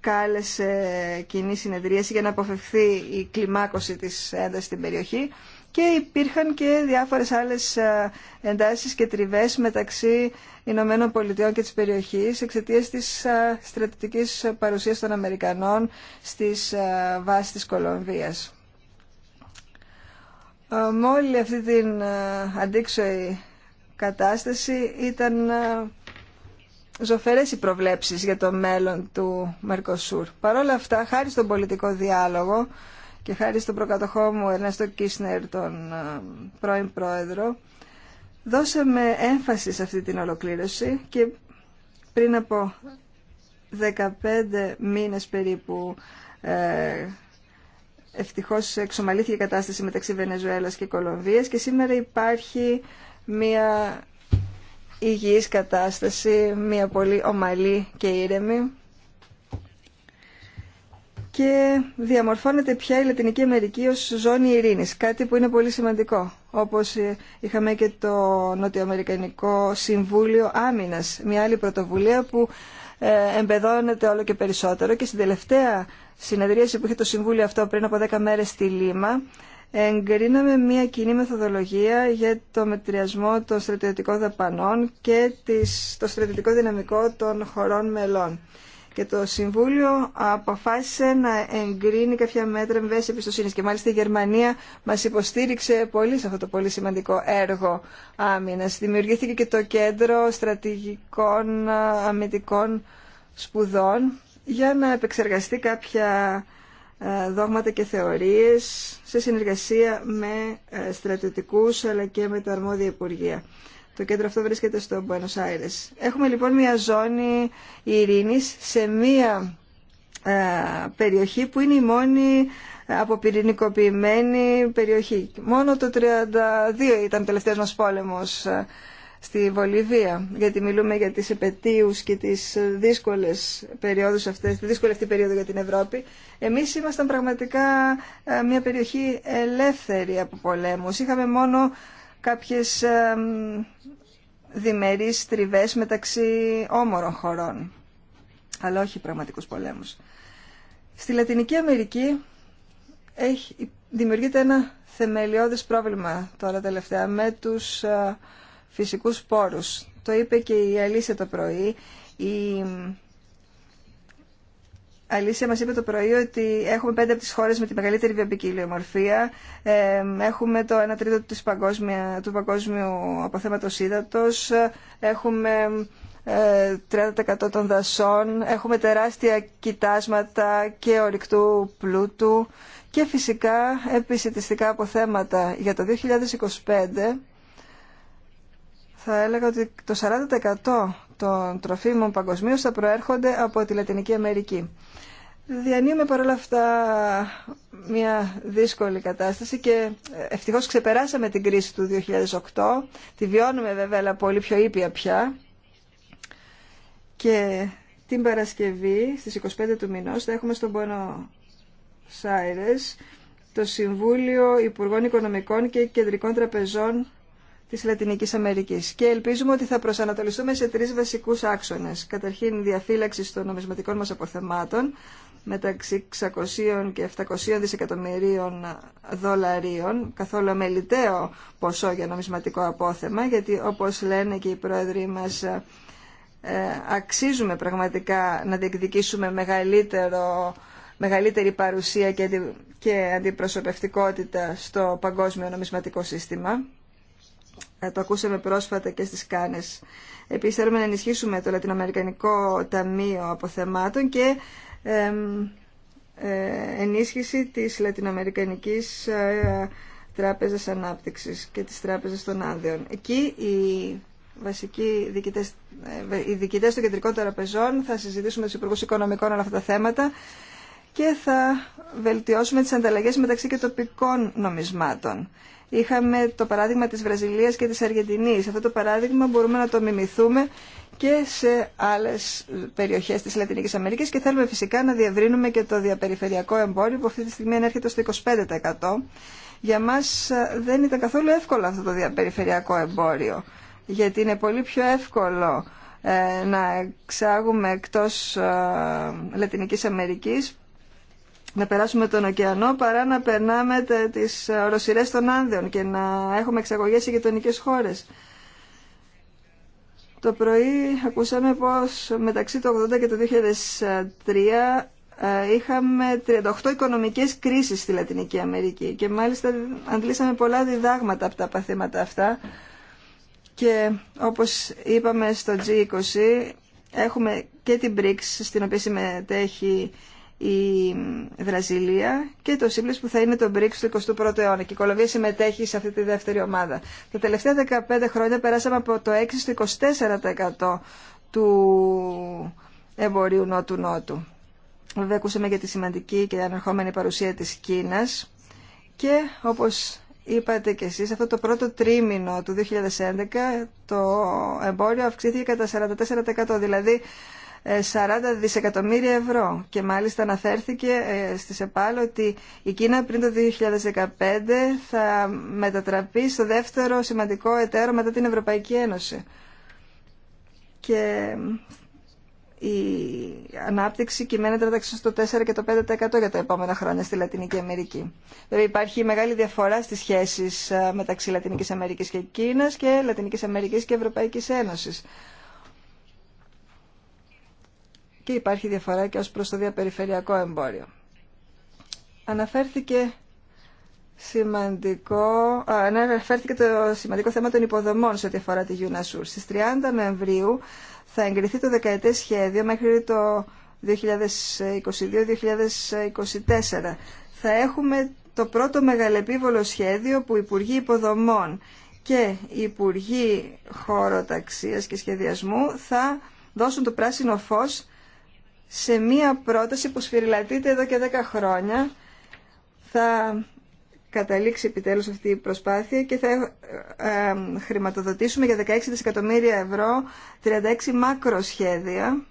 κάλεσε κοινή συνεδρίαση για να αποφευθεί η κλιμάκωση της έντασης στην περιοχή και υπήρχαν και διάφορες άλλες ε, εντάσεις και τριβές μεταξύ Ηνωμένων Πολιτειών και της περιοχής εξαιτίας της ε, στρατιωτικής παρουσίας των Αμερικανών στις ε, βάσεις της Κολομβίας. Με όλη αυτή την αντίξωη κατάσταση ήταν ζωφερές οι προβλέψεις για το μέλλον του Μερκοσούρ. Παρ' όλα αυτά, χάρη στον πολιτικό διάλογο, και χάρη στον προκατοχό μου Ερνέστο Κίσνερ, τον ε, πρώην πρόεδρο, δώσαμε έμφαση σε αυτή την ολοκλήρωση και πριν από 15 μήνες περίπου ε, ευτυχώς εξομαλήθηκε η κατάσταση μεταξύ Βενεζουέλας και Κολομβίας και σήμερα υπάρχει μια υγιής κατάσταση, μια πολύ ομαλή και ήρεμη και διαμορφώνεται πια η Λατινική Αμερική ως ζώνη ειρήνης, κάτι που είναι πολύ σημαντικό. Όπως ε, είχαμε και το Νοτιοαμερικανικό Συμβούλιο Άμυνας, μια άλλη πρωτοβουλία που ε, εμπεδώνεται όλο και περισσότερο και στην τελευταία συνεδρίαση που είχε το Συμβούλιο αυτό πριν από 10 μέρες στη Λίμα, εγκρίναμε μια κοινή μεθοδολογία για το μετριασμό των στρατιωτικών δαπανών και το στρατιωτικό δυναμικό των χωρών μελών και το Συμβούλιο αποφάσισε να εγκρίνει κάποια μέτρα με βέση εμπιστοσύνη. Και μάλιστα η Γερμανία μα υποστήριξε πολύ σε αυτό το πολύ σημαντικό έργο άμυνα. Δημιουργήθηκε και το Κέντρο Στρατηγικών Αμυντικών Σπουδών για να επεξεργαστεί κάποια ε, δόγματα και θεωρίες σε συνεργασία με ε, στρατιωτικούς αλλά και με τα αρμόδια υπουργεία. Το κέντρο αυτό βρίσκεται στο Buenos Aires. Έχουμε λοιπόν μια ζώνη ειρήνης σε μια ε, περιοχή που είναι η μόνη αποπυρηνικοποιημένη περιοχή. Μόνο το 32 ήταν ο τελευταίος μας πόλεμος ε, στη Βολιβία, γιατί μιλούμε για τις επαιτίους και τις δύσκολες περιόδους αυτές, τη δύσκολη αυτή περίοδο για την Ευρώπη. Εμείς ήμασταν πραγματικά ε, μια περιοχή ελεύθερη από πολέμους. Είχαμε μόνο κάποιες διμερείς τριβές μεταξύ όμορων χωρών, αλλά όχι πραγματικούς πολέμους. Στη Λατινική Αμερική έχει, δημιουργείται ένα θεμελιώδες πρόβλημα τώρα τελευταία με τους φυσικούς πόρους. Το είπε και η Αλίσια το πρωί. Η Αλήσια μας είπε το πρωί ότι έχουμε πέντε από τις χώρες με τη μεγαλύτερη βιοπικιλιομορφία, έχουμε το 1 τρίτο του παγκόσμιου, του παγκόσμιου αποθέματος ύδατος, έχουμε 30% ε, των δασών, έχουμε τεράστια κοιτάσματα και ορυκτού πλούτου και φυσικά επισητιστικά αποθέματα. Για το 2025 θα έλεγα ότι το 40% των τροφίμων παγκοσμίω θα προέρχονται από τη Λατινική Αμερική. Διανύουμε παρόλα αυτά μια δύσκολη κατάσταση και ε, ευτυχώς ξεπεράσαμε την κρίση του 2008. Τη βιώνουμε βέβαια αλλά πολύ πιο ήπια πια. Και την Παρασκευή στις 25 του μηνός θα έχουμε στον Πόνο Σάιρες το Συμβούλιο Υπουργών Οικονομικών και Κεντρικών Τραπεζών της Λατινική Αμερική. Και ελπίζουμε ότι θα προσανατολιστούμε σε τρεις βασικούς άξονες. Καταρχήν, διαφύλαξη των νομισματικών μας αποθεμάτων μεταξύ 600 και 700 δισεκατομμυρίων δολαρίων, καθόλου αμεληταίο ποσό για νομισματικό απόθεμα, γιατί όπως λένε και οι πρόεδροι μας, ε, αξίζουμε πραγματικά να διεκδικήσουμε μεγαλύτερη παρουσία και, και αντιπροσωπευτικότητα στο παγκόσμιο νομισματικό σύστημα. Ε, το ακούσαμε πρόσφατα και στις Κάνες. Επίσης θέλουμε να ενισχύσουμε το Λατινοαμερικανικό Ταμείο Αποθεμάτων και ε, ενίσχυση της Λατινοαμερικανικής ε, Τράπεζας Ανάπτυξης και της Τράπεζας των Άνδεων. Εκεί οι βασικοί διοικητές, οι διοικητές των κεντρικών τραπεζών θα συζητήσουμε τους Υπουργούς Οικονομικών όλα αυτά τα θέματα και θα βελτιώσουμε τις ανταλλαγές μεταξύ και τοπικών νομισμάτων. Είχαμε το παράδειγμα της Βραζιλίας και της Αργεντινής. Αυτό το παράδειγμα μπορούμε να το μιμηθούμε και σε άλλες περιοχές της Λατινικής Αμερικής και θέλουμε φυσικά να διευρύνουμε και το διαπεριφερειακό εμπόριο που αυτή τη στιγμή ανέρχεται στο 25%. Για μας ε, δεν ήταν καθόλου εύκολο αυτό το διαπεριφερειακό εμπόριο γιατί είναι πολύ πιο εύκολο ε, να εξάγουμε εκτός ε, Λατινικής Αμερικής να περάσουμε τον ωκεανό παρά να περνάμε τις οροσυρές των Άνδεων και να έχουμε εξαγωγές σε γειτονικέ χώρες. Το πρωί ακούσαμε πως μεταξύ του 80 και του 2003 ε, είχαμε 38 οικονομικές κρίσεις στη Λατινική Αμερική και μάλιστα αντλήσαμε πολλά διδάγματα από τα παθήματα αυτά και όπως είπαμε στο G20 έχουμε και την BRICS στην οποία συμμετέχει η Βραζιλία και το σύμπλη που θα είναι το BRICS του 21ου αιώνα. Και η Κολομβία συμμετέχει σε αυτή τη δεύτερη ομάδα. Τα τελευταία 15 χρόνια περάσαμε από το 6% στο 24% του εμπορίου νότου-νότου. Βέβαια, ακούσαμε για τη σημαντική και ανερχόμενη παρουσία της Κίνας και όπως είπατε και εσείς, αυτό το πρώτο τρίμηνο του 2011 το εμπόριο αυξήθηκε κατά 44%. Δηλαδή, 40 ε, δισεκατομμύρια ευρώ και μάλιστα αναφέρθηκε ε, στη ΣΕΠΑΛ ότι η Κίνα πριν το 2015 θα μετατραπεί στο δεύτερο σημαντικό εταίρο μετά την Ευρωπαϊκή Ένωση. Και ε, η ανάπτυξη κυμαίνεται μεταξύ στο 4 και το 5% για τα επόμενα χρόνια στη Λατινική Αμερική. Βέβαια υπάρχει μεγάλη διαφορά στις σχέσεις μεταξύ Λατινικής Αμερικής και Κίνας και Λατινικής Αμερικής και Ευρωπαϊκής Ένωσης και υπάρχει διαφορά και ως προς το διαπεριφερειακό εμπόριο. Αναφέρθηκε σημαντικό, ναι, αναφέρθηκε το σημαντικό θέμα των υποδομών σε ό,τι αφορά τη UNASUR. Στις 30 Νοεμβρίου θα εγκριθεί το δεκαετές σχέδιο μέχρι το 2022-2024. Θα έχουμε το πρώτο μεγαλεπίβολο σχέδιο που Υπουργοί Υποδομών και Υπουργοί Ταξίας και Σχεδιασμού θα δώσουν το πράσινο φως σε μία πρόταση που σφυριλατείται εδώ και 10 χρόνια. Θα καταλήξει επιτέλους αυτή η προσπάθεια και θα ε, ε, χρηματοδοτήσουμε για 16 δισεκατομμύρια ευρώ 36 μακροσχέδια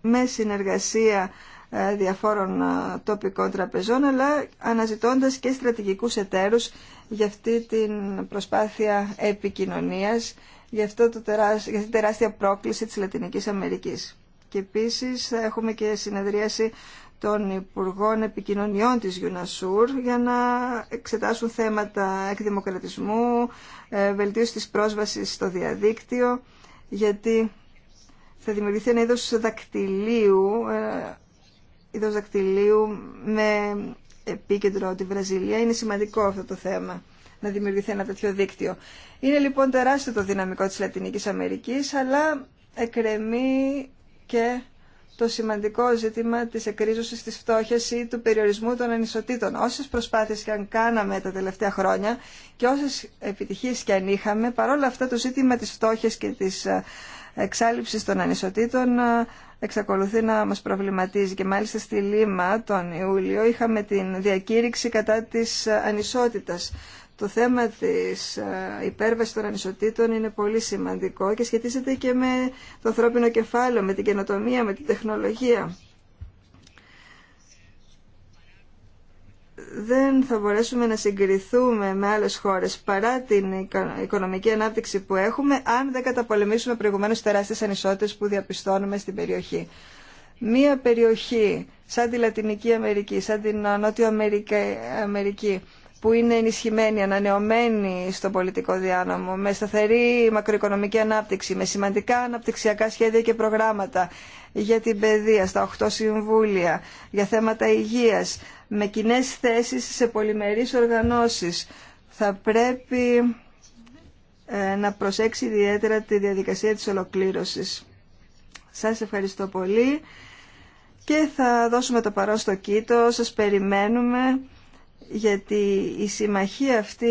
με συνεργασία ε, διαφόρων τοπικών τραπεζών αλλά αναζητώντας και στρατηγικούς εταίρους για αυτή την προσπάθεια επικοινωνίας για, αυτό το τεράσ... για αυτή την τεράστια πρόκληση της Λατινικής Αμερικής. Και επίσης θα έχουμε και συνεδρίαση των Υπουργών Επικοινωνιών της Γιουνασούρ για να εξετάσουν θέματα εκδημοκρατισμού, ε, βελτίωση της πρόσβασης στο διαδίκτυο, γιατί θα δημιουργηθεί ένα είδος δακτυλίου, ε, είδος δακτυλίου με επίκεντρο τη Βραζιλία. Είναι σημαντικό αυτό το θέμα να δημιουργηθεί ένα τέτοιο δίκτυο. Είναι λοιπόν τεράστιο το δυναμικό της Λατινικής Αμερικής, αλλά εκρεμεί και το σημαντικό ζήτημα της εκρίζωσης της φτώχειας ή του περιορισμού των ανισοτήτων. Όσες προσπάθειες και αν κάναμε τα τελευταία χρόνια και όσες επιτυχίες και αν είχαμε, παρόλα αυτά το ζήτημα της φτώχειας και της ε, εξάλληψης των ανισοτήτων ε, εξακολουθεί να μας προβληματίζει. Και μάλιστα στη Λίμα τον Ιούλιο είχαμε την διακήρυξη κατά της ε, ανισότητας το θέμα της ε, υπέρβασης των ανισοτήτων είναι πολύ σημαντικό και σχετίζεται και με το ανθρώπινο κεφάλαιο, με την καινοτομία, με την τεχνολογία. δεν θα μπορέσουμε να συγκριθούμε με άλλες χώρες παρά την οικονομική ανάπτυξη που έχουμε αν δεν καταπολεμήσουμε προηγουμένως τεράστιες ανισότητες που διαπιστώνουμε στην περιοχή. Μία περιοχή σαν τη Λατινική Αμερική, σαν την Νότιο Αμερική, που είναι ενισχυμένη, ανανεωμένη στο πολιτικό διάνομο, με σταθερή μακροοικονομική ανάπτυξη, με σημαντικά αναπτυξιακά σχέδια και προγράμματα για την παιδεία, στα 8 συμβούλια, για θέματα υγείας, με κοινέ θέσεις σε πολυμερείς οργανώσεις. Θα πρέπει ε, να προσέξει ιδιαίτερα τη διαδικασία της ολοκλήρωσης. Σας ευχαριστώ πολύ και θα δώσουμε το παρόν στο Κίτο. Σας περιμένουμε γιατί η συμμαχία αυτή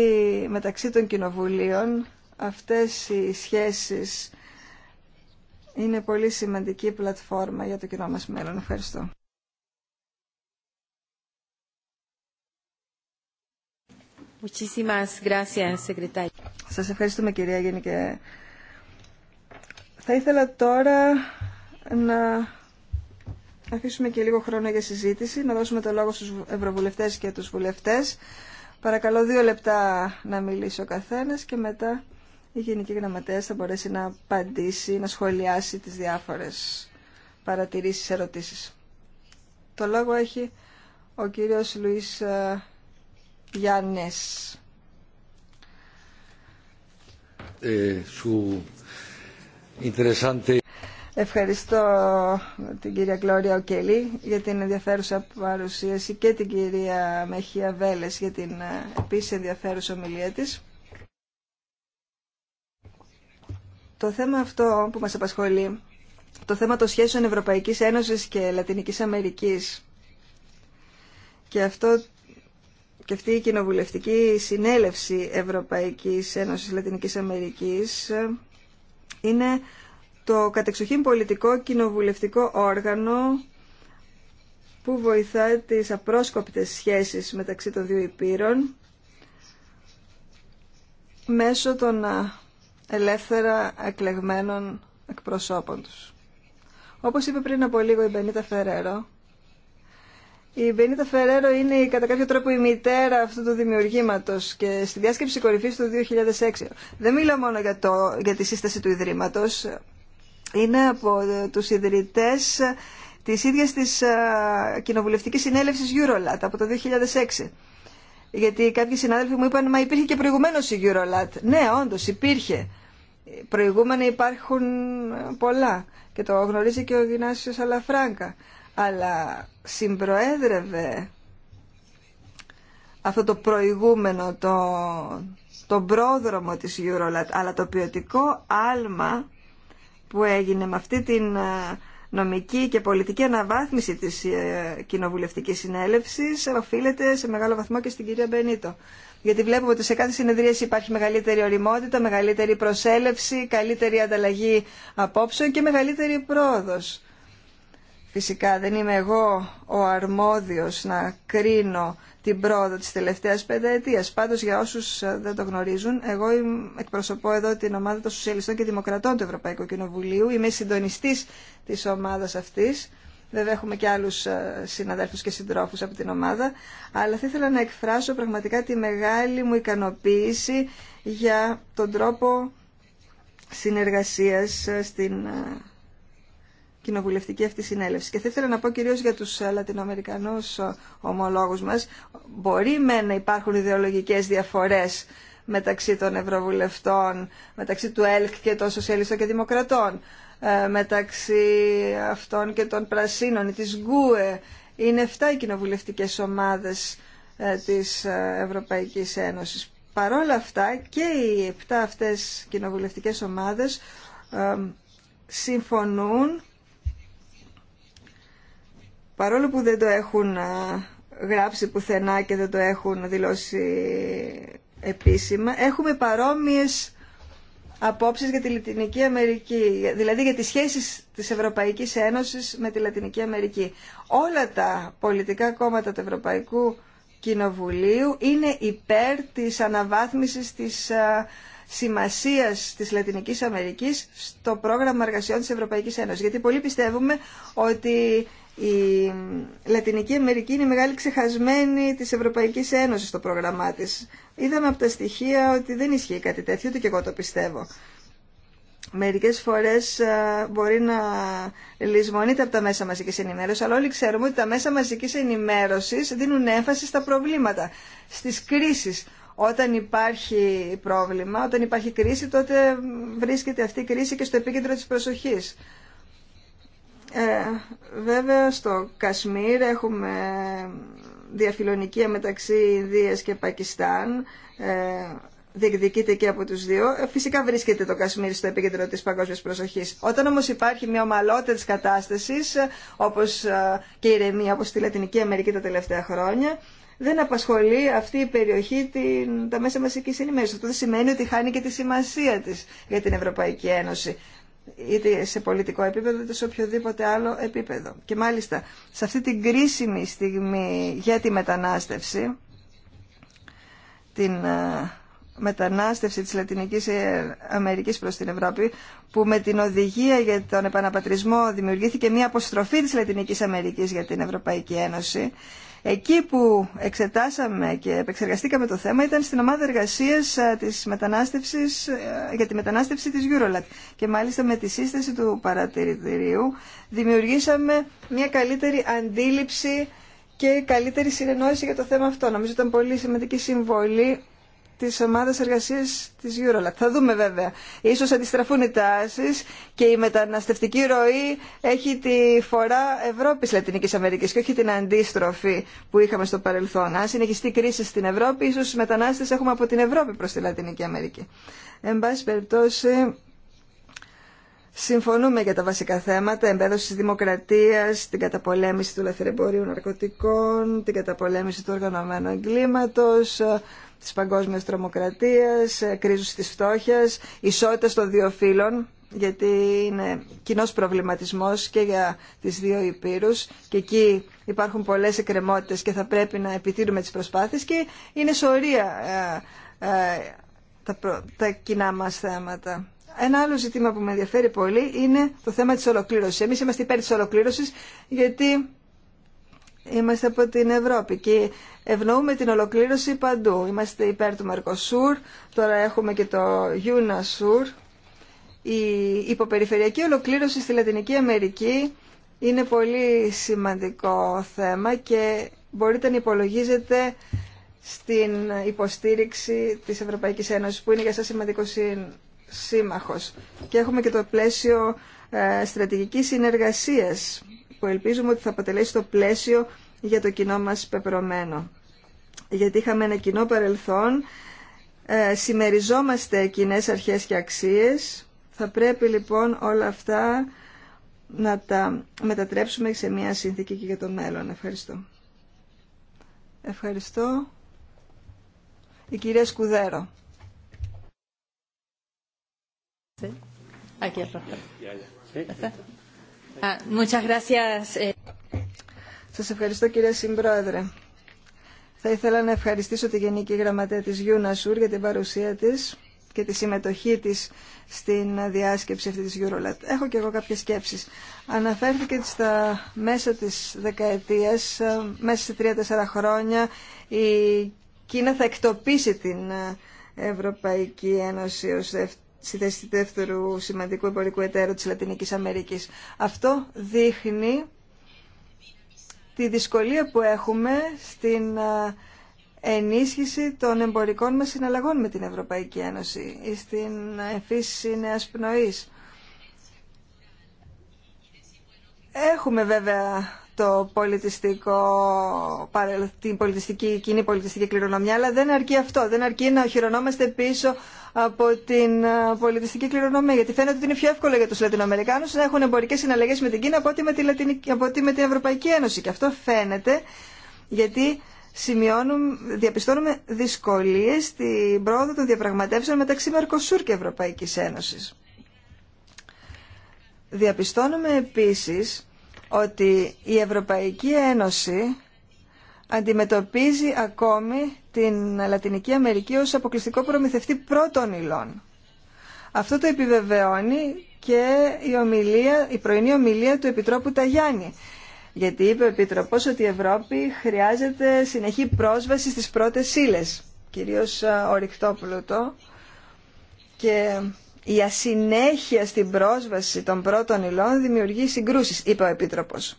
μεταξύ των κοινοβουλίων, αυτές οι σχέσεις είναι πολύ σημαντική πλατφόρμα για το κοινό μας μέλλον. Ευχαριστώ. Σας ευχαριστούμε κυρία Γενικέ. Θα ήθελα τώρα να αφήσουμε και λίγο χρόνο για συζήτηση, να δώσουμε το λόγο στους ευρωβουλευτές και τους βουλευτές. Παρακαλώ δύο λεπτά να μιλήσει ο καθένας και μετά η Γενική Γραμματέας θα μπορέσει να απαντήσει, να σχολιάσει τις διάφορες παρατηρήσεις, ερωτήσεις. Το λόγο έχει ο κύριος Λουίς ε, Γιάννης. Ε, σου... Interesante. Ευχαριστώ την κυρία Γκλώρια Οκελή για την ενδιαφέρουσα παρουσίαση και την κυρία Μεχία Βέλες για την ε, επίσης ενδιαφέρουσα ομιλία της. Το θέμα αυτό που μας απασχολεί, το θέμα των σχέσεων Ευρωπαϊκής Ένωσης και Λατινικής Αμερικής και, αυτό, και αυτή η κοινοβουλευτική συνέλευση Ευρωπαϊκής Ένωσης Λατινικής Αμερικής ε, είναι το κατεξοχήν πολιτικό κοινοβουλευτικό όργανο που βοηθά τις απρόσκοπτες σχέσεις μεταξύ των δύο υπήρων μέσω των ελεύθερα εκλεγμένων εκπροσώπων τους. Όπως είπε πριν από λίγο η Μπενίτα Φεραίρο, η Μπενίτα Φεραίρο είναι κατά κάποιο τρόπο η μητέρα αυτού του δημιουργήματος και στη διάσκεψη κορυφής του 2006. Δεν μιλάω μόνο για, για τη σύσταση του Ιδρύματος, είναι από ε, τους ιδρυτές ε, της ίδιας της ε, κοινοβουλευτικής συνέλευσης Eurolat από το 2006. Γιατί κάποιοι συνάδελφοι μου είπαν «Μα υπήρχε και προηγουμένως η Eurolat». Ναι, όντως υπήρχε. Προηγούμενα υπάρχουν πολλά και το γνωρίζει και ο Γινάσιος Αλαφράγκα. Αλλά συμπροέδρευε αυτό το προηγούμενο, το, τον πρόδρομο της Eurolat, αλλά το ποιοτικό άλμα που έγινε με αυτή την ε, νομική και πολιτική αναβάθμιση της ε, κοινοβουλευτικής συνέλευσης οφείλεται σε μεγάλο βαθμό και στην κυρία Μπενίτο. Γιατί βλέπουμε ότι σε κάθε συνεδρίαση υπάρχει μεγαλύτερη οριμότητα, μεγαλύτερη προσέλευση, καλύτερη ανταλλαγή απόψεων και μεγαλύτερη πρόοδος. Φυσικά δεν είμαι εγώ ο αρμόδιος να κρίνω την πρόοδο της τελευταίας πενταετίας. Πάντως για όσους ε, δεν το γνωρίζουν, εγώ εκπροσωπώ εδώ την ομάδα των Σοσιαλιστών και Δημοκρατών του Ευρωπαϊκού Κοινοβουλίου. Είμαι συντονιστής της ομάδας αυτής. Βέβαια έχουμε και άλλους ε, συναδέλφους και συντρόφους από την ομάδα, αλλά θα ήθελα να εκφράσω πραγματικά τη μεγάλη μου ικανοποίηση για τον τρόπο συνεργασίας ε, στην κοινοβουλευτική αυτή συνέλευση. Και θα ήθελα να πω κυρίω για του ε, Λατινοαμερικανού ε, ομολόγου μα. Μπορεί με να υπάρχουν ιδεολογικέ διαφορέ μεταξύ των Ευρωβουλευτών, μεταξύ του ΕΛΚ και των Σοσιαλιστών και Δημοκρατών, ε, μεταξύ αυτών και των Πρασίνων ή της ΓΚΟΕ. Είναι 7 οι κοινοβουλευτικές ομάδες της Ευρωπαϊκής Ένωσης. Παρόλα αυτά και οι 7 αυτές κοινοβουλευτικές ομάδες συμφωνούν παρόλο που δεν το έχουν γράψει πουθενά και δεν το έχουν δηλώσει επίσημα, έχουμε παρόμοιες απόψεις για τη Λατινική Αμερική, δηλαδή για τις σχέσεις της Ευρωπαϊκής Ένωσης με τη Λατινική Αμερική. Όλα τα πολιτικά κόμματα του Ευρωπαϊκού Κοινοβουλίου είναι υπέρ της αναβάθμισης της σημασίας της Λατινικής Αμερικής στο πρόγραμμα εργασιών της Ευρωπαϊκής Ένωσης. Γιατί πολλοί πιστεύουμε ότι η Λατινική Αμερική είναι η μεγάλη ξεχασμένη τη Ευρωπαϊκή Ένωση στο πρόγραμμά τη. Είδαμε από τα στοιχεία ότι δεν ισχύει κάτι τέτοιο, ούτε και εγώ το πιστεύω. Μερικέ φορέ μπορεί να λησμονείται από τα μέσα μαζική ενημέρωση, αλλά όλοι ξέρουμε ότι τα μέσα μαζική ενημέρωση δίνουν έμφαση στα προβλήματα, στι κρίσεις. Όταν υπάρχει πρόβλημα, όταν υπάρχει κρίση, τότε βρίσκεται αυτή η κρίση και στο επίκεντρο της προσοχής. Ε, βέβαια στο Κασμίρ έχουμε διαφιλονικία μεταξύ Ινδίας και Πακιστάν. Ε, διεκδικείται και από τους δύο. Ε, φυσικά βρίσκεται το Κασμίρ στο επίκεντρο της παγκόσμιας προσοχής. Όταν όμως υπάρχει μια ομαλότητα της κατάστασης, ε, όπως και η ηρεμία, όπως στη Λατινική Αμερική τα τελευταία χρόνια, δεν απασχολεί αυτή η περιοχή την, τα μέσα μαζικής ενημέρωσης. Αυτό δεν σημαίνει ότι χάνει και τη σημασία της για την Ευρωπαϊκή Ένωση είτε σε πολιτικό επίπεδο είτε σε οποιοδήποτε άλλο επίπεδο. Και μάλιστα σε αυτή την κρίσιμη στιγμή για τη μετανάστευση, την ε, μετανάστευση της Λατινικής ε, Αμερικής προς την Ευρώπη, που με την οδηγία για τον επαναπατρισμό δημιουργήθηκε μια αποστροφή της Λατινικής Αμερικής για την Ευρωπαϊκή Ένωση Εκεί που εξετάσαμε και επεξεργαστήκαμε το θέμα ήταν στην ομάδα εργασία για τη μετανάστευση της Eurolat. Και μάλιστα με τη σύσταση του παρατηρητηρίου δημιουργήσαμε μια καλύτερη αντίληψη και καλύτερη συνεννόηση για το θέμα αυτό. Νομίζω ήταν πολύ σημαντική συμβολή Τη ομάδα εργασία τη Eurolat. Θα δούμε βέβαια. σω αντιστραφούν οι τάσει και η μεταναστευτική ροή έχει τη φορά Ευρώπη Λατινική Αμερική και όχι την αντίστροφη που είχαμε στο παρελθόν. Αν συνεχιστεί κρίση στην Ευρώπη, οι μετανάστε έχουμε από την Ευρώπη προ τη Λατινική Αμερική. Εν πάση περιπτώσει... Συμφωνούμε για τα βασικά θέματα, εμπέδωση τη δημοκρατία, την καταπολέμηση του λαθρεμπορίου ναρκωτικών, την καταπολέμηση του οργανωμένου εγκλήματο της παγκόσμιας τρομοκρατίας, ε, κρίζωση της φτώχειας, ισότητα των δύο φύλων, γιατί είναι κοινό προβληματισμός και για τις δύο υπήρους και εκεί υπάρχουν πολλές εκκρεμότητες και θα πρέπει να επιτύρουμε τις προσπάθειες και είναι σωρία ε, ε, τα κοινά μας θέματα. Ένα άλλο ζήτημα που με ενδιαφέρει πολύ είναι το θέμα της ολοκλήρωσης. Εμείς είμαστε υπέρ της ολοκλήρωσης γιατί Είμαστε από την Ευρώπη και ευνοούμε την ολοκλήρωση παντού. Είμαστε υπέρ του Μερκοσούρ, τώρα έχουμε και το Γιουνασούρ. Η υποπεριφερειακή ολοκλήρωση στη Λατινική Αμερική είναι πολύ σημαντικό θέμα και μπορείτε να υπολογίζετε στην υποστήριξη της Ευρωπαϊκής Ένωσης που είναι για σας σημαντικό σύμμαχος. Και έχουμε και το πλαίσιο ε, στρατηγικής συνεργασίας που ελπίζουμε ότι θα αποτελέσει το πλαίσιο για το κοινό μας πεπρωμένο. Γιατί είχαμε ένα κοινό παρελθόν, σημεριζόμαστε συμμεριζόμαστε κοινέ αρχές και αξίες. Θα πρέπει λοιπόν όλα αυτά να τα μετατρέψουμε σε μια συνθήκη και για το μέλλον. Ευχαριστώ. Ευχαριστώ. Η κυρία Σκουδέρο. Aquí ε. Σας ευχαριστώ κυρία Συμπρόεδρε. Θα ήθελα να ευχαριστήσω τη Γενική Γραμματέα της UNASUR για την παρουσία της και τη συμμετοχή της στην διάσκεψη αυτή της Eurolat. Έχω και εγώ κάποιες σκέψεις. Αναφέρθηκε στα μέσα της δεκαετίας, ε, μέσα σε τρία-τέσσερα χρόνια, η Κίνα θα εκτοπίσει την ε, Ευρωπαϊκή Ένωση ως στη θέση δεύτερου σημαντικού εμπορικού εταίρου της Λατινικής Αμερικής. Αυτό δείχνει τη δυσκολία που έχουμε στην ε, ενίσχυση των εμπορικών μας συναλλαγών με την Ευρωπαϊκή Ένωση ή στην εμφύση νέας πνοής. Έχουμε βέβαια το την πολιτιστική, κοινή πολιτιστική κληρονομιά, αλλά δεν αρκεί αυτό. Δεν αρκεί να χειρονόμαστε πίσω από την ε, πολιτιστική κληρονομία, γιατί φαίνεται ότι είναι πιο εύκολο για του Λατινοαμερικάνου να έχουν εμπορικέ συναλλαγές με την Κίνα από ό,τι με, τη από ό,τι με την Ευρωπαϊκή Ένωση. Και αυτό φαίνεται γιατί σημειώνουμε, διαπιστώνουμε δυσκολίε στην πρόοδο των διαπραγματεύσεων μεταξύ Μερκοσούρ και Ευρωπαϊκή Ένωση. Διαπιστώνουμε επίσης ότι η Ευρωπαϊκή Ένωση αντιμετωπίζει ακόμη την Λατινική Αμερική ως αποκλειστικό προμηθευτή πρώτων υλών. Αυτό το επιβεβαιώνει και η, ομιλία, η πρωινή ομιλία του Επιτρόπου Ταγιάννη. Γιατί είπε ο Επιτροπός ότι η Ευρώπη χρειάζεται συνεχή πρόσβαση στις πρώτες ύλες, κυρίως ε, ορυκτό και η ασυνέχεια στην πρόσβαση των πρώτων υλών δημιουργεί συγκρούσεις, είπε ο Επίτροπος.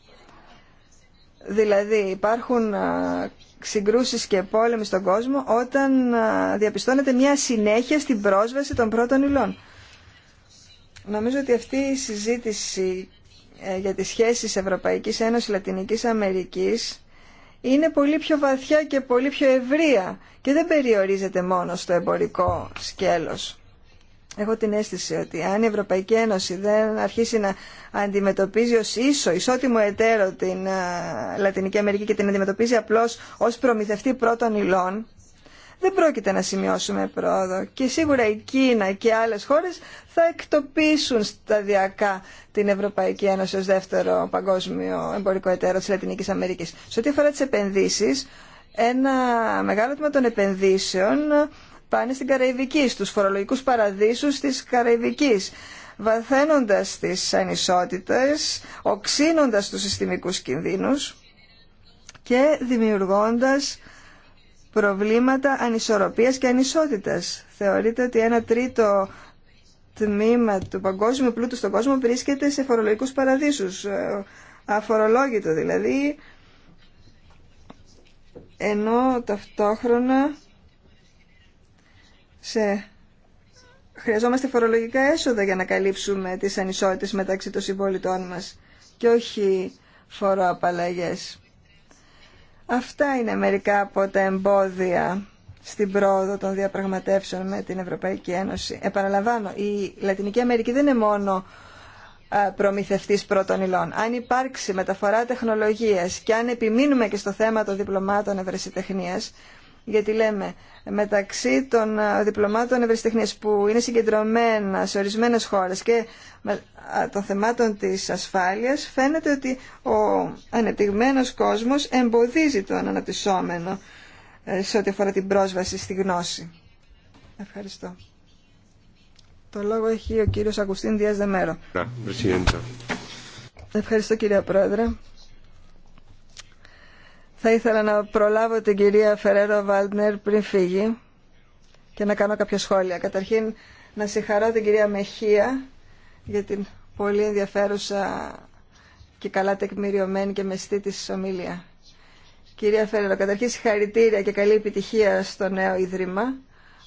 Δηλαδή υπάρχουν συγκρούσεις και πόλεμοι στον κόσμο όταν διαπιστώνεται μια συνέχεια στην πρόσβαση των πρώτων υλών. Νομίζω ότι αυτή η συζήτηση ε, για τις σχέσεις Ευρωπαϊκής Ένωσης Λατινικής Αμερικής είναι πολύ πιο βαθιά και πολύ πιο ευρεία και δεν περιορίζεται μόνο στο εμπορικό σκέλος. Έχω την αίσθηση ότι αν η Ευρωπαϊκή Ένωση δεν αρχίσει να αντιμετωπίζει ως ίσο, ισότιμο εταίρο την Λατινική Αμερική και την αντιμετωπίζει απλώς ως προμηθευτή πρώτων υλών, δεν πρόκειται να σημειώσουμε πρόοδο. Και σίγουρα η Κίνα και άλλες χώρες θα εκτοπίσουν σταδιακά την Ευρωπαϊκή Ένωση ως δεύτερο παγκόσμιο εμπορικό εταίρο της Λατινικής Αμερικής. Σε ό,τι αφορά τις επενδύσεις, ένα μεγάλο τμήμα των επενδύσεων πάνε στην Καραϊβική, στους φορολογικούς παραδείσους της Καραϊβικής, βαθαίνοντας τις ανισότητες, οξύνοντας τους συστημικούς κινδύνους και δημιουργώντας προβλήματα ανισορροπίας και ανισότητας. Θεωρείται ότι ένα τρίτο τμήμα του παγκόσμιου πλούτου στον κόσμο βρίσκεται σε φορολογικούς παραδείσους, ε, αφορολόγητο δηλαδή, ενώ ταυτόχρονα σε... Χρειαζόμαστε φορολογικά έσοδα για να καλύψουμε τις ανισότητες μεταξύ των συμπολιτών μας και όχι φοροαπαλλαγές. Αυτά είναι μερικά από τα εμπόδια στην πρόοδο των διαπραγματεύσεων με την Ευρωπαϊκή Ένωση. Επαναλαμβάνω, η Λατινική Αμερική δεν είναι μόνο προμηθευτής πρώτων υλών. Αν υπάρξει μεταφορά τεχνολογίας και αν επιμείνουμε και στο θέμα των διπλωμάτων ευρεσιτεχνίας, γιατί λέμε μεταξύ των διπλωμάτων ευρεσιτεχνίας που είναι συγκεντρωμένα σε ορισμένες χώρες και των θεμάτων της ασφάλειας φαίνεται ότι ο ανεπτυγμένος κόσμος εμποδίζει τον αναπτυσσόμενο ε, σε ό,τι αφορά την πρόσβαση στη γνώση. Ευχαριστώ. Το λόγο έχει ο κύριος Αγκουστίν Διάς Δεμέρο. Ευχαριστώ κύριε Πρόεδρε. Θα ήθελα να προλάβω την κυρία Φερέρο Βάλτνερ πριν φύγει και να κάνω κάποια σχόλια. Καταρχήν να συγχαρώ την κυρία Μεχία για την πολύ ενδιαφέρουσα και καλά τεκμηριωμένη και μεστή της ομίλια. Κυρία Φέρερο, καταρχήν συγχαρητήρια και καλή επιτυχία στο νέο Ίδρυμα,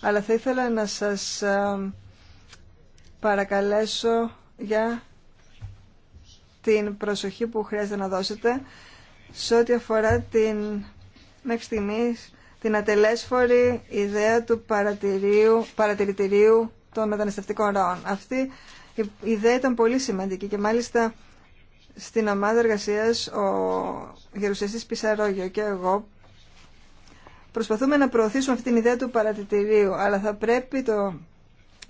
αλλά θα ήθελα να σας ε, παρακαλέσω για την προσοχή που χρειάζεται να δώσετε σε ό,τι αφορά την, μέχρι στιγμής, την ατελέσφορη ιδέα του παρατηρητηρίου των μεταναστευτικών ροών. Αυτή η ιδέα ήταν πολύ σημαντική και μάλιστα στην ομάδα εργασία, ο γερουσιαστή Πισαρόγιο και εγώ προσπαθούμε να προωθήσουμε αυτή την ιδέα του παρατηρητηρίου, αλλά θα πρέπει το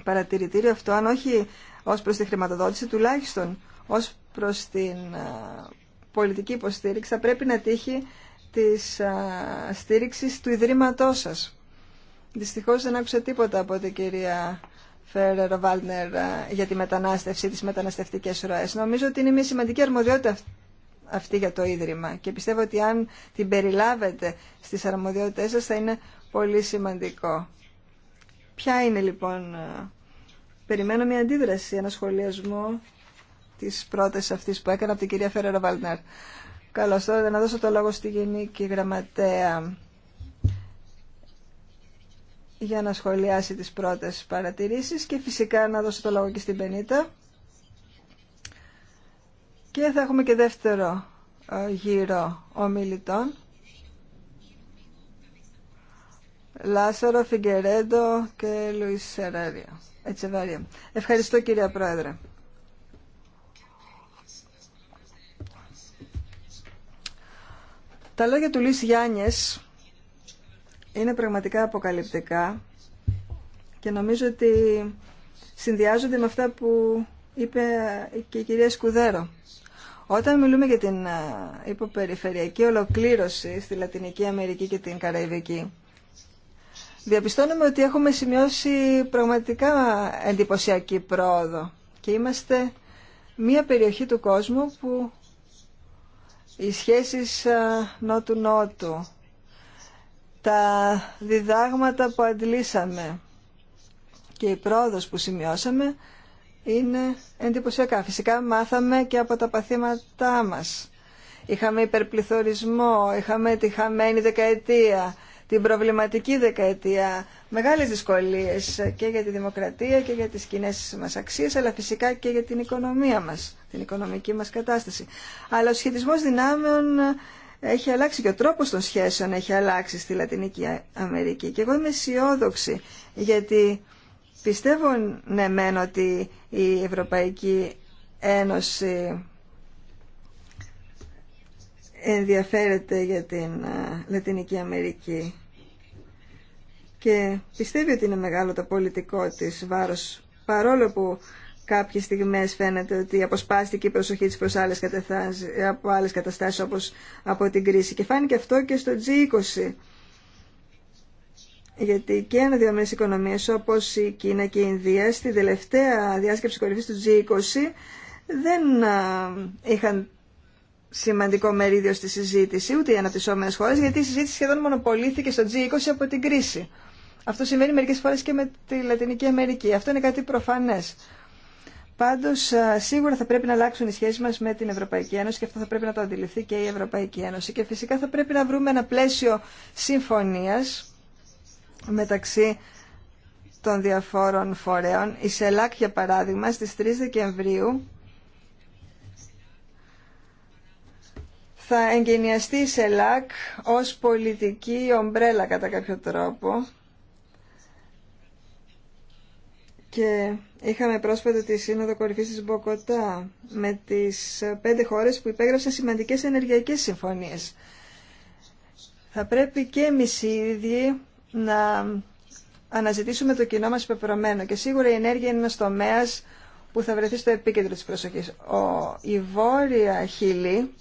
παρατηρητήριο αυτό, αν όχι ως προς τη χρηματοδότηση, τουλάχιστον ως προς την ε, πολιτική υποστήριξη θα πρέπει να τύχει της στήριξης του Ιδρύματός σας. Δυστυχώς δεν άκουσα τίποτα από την κυρία Φέρερ Βάλνερ για τη μετανάστευση, τις μεταναστευτικές ροές. Νομίζω ότι είναι μια σημαντική αρμοδιότητα αυτή για το Ίδρυμα και πιστεύω ότι αν την περιλάβετε στις αρμοδιότητες σας θα είναι πολύ σημαντικό. Ποια είναι λοιπόν, περιμένω μια αντίδραση, ένα σχολιασμό της πρότασης αυτής που έκανα από την κυρία Φέρερα Βαλνέρ. Καλώς τώρα να δώσω το λόγο στη Γενική Γραμματέα για να σχολιάσει τις πρώτες παρατηρήσεις και φυσικά να δώσω το λόγο και στην Πενίτα. Και θα έχουμε και δεύτερο ε, γύρο ομιλητών. Λάσαρο, Φιγκερέντο και Λουίς Σεράρια. Ευχαριστώ κυρία Πρόεδρε. Τα λόγια του Λύση Γιάννης είναι πραγματικά αποκαλυπτικά και νομίζω ότι συνδυάζονται με αυτά που είπε και η κυρία Σκουδέρο. Όταν μιλούμε για την ε, υποπεριφερειακή ολοκλήρωση στη Λατινική Αμερική και την Καραϊβική, διαπιστώνουμε ότι έχουμε σημειώσει πραγματικά εντυπωσιακή πρόοδο και είμαστε μία περιοχή του κόσμου που οι σχέσεις νότου-νότου, τα διδάγματα που αντλήσαμε και η πρόοδος που σημειώσαμε είναι εντυπωσιακά. Φυσικά μάθαμε και από τα παθήματά μας. Είχαμε υπερπληθωρισμό, είχαμε τη χαμένη δεκαετία, την προβληματική δεκαετία μεγάλες δυσκολίες και για τη δημοκρατία και για τις κοινέ μας αξίες αλλά φυσικά και για την οικονομία μας, την οικονομική μας κατάσταση. Αλλά ο σχετισμός δυνάμεων ε, έχει αλλάξει και ο τρόπος των σχέσεων έχει αλλάξει στη Λατινική Αμερική και εγώ είμαι αισιόδοξη γιατί πιστεύω ναι μεν ότι η Ευρωπαϊκή Ένωση ενδιαφέρεται για την ε, Λατινική Αμερική και πιστεύει ότι είναι μεγάλο το πολιτικό της βάρος παρόλο που κάποιες στιγμές φαίνεται ότι αποσπάστηκε η προσοχή της προς άλλες από άλλες καταστάσεις όπως από την κρίση και φάνηκε αυτό και στο G20 γιατί και αναδυομένες οικονομίες όπως η Κίνα και η Ινδία στη τελευταία διάσκεψη κορυφής του G20 δεν είχαν σημαντικό μερίδιο στη συζήτηση ούτε οι αναπτυσσόμενες χώρες γιατί η συζήτηση σχεδόν μονοπολήθηκε στο G20 από την κρίση. Αυτό συμβαίνει μερικές φορές και με τη Λατινική Αμερική. Αυτό είναι κάτι προφανές. Πάντως, σίγουρα θα πρέπει να αλλάξουν οι σχέσεις μας με την Ευρωπαϊκή Ένωση και αυτό θα πρέπει να το αντιληφθεί και η Ευρωπαϊκή Ένωση. Και φυσικά θα πρέπει να βρούμε ένα πλαίσιο συμφωνίας μεταξύ των διαφόρων φορέων. Η ΣΕΛΑΚ, για παράδειγμα, στις 3 Δεκεμβρίου θα εγκαινιαστεί η ΣΕΛΑΚ ως πολιτική ομπρέλα κατά κάποιο τρόπο Και είχαμε πρόσφατα τη Σύνοδο Κορυφής της Μποκοτά με τις πέντε χώρες που υπέγραψαν σημαντικές ενεργειακές συμφωνίες. Θα πρέπει και εμείς οι ίδιοι να αναζητήσουμε το κοινό μας πεπρωμένο και σίγουρα η ενέργεια είναι ένας τομέας που θα βρεθεί στο επίκεντρο της προσοχής. Ο, η Βόρεια Χίλη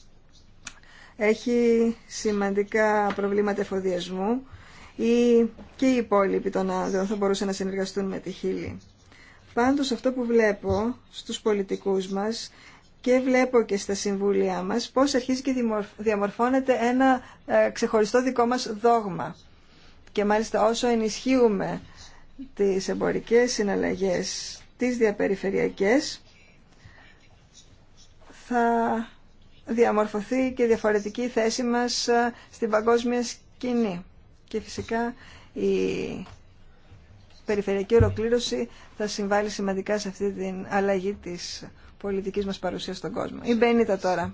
έχει σημαντικά προβλήματα εφοδιασμού και οι υπόλοιποι των Άνδρων θα μπορούσαν να συνεργαστούν με τη Χίλη. Πάντως αυτό που βλέπω στους πολιτικούς μας και βλέπω και στα συμβούλια μας πώς αρχίζει και διαμορφώνεται ένα ε, ξεχωριστό δικό μας δόγμα. Και μάλιστα όσο ενισχύουμε τις εμπορικές συναλλαγές, τις διαπεριφερειακές, θα διαμορφωθεί και διαφορετική θέση μας ε, στην παγκόσμια σκηνή. Και φυσικά περιφερειακή ολοκλήρωση θα συμβάλλει σημαντικά σε αυτή την αλλαγή της πολιτικής μας παρουσίας στον κόσμο. Η Μπένιτα τώρα.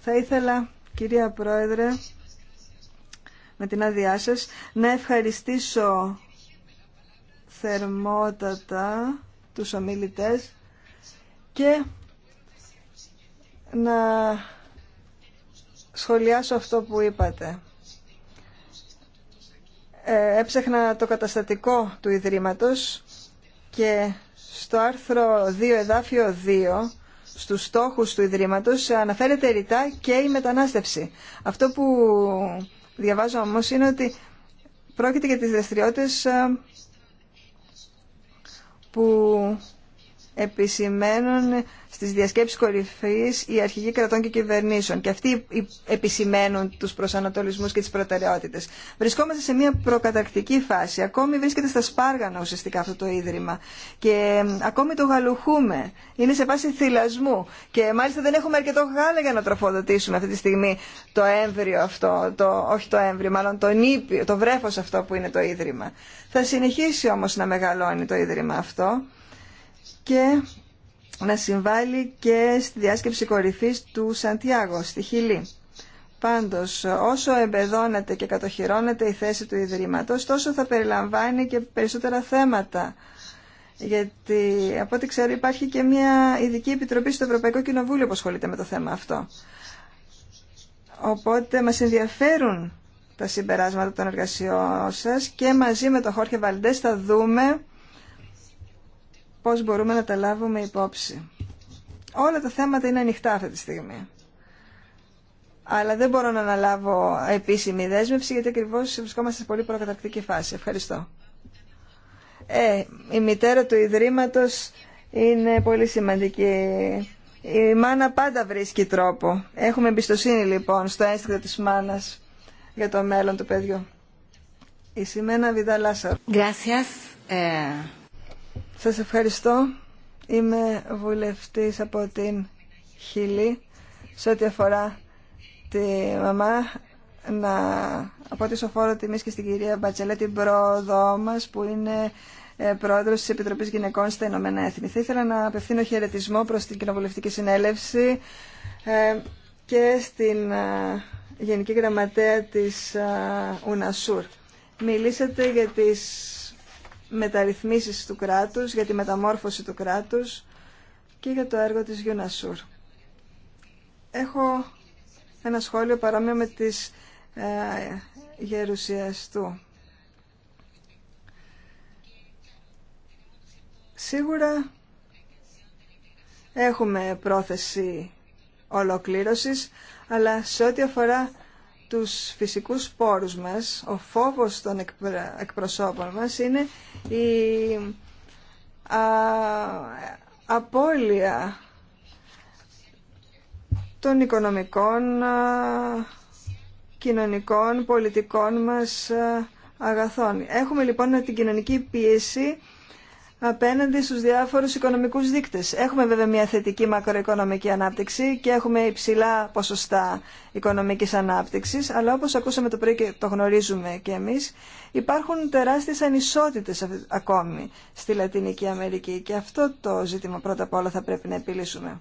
Θα ήθελα, κυρία Πρόεδρε, με την άδειά σας, να ευχαριστήσω θερμότατα τους ομιλητές και να σχολιάσω αυτό που είπατε. Ε, Έψεχνα το καταστατικό του Ιδρύματος και στο άρθρο 2 εδάφιο 2 στους στόχους του Ιδρύματος ε, αναφέρεται ρητά και η μετανάστευση. Αυτό που διαβάζω όμως είναι ότι πρόκειται για τις δραστηριότητες ε, που επισημαίνουν στις διασκέψεις κορυφής οι αρχηγοί κρατών και κυβερνήσεων και αυτοί επισημαίνουν τους προσανατολισμούς και τις προτεραιότητες. Βρισκόμαστε σε μια προκατακτική φάση. Ακόμη βρίσκεται στα σπάργανα ουσιαστικά αυτό το Ίδρυμα και ακόμη το γαλουχούμε. Είναι σε βάση θυλασμού και μάλιστα δεν έχουμε αρκετό γάλα για να τροφοδοτήσουμε αυτή τη στιγμή το έμβριο αυτό, το, όχι το έμβριο, μάλλον το νήπιο, το βρέφος αυτό που είναι το Ίδρυμα. Θα συνεχίσει όμως να μεγαλώνει το Ίδρυμα αυτό και να συμβάλλει και στη διάσκεψη κορυφής του Σαντιάγο στη Χιλή. Πάντως, όσο εμπεδώνεται και κατοχυρώνεται η θέση του Ιδρύματος, τόσο θα περιλαμβάνει και περισσότερα θέματα. Γιατί, από ό,τι ξέρω, υπάρχει και μια ειδική επιτροπή στο Ευρωπαϊκό Κοινοβούλιο που ασχολείται με το θέμα αυτό. Οπότε, μας ενδιαφέρουν τα συμπεράσματα των εργασιών σας και μαζί με τον Χόρχε Βαλντές θα δούμε πώς μπορούμε να τα λάβουμε υπόψη. Όλα τα θέματα είναι ανοιχτά αυτή τη στιγμή. Αλλά δεν μπορώ να αναλάβω επίσημη δέσμευση γιατί ακριβώ βρισκόμαστε σε πολύ προκατακτική φάση. Ευχαριστώ. Ε, η μητέρα του Ιδρύματος είναι πολύ σημαντική. Η μάνα πάντα βρίσκει τρόπο. Έχουμε εμπιστοσύνη λοιπόν στο ένστικτο της μάνας για το μέλλον του παιδιού. Η Σιμένα Βιδά Λάσαρο. Σας ευχαριστώ. Είμαι βουλευτής από την Χιλή σε ό,τι αφορά τη μαμά να αποτίσω φόρο τιμής και στην κυρία Μπατσελέ την πρόοδό μας που είναι ε, πρόεδρος της Επιτροπής Γυναικών στα Ηνωμένα Έθνη. Θα ήθελα να απευθύνω χαιρετισμό προς την Κοινοβουλευτική Συνέλευση ε, και στην ε, Γενική Γραμματέα της Ουνασούρ. Μιλήσατε για τις μεταρρυθμίσεις του κράτους, για τη μεταμόρφωση του κράτους και για το έργο της Γιουνασούρ. Έχω ένα σχόλιο παρόμοιο με τις ε, γερουσιαστού του. Σίγουρα έχουμε πρόθεση ολοκλήρωσης, αλλά σε ό,τι αφορά τους φυσικούς πόρους μας, ο φόβος των εκπροσώπων μας είναι η α, απώλεια των οικονομικών, κοινωνικών, πολιτικών μας αγαθών. Έχουμε λοιπόν την κοινωνική πίεση απέναντι στους διάφορους οικονομικούς δείκτες. Έχουμε βέβαια μια θετική μακροοικονομική ανάπτυξη και έχουμε υψηλά ποσοστά οικονομικής ανάπτυξης, αλλά όπως ακούσαμε το πρωί και το γνωρίζουμε και εμείς, υπάρχουν τεράστιες ανισότητες ακόμη στη Λατινική Αμερική και αυτό το ζήτημα πρώτα απ' όλα θα πρέπει να επιλύσουμε.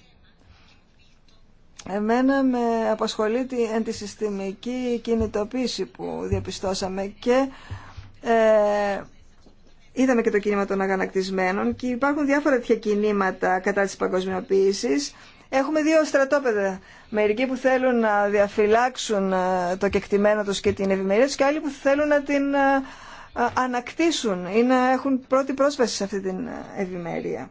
Εμένα με απασχολεί την αντισυστημική κινητοποίηση που διαπιστώσαμε και ε, Είδαμε και το κίνημα των αγανακτισμένων και υπάρχουν διάφορα τέτοια κινήματα κατά της παγκοσμιοποίησης. Έχουμε δύο στρατόπεδα. Μερικοί που θέλουν να διαφυλάξουν ε, το κεκτημένο τους και την ευημερία και άλλοι που θέλουν να την ε, ε, ανακτήσουν ή να έχουν πρώτη πρόσβαση σε αυτή την ευημερία.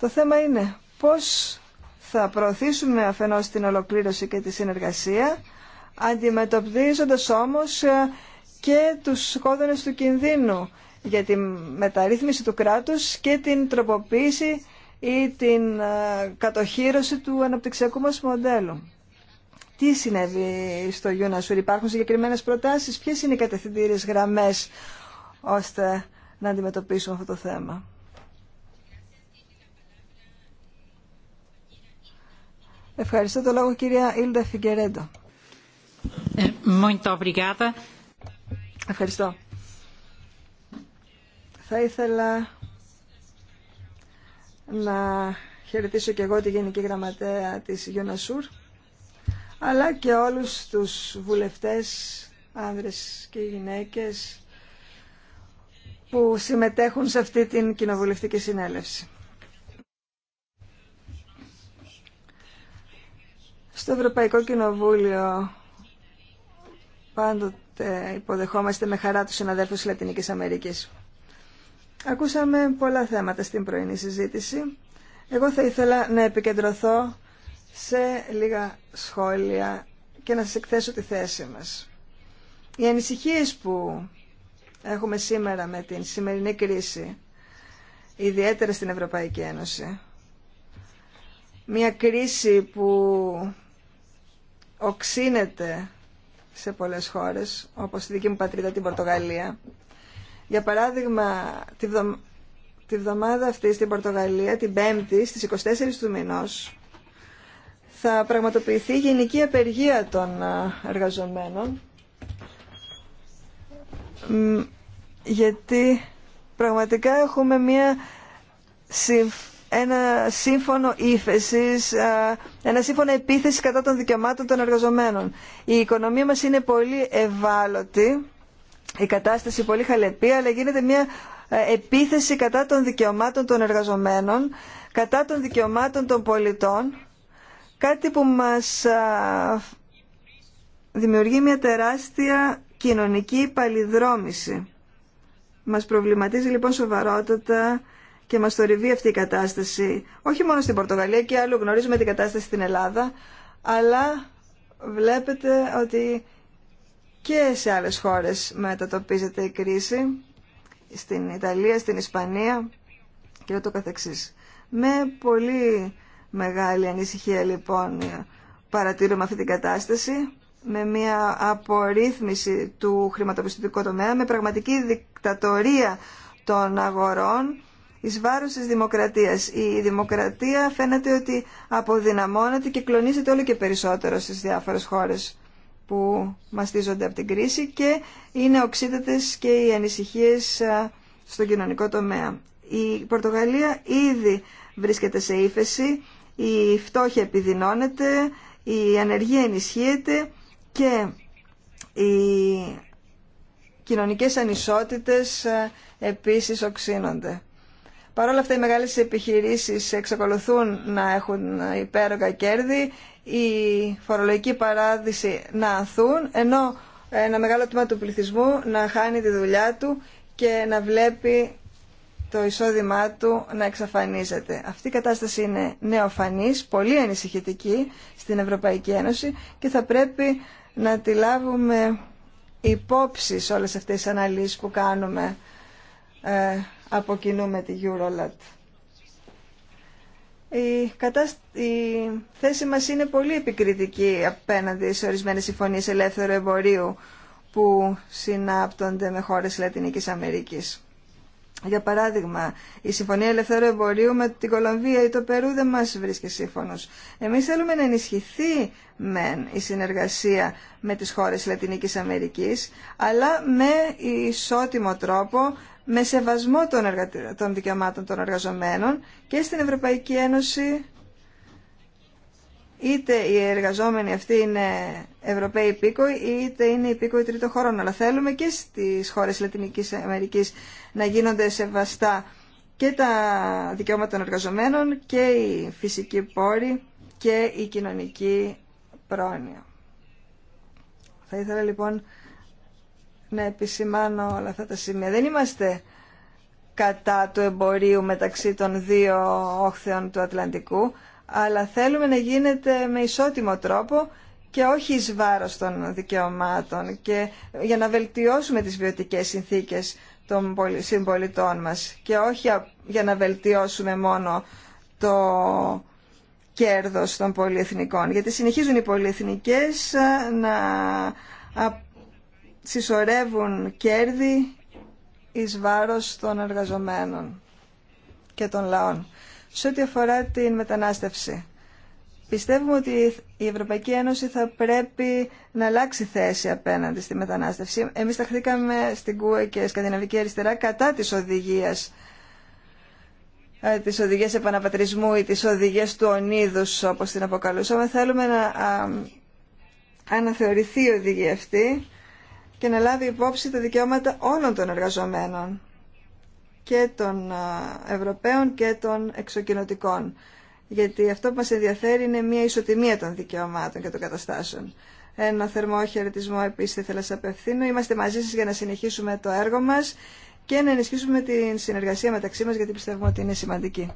Το θέμα είναι πώς θα προωθήσουμε αφενός την ολοκλήρωση και τη συνεργασία, αντιμετωπίζοντας όμως και τους κόδωνες του κινδύνου για τη μεταρρύθμιση του κράτους και την τροποποίηση ή την ε, κατοχήρωση του αναπτυξιακού μας μοντέλου. Τι συνέβη στο Γιούνασουρ, υπάρχουν συγκεκριμένες προτάσεις, ποιες είναι οι κατευθυντήριες γραμμές ώστε να αντιμετωπίσουμε αυτό το θέμα. Ευχαριστώ το λόγο κυρία Ήλντα Φιγκερέντο. Ε, Ευχαριστώ. Θα ήθελα να χαιρετήσω και εγώ τη Γενική Γραμματέα της Γιονασούρ, αλλά και όλους τους βουλευτές, άνδρες και γυναίκες, που συμμετέχουν σε αυτή την κοινοβουλευτική συνέλευση. Στο Ευρωπαϊκό Κοινοβούλιο πάντοτε υποδεχόμαστε με χαρά τους συναδέλφους της Λατινικής Αμερικής. Ακούσαμε πολλά θέματα στην πρωινή συζήτηση. Εγώ θα ήθελα να επικεντρωθώ σε λίγα σχόλια και να σας εκθέσω τη θέση μας. Οι ανησυχίες που έχουμε σήμερα με την σημερινή κρίση, ιδιαίτερα στην Ευρωπαϊκή Ένωση, μια κρίση που οξύνεται σε πολλές χώρες, όπως στη δική μου πατρίδα την Πορτογαλία, για παράδειγμα, τη, τη βδομάδα αυτή στην Πορτογαλία, την Πέμπτη η στις 24 του μηνός, θα πραγματοποιηθεί γενική απεργία των εργαζομένων, γιατί πραγματικά έχουμε μια ένα σύμφωνο ύφεση, ένα σύμφωνο επίθεση κατά των δικαιωμάτων των εργαζομένων. Η οικονομία μας είναι πολύ ευάλωτη η κατάσταση πολύ χαλεπή, αλλά γίνεται μια ε, επίθεση κατά των δικαιωμάτων των εργαζομένων, κατά των δικαιωμάτων των πολιτών, κάτι που μας δημιουργεί μια τεράστια κοινωνική παλιδρόμηση. Μας προβληματίζει λοιπόν σοβαρότατα και μας θορυβεί αυτή η κατάσταση, όχι μόνο στην Πορτογαλία και άλλο γνωρίζουμε την κατάσταση στην Ελλάδα, αλλά βλέπετε ότι και σε άλλες χώρες μετατοπίζεται η κρίση, στην Ιταλία, στην Ισπανία και το καθεξής. Με πολύ μεγάλη ανησυχία λοιπόν παρατηρούμε αυτή την κατάσταση με μια απορρίθμιση του χρηματοπιστωτικού τομέα, με πραγματική δικτατορία των αγορών εις βάρος της δημοκρατίας. Η δημοκρατία φαίνεται ότι αποδυναμώνεται και κλονίζεται όλο και περισσότερο στις διάφορες χώρες που μαστίζονται από την κρίση και είναι οξύτατες και οι ανησυχίες στον κοινωνικό τομέα. Η Πορτογαλία ήδη βρίσκεται σε ύφεση, η φτώχεια επιδεινώνεται, η ανεργία ενισχύεται και οι κοινωνικές ανισότητες επίσης οξύνονται. Παρ' όλα αυτά οι μεγάλες επιχειρήσεις εξακολουθούν να έχουν υπέρογκα κέρδη, οι φορολογική παράδεισοι να ανθούν, ενώ ένα μεγάλο τμήμα του πληθυσμού να χάνει τη δουλειά του και να βλέπει το εισόδημά του να εξαφανίζεται. Αυτή η κατάσταση είναι νεοφανής, πολύ ανησυχητική στην Ευρωπαϊκή Ένωση και θα πρέπει να τη λάβουμε υπόψη σε όλες αυτές τις αναλύσεις που κάνουμε ε, Αποκινούμε τη Eurolat. Η, θέση μας είναι πολύ επικριτική απέναντι σε ορισμένες συμφωνίες ελεύθερου εμπορίου που συνάπτονται με χώρες Λατινικής Αμερικής. Για παράδειγμα, η Συμφωνία Ελευθέρου Εμπορίου με την Κολομβία ή το Περού δεν μας βρίσκει σύμφωνος. Εμείς θέλουμε να ενισχυθεί μεν η συνεργασία με τις χώρες Λατινικής Αμερικής, αλλά με ισότιμο τρόπο, με σεβασμό των, εργα... των δικαιωμάτων των εργαζομένων και στην Ευρωπαϊκή Ένωση είτε οι εργαζόμενοι αυτοί είναι Ευρωπαίοι υπήκοοι είτε είναι υπήκοοι τρίτων χωρών. Αλλά θέλουμε και στις χώρες Λατινικής Αμερικής να γίνονται σεβαστά και τα δικαιώματα των εργαζομένων και η φυσική πόροι και η κοινωνική πρόνοια. Θα ήθελα λοιπόν να επισημάνω όλα αυτά τα σημεία. Δεν είμαστε κατά του εμπορίου μεταξύ των δύο όχθεων του Ατλαντικού, αλλά θέλουμε να γίνεται με ισότιμο τρόπο και όχι εις βάρος των δικαιωμάτων και για να βελτιώσουμε τις βιωτικές συνθήκες των συμπολιτών μας και όχι για να βελτιώσουμε μόνο το κέρδος των πολυεθνικών γιατί συνεχίζουν οι πολυεθνικές ε, να συσσωρεύουν κέρδη εις βάρος των εργαζομένων και των λαών. Σε ό,τι αφορά την μετανάστευση, πιστεύουμε ότι η Ευρωπαϊκή Ένωση θα πρέπει να αλλάξει θέση απέναντι στη μετανάστευση. Εμείς ταχθήκαμε στην ΚΟΕ και Σκανδιναβική Αριστερά κατά της οδηγίας ε, τις οδηγίες επαναπατρισμού ή τις οδηγίες του ονίδους όπως την αποκαλούσαμε. Θέλουμε να αναθεωρηθεί η οδηγία αυτή και να λάβει υπόψη τα δικαιώματα όλων των εργαζομένων και των Ευρωπαίων και των εξοκοινωτικών. Γιατί αυτό που μας ενδιαφέρει είναι μια ισοτιμία των δικαιωμάτων και των καταστάσεων. Ένα θερμό χαιρετισμό επίσης θέλω να σας απευθύνω. Είμαστε μαζί σας για να συνεχίσουμε το έργο μας και να ενισχύσουμε την συνεργασία μεταξύ μας γιατί πιστεύουμε ότι είναι σημαντική.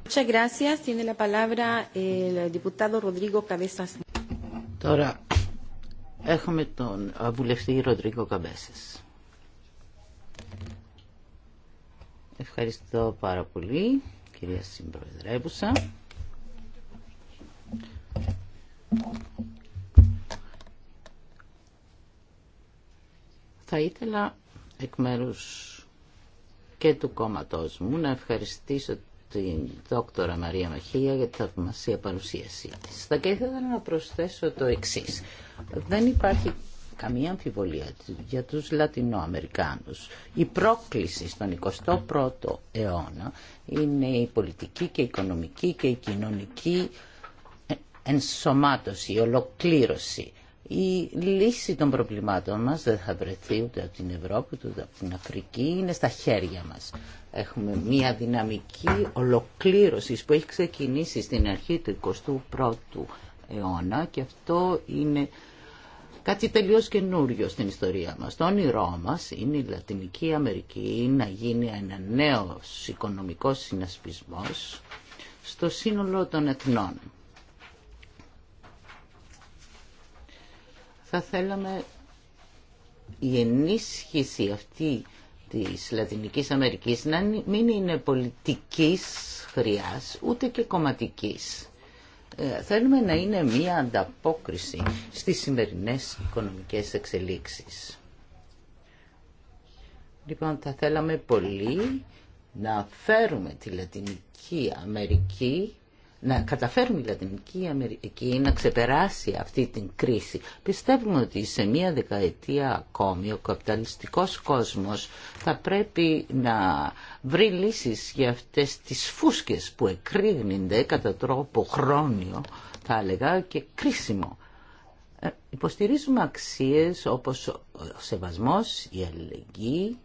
Τώρα έχουμε τον βουλευτή Ροντρίγκο Καμπέσες. Ευχαριστώ πάρα πολύ, κυρία Συμπροεδρεύουσα. Θα ήθελα εκ μέρους και του κόμματός μου να ευχαριστήσω την δόκτωρα Μαρία Μαχία για τη θαυμασία παρουσίασή της. Θα και ήθελα να προσθέσω το εξής. Δεν υπάρχει καμία αμφιβολία για τους Λατινοαμερικάνους. Η πρόκληση στον 21ο αιώνα είναι η πολιτική και η οικονομική και η κοινωνική ενσωμάτωση, η ολοκλήρωση. Η λύση των προβλημάτων μας δεν θα βρεθεί ούτε από την Ευρώπη ούτε από την Αφρική, είναι στα χέρια μας. Έχουμε μια δυναμική ολοκλήρωση που έχει ξεκινήσει στην αρχή του 21ου αιώνα και αυτό είναι κάτι τελείως καινούριο στην ιστορία μας. Το όνειρό μας είναι η Λατινική Αμερική να γίνει ένα νέο οικονομικός συνασπισμός στο σύνολο των εθνών. Θα θέλαμε η ενίσχυση αυτή της Λατινικής Αμερικής να μην είναι πολιτικής χρειάς ούτε και κομματικής. Ε, θέλουμε να είναι μία ανταπόκριση στις σημερινές οικονομικές εξελίξεις. Λοιπόν, θα θέλαμε πολύ να φέρουμε τη Λατινική Αμερική να καταφέρουμε η Λατινική Αμερική να ξεπεράσει αυτή την κρίση. Πιστεύουμε ότι σε μία δεκαετία ακόμη ο καπιταλιστικός κόσμος θα πρέπει να βρει λύσεις για αυτές τις φούσκες που εκρήγνυνται κατά τρόπο χρόνιο, θα έλεγα, και κρίσιμο. Ε, υποστηρίζουμε αξίες όπως ο σεβασμός, η αλληλεγγύη,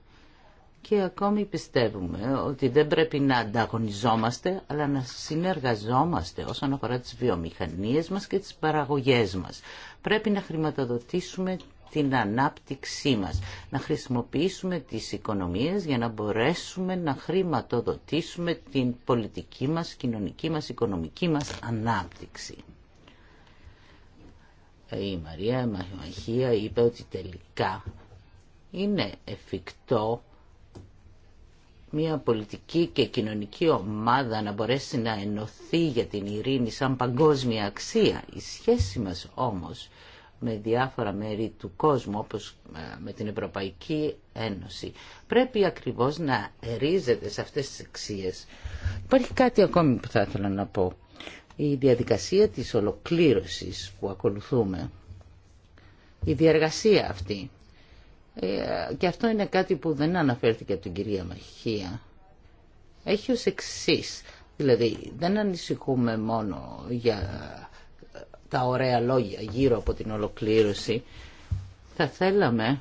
και ακόμη πιστεύουμε ότι δεν πρέπει να ανταγωνιζόμαστε αλλά να συνεργαζόμαστε όσον αφορά τις βιομηχανίες μας και τις παραγωγές μας. Πρέπει να χρηματοδοτήσουμε την ανάπτυξή μας, να χρησιμοποιήσουμε τις οικονομίες για να μπορέσουμε να χρηματοδοτήσουμε την πολιτική μας, κοινωνική μας, οικονομική μας ανάπτυξη. Η Μαρία Μαχία είπε ότι τελικά είναι εφικτό μια πολιτική και κοινωνική ομάδα να μπορέσει να ενωθεί για την ειρήνη σαν παγκόσμια αξία. Η σχέση μας όμως με διάφορα μέρη του κόσμου όπως ε, με την Ευρωπαϊκή Ένωση πρέπει ακριβώς να ρίζεται σε αυτές τις αξίες. Υπάρχει κάτι ακόμη που θα ήθελα να πω. Η διαδικασία της ολοκλήρωσης που ακολουθούμε, η διαργασία αυτή ε, και αυτό είναι κάτι που δεν αναφέρθηκε από την κυρία Μαχία. Έχει ως εξή. δηλαδή δεν ανησυχούμε μόνο για ε, τα ωραία λόγια γύρω από την ολοκλήρωση. Θα θέλαμε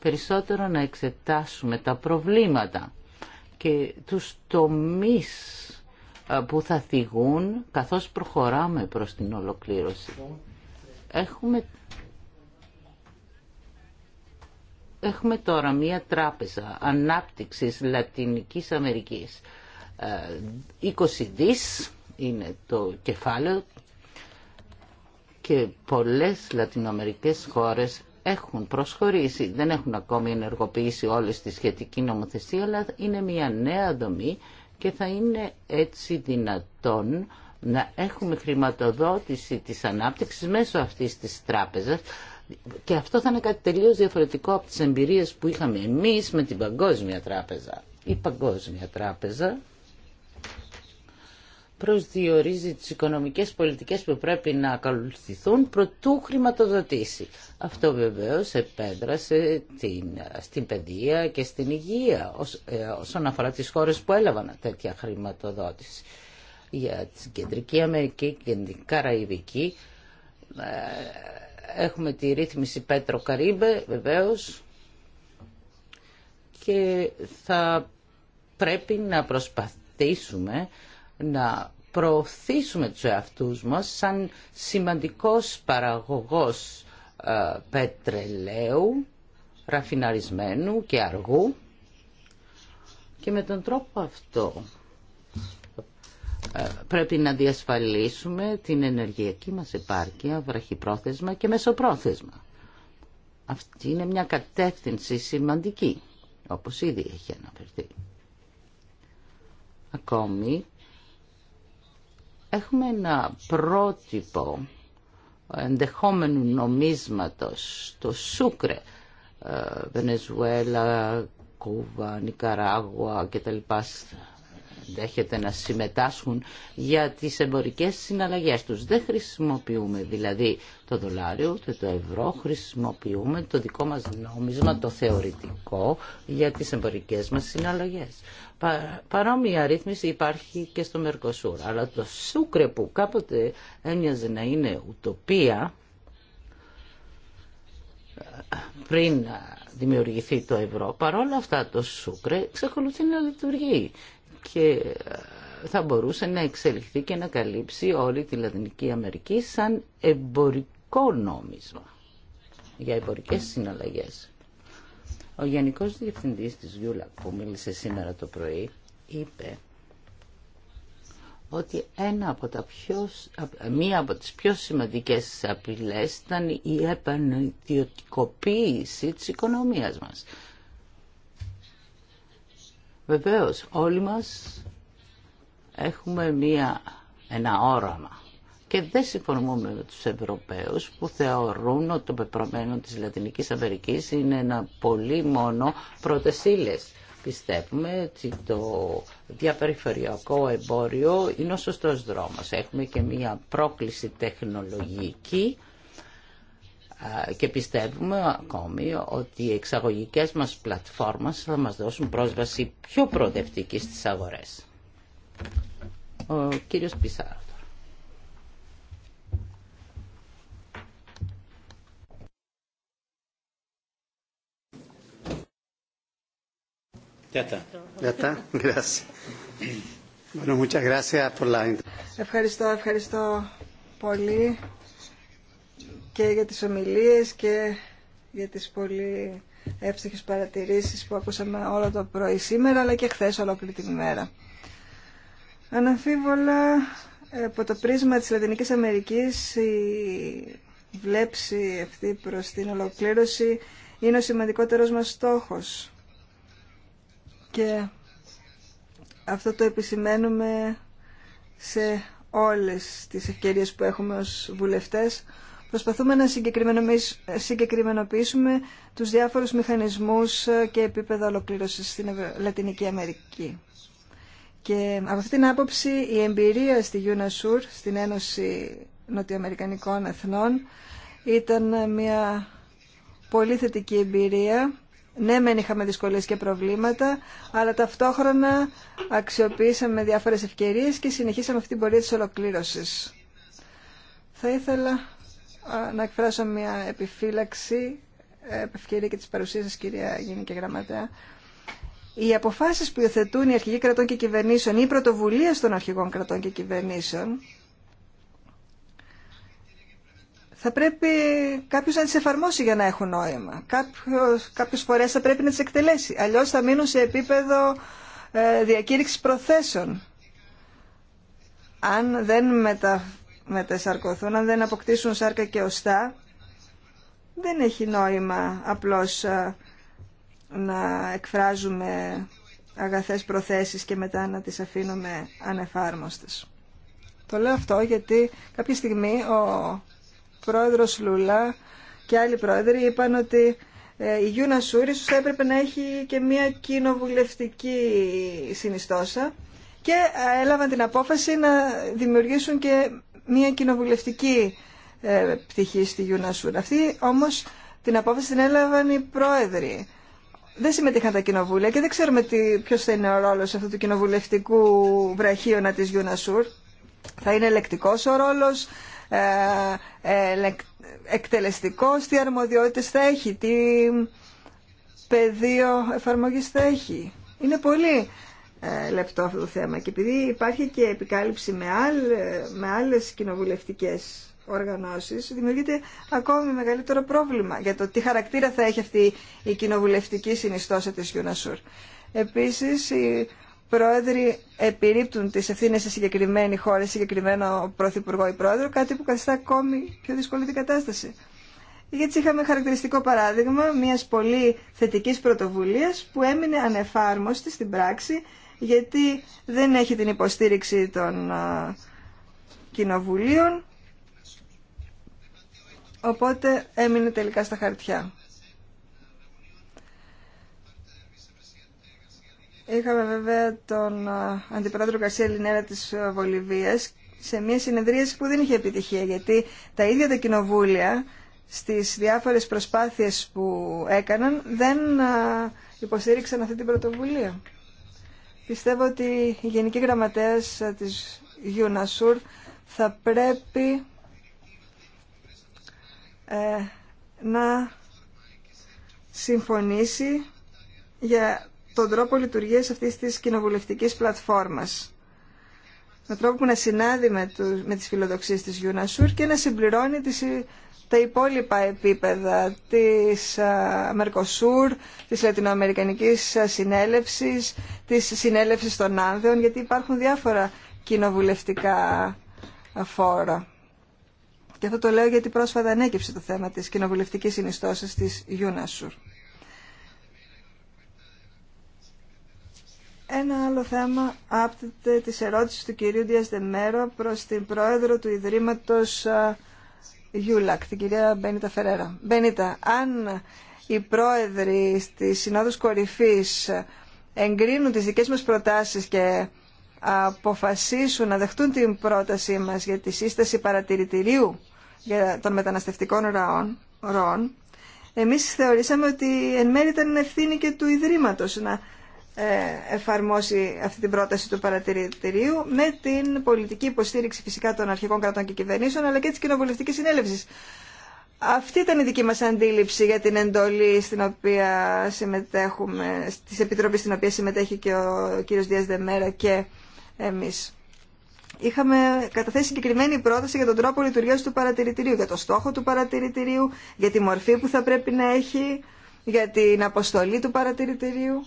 περισσότερο να εξετάσουμε τα προβλήματα και τους τομείς ε, που θα θυγούν καθώς προχωράμε προς την ολοκλήρωση. Έχουμε Έχουμε τώρα μία τράπεζα ανάπτυξης Λατινικής Αμερικής. 20 ε, δις είναι το κεφάλαιο και πολλές λατινοαμερικές χώρες έχουν προσχωρήσει, δεν έχουν ακόμη ενεργοποιήσει όλες τη σχετική νομοθεσία, αλλά είναι μια νέα δομή και θα είναι έτσι δυνατόν να έχουμε χρηματοδότηση της ανάπτυξης μέσω αυτής της τράπεζας και αυτό θα είναι κάτι τελείως διαφορετικό από τις εμπειρίες που είχαμε εμείς με την Παγκόσμια Τράπεζα. Η Παγκόσμια Τράπεζα προσδιορίζει τις οικονομικές πολιτικές που πρέπει να ακολουθηθούν προτού χρηματοδοτήσει. Αυτό βεβαίως επέδρασε στην παιδεία και στην υγεία ε, όσον αφορά τις χώρες που έλαβαν τέτοια χρηματοδότηση για την Κεντρική Αμερική και την Καραϊβική. Ε, έχουμε τη ρύθμιση Πέτρο Καρύμπε βεβαίως και θα πρέπει να προσπαθήσουμε να προωθήσουμε τους εαυτούς μας σαν σημαντικός παραγωγός ε, πετρελαίου, ραφιναρισμένου και αργού και με τον τρόπο αυτό ε, πρέπει να διασφαλίσουμε την ενεργειακή μας επάρκεια, βραχυπρόθεσμα και μεσοπρόθεσμα. Αυτή είναι μια κατεύθυνση σημαντική, όπως ήδη έχει αναφερθεί. Ακόμη, έχουμε ένα πρότυπο ενδεχόμενου νομίσματος, το Σούκρε, ε, Βενεζουέλα, Κούβα, Νικαράγουα κτλ ενδέχεται να συμμετάσχουν για τις εμπορικές συναλλαγές τους. Δεν χρησιμοποιούμε δηλαδή το δολάριο ούτε το ευρώ, χρησιμοποιούμε το δικό μας νόμισμα, το θεωρητικό για τις εμπορικές μας συναλλαγές. Παρόμοια αρρύθμιση υπάρχει και στο Μερκοσούρ, αλλά το Σούκρε που κάποτε έμοιαζε να είναι ουτοπία, πριν δημιουργηθεί το ευρώ, παρόλα αυτά το Σούκρε εξακολουθεί να λειτουργεί και ε, θα μπορούσε να εξελιχθεί και να καλύψει όλη τη Λατινική Αμερική σαν εμπορικό νόμισμα για εμπορικές συναλλαγές. Ο Γενικός Διευθυντής της Γιούλα που μίλησε σήμερα το πρωί είπε ότι ένα από τα πιο, μία από τις πιο σημαντικές απειλές ήταν η επανιδιωτικοποίηση της οικονομίας μας. Βεβαίως, όλοι μας έχουμε μία, ένα όραμα και δεν συμφωνούμε με τους Ευρωπαίους που θεωρούν ότι το πεπρωμένο της Λατινικής Αμερικής είναι ένα πολύ μόνο πρωτεσίλες. Πιστεύουμε ότι το διαπεριφερειακό εμπόριο είναι ο σωστός δρόμος. Έχουμε και μία πρόκληση τεχνολογική και πιστεύουμε ακόμη ότι οι εξαγωγικές μας πλατφόρμες θα μας δώσουν πρόσβαση πιο προοδευτική στις αγορές. Ο κύριος Πισάρα. Ευχαριστώ, ευχαριστώ πολύ και για τις ομιλίες και για τις πολύ εύστοιχες παρατηρήσεις που ακούσαμε όλο το πρωί σήμερα αλλά και χθες ολόκληρη την ημέρα. Αναμφίβολα ε, από το πρίσμα της Λατινικής Αμερικής η βλέψη αυτή προς την ολοκλήρωση είναι ο σημαντικότερος μας στόχος και αυτό το επισημαίνουμε σε όλες τις ευκαιρίες που έχουμε ως βουλευτές Προσπαθούμε να συγκεκριμενοποιήσουμε τους διάφορους μηχανισμούς και επίπεδα ολοκλήρωσης στην Λατινική Αμερική. Και από αυτή την άποψη η εμπειρία στη UNASUR, στην Ένωση Νοτιοαμερικανικών Εθνών, ήταν μια πολύ θετική εμπειρία. Ναι, μεν είχαμε δυσκολίες και προβλήματα, αλλά ταυτόχρονα αξιοποιήσαμε διάφορες ευκαιρίες και συνεχίσαμε αυτή την πορεία της ολοκλήρωσης. Θα ήθελα να εκφράσω μια επιφύλαξη, ε, ευκαιρία και της παρουσίας σας κυρία Γενική Γραμματέα. Οι αποφάσεις που υιοθετούν οι αρχηγοί κρατών και κυβερνήσεων ή οι πρωτοβουλίες των αρχηγών κρατών και κυβερνήσεων θα πρέπει κάποιος να τις εφαρμόσει για να έχουν νόημα. Κάποιος, κάποιες φορές θα πρέπει να τις εκτελέσει. Αλλιώς θα μείνουν σε επίπεδο ε, διακήρυξης προθέσεων. Αν δεν μεταφέρουν μετασαρκωθούν, αν δεν αποκτήσουν σάρκα και οστά, δεν έχει νόημα απλώς ε, να εκφράζουμε αγαθές προθέσεις και μετά να τις αφήνουμε ανεφάρμοστες. Το λέω αυτό γιατί κάποια στιγμή ο πρόεδρος Λούλα και άλλοι πρόεδροι είπαν ότι ε, η Γιούνα Σούρη έπρεπε να έχει και μια κοινοβουλευτική συνιστόσα και ε, έλαβαν την απόφαση να δημιουργήσουν και μια κοινοβουλευτική ε, πτυχή στη Σούρ. Αυτή όμως την απόφαση την έλαβαν οι πρόεδροι. Δεν συμμετείχαν τα κοινοβούλια και δεν ξέρουμε ποιο θα είναι ο ρόλο αυτού του κοινοβουλευτικού βραχίωνα τη Σούρ. Θα είναι ελεκτικό ο ρόλο, ε, ε εκτελεστικό, τι αρμοδιότητε θα έχει, τι πεδίο εφαρμογή θα έχει. Είναι πολύ ε, λεπτό αυτό το θέμα. Και επειδή υπάρχει και επικάλυψη με, άλλ, με άλλες κοινοβουλευτικές οργανώσεις, δημιουργείται ακόμη μεγαλύτερο πρόβλημα για το τι χαρακτήρα θα έχει αυτή η κοινοβουλευτική συνιστόσα της Γιουνασούρ. Επίσης, οι πρόεδροι επιρρύπτουν τις ευθύνε σε συγκεκριμένη χώρα, σε συγκεκριμένο πρωθυπουργό ή πρόεδρο, κάτι που καθιστά ακόμη πιο δύσκολη την κατάσταση. Γιατί είχαμε χαρακτηριστικό παράδειγμα μιας πολύ θετικής πρωτοβουλίας που έμεινε ανεφάρμοστη στην πράξη γιατί δεν έχει την υποστήριξη των κοινοβουλίων, οπότε έμεινε τελικά στα χαρτιά. Είχαμε βέβαια τον Αντιπρόεδρο Καρσία Λινέρα της Βολιβίας σε μια συνεδρίαση που δεν είχε επιτυχία γιατί τα ίδια τα κοινοβούλια στις διάφορες προσπάθειες που έκαναν δεν υποστήριξαν αυτή την πρωτοβουλία. Πιστεύω ότι η Γενική Γραμματέας της UNASUR θα πρέπει ε, να συμφωνήσει για τον τρόπο λειτουργίας αυτής της κοινοβουλευτικής πλατφόρμας με τρόπο που να συνάδει με, με τις φιλοδοξίες της UNASUR και να συμπληρώνει τις τα υπόλοιπα επίπεδα της ε, Μερκοσούρ, της Λατινοαμερικανικής ε, Συνέλευσης, της Συνέλευσης των Άνδεων, γιατί υπάρχουν διάφορα κοινοβουλευτικά φόρα. Και αυτό το λέω γιατί πρόσφατα ανέκυψε το θέμα της κοινοβουλευτικής συνιστώσης της Σούρ. Ένα άλλο θέμα άπτεται της ερώτησης του κυρίου Διασδεμέρο προς την πρόεδρο του Ιδρύματος ε, Γιούλακ, κυρία Μπένιτα Φερέρα. Μπένιτα, αν οι πρόεδροι τη συνόδους κορυφής εγκρίνουν τις δικές μας προτάσεις και αποφασίσουν να δεχτούν την πρότασή μας για τη σύσταση παρατηρητηρίου για των μεταναστευτικών ροών, εμείς θεωρήσαμε ότι εν μέρει ήταν ευθύνη και του Ιδρύματος να ε, εφαρμόσει αυτή την πρόταση του παρατηρητηρίου με την πολιτική υποστήριξη φυσικά των αρχικών κρατών και κυβερνήσεων αλλά και της κοινοβουλευτικής συνέλευσης. Αυτή ήταν η δική μας αντίληψη για την εντολή στην οποία συμμετέχουμε, στις επιτροπή στην οποία συμμετέχει και ο κύριος Δίας Δεμέρα και εμείς. Είχαμε καταθέσει συγκεκριμένη πρόταση για τον τρόπο λειτουργίας του παρατηρητηρίου, για το στόχο του παρατηρητηρίου, για τη μορφή που θα πρέπει να έχει, για την αποστολή του παρατηρητηρίου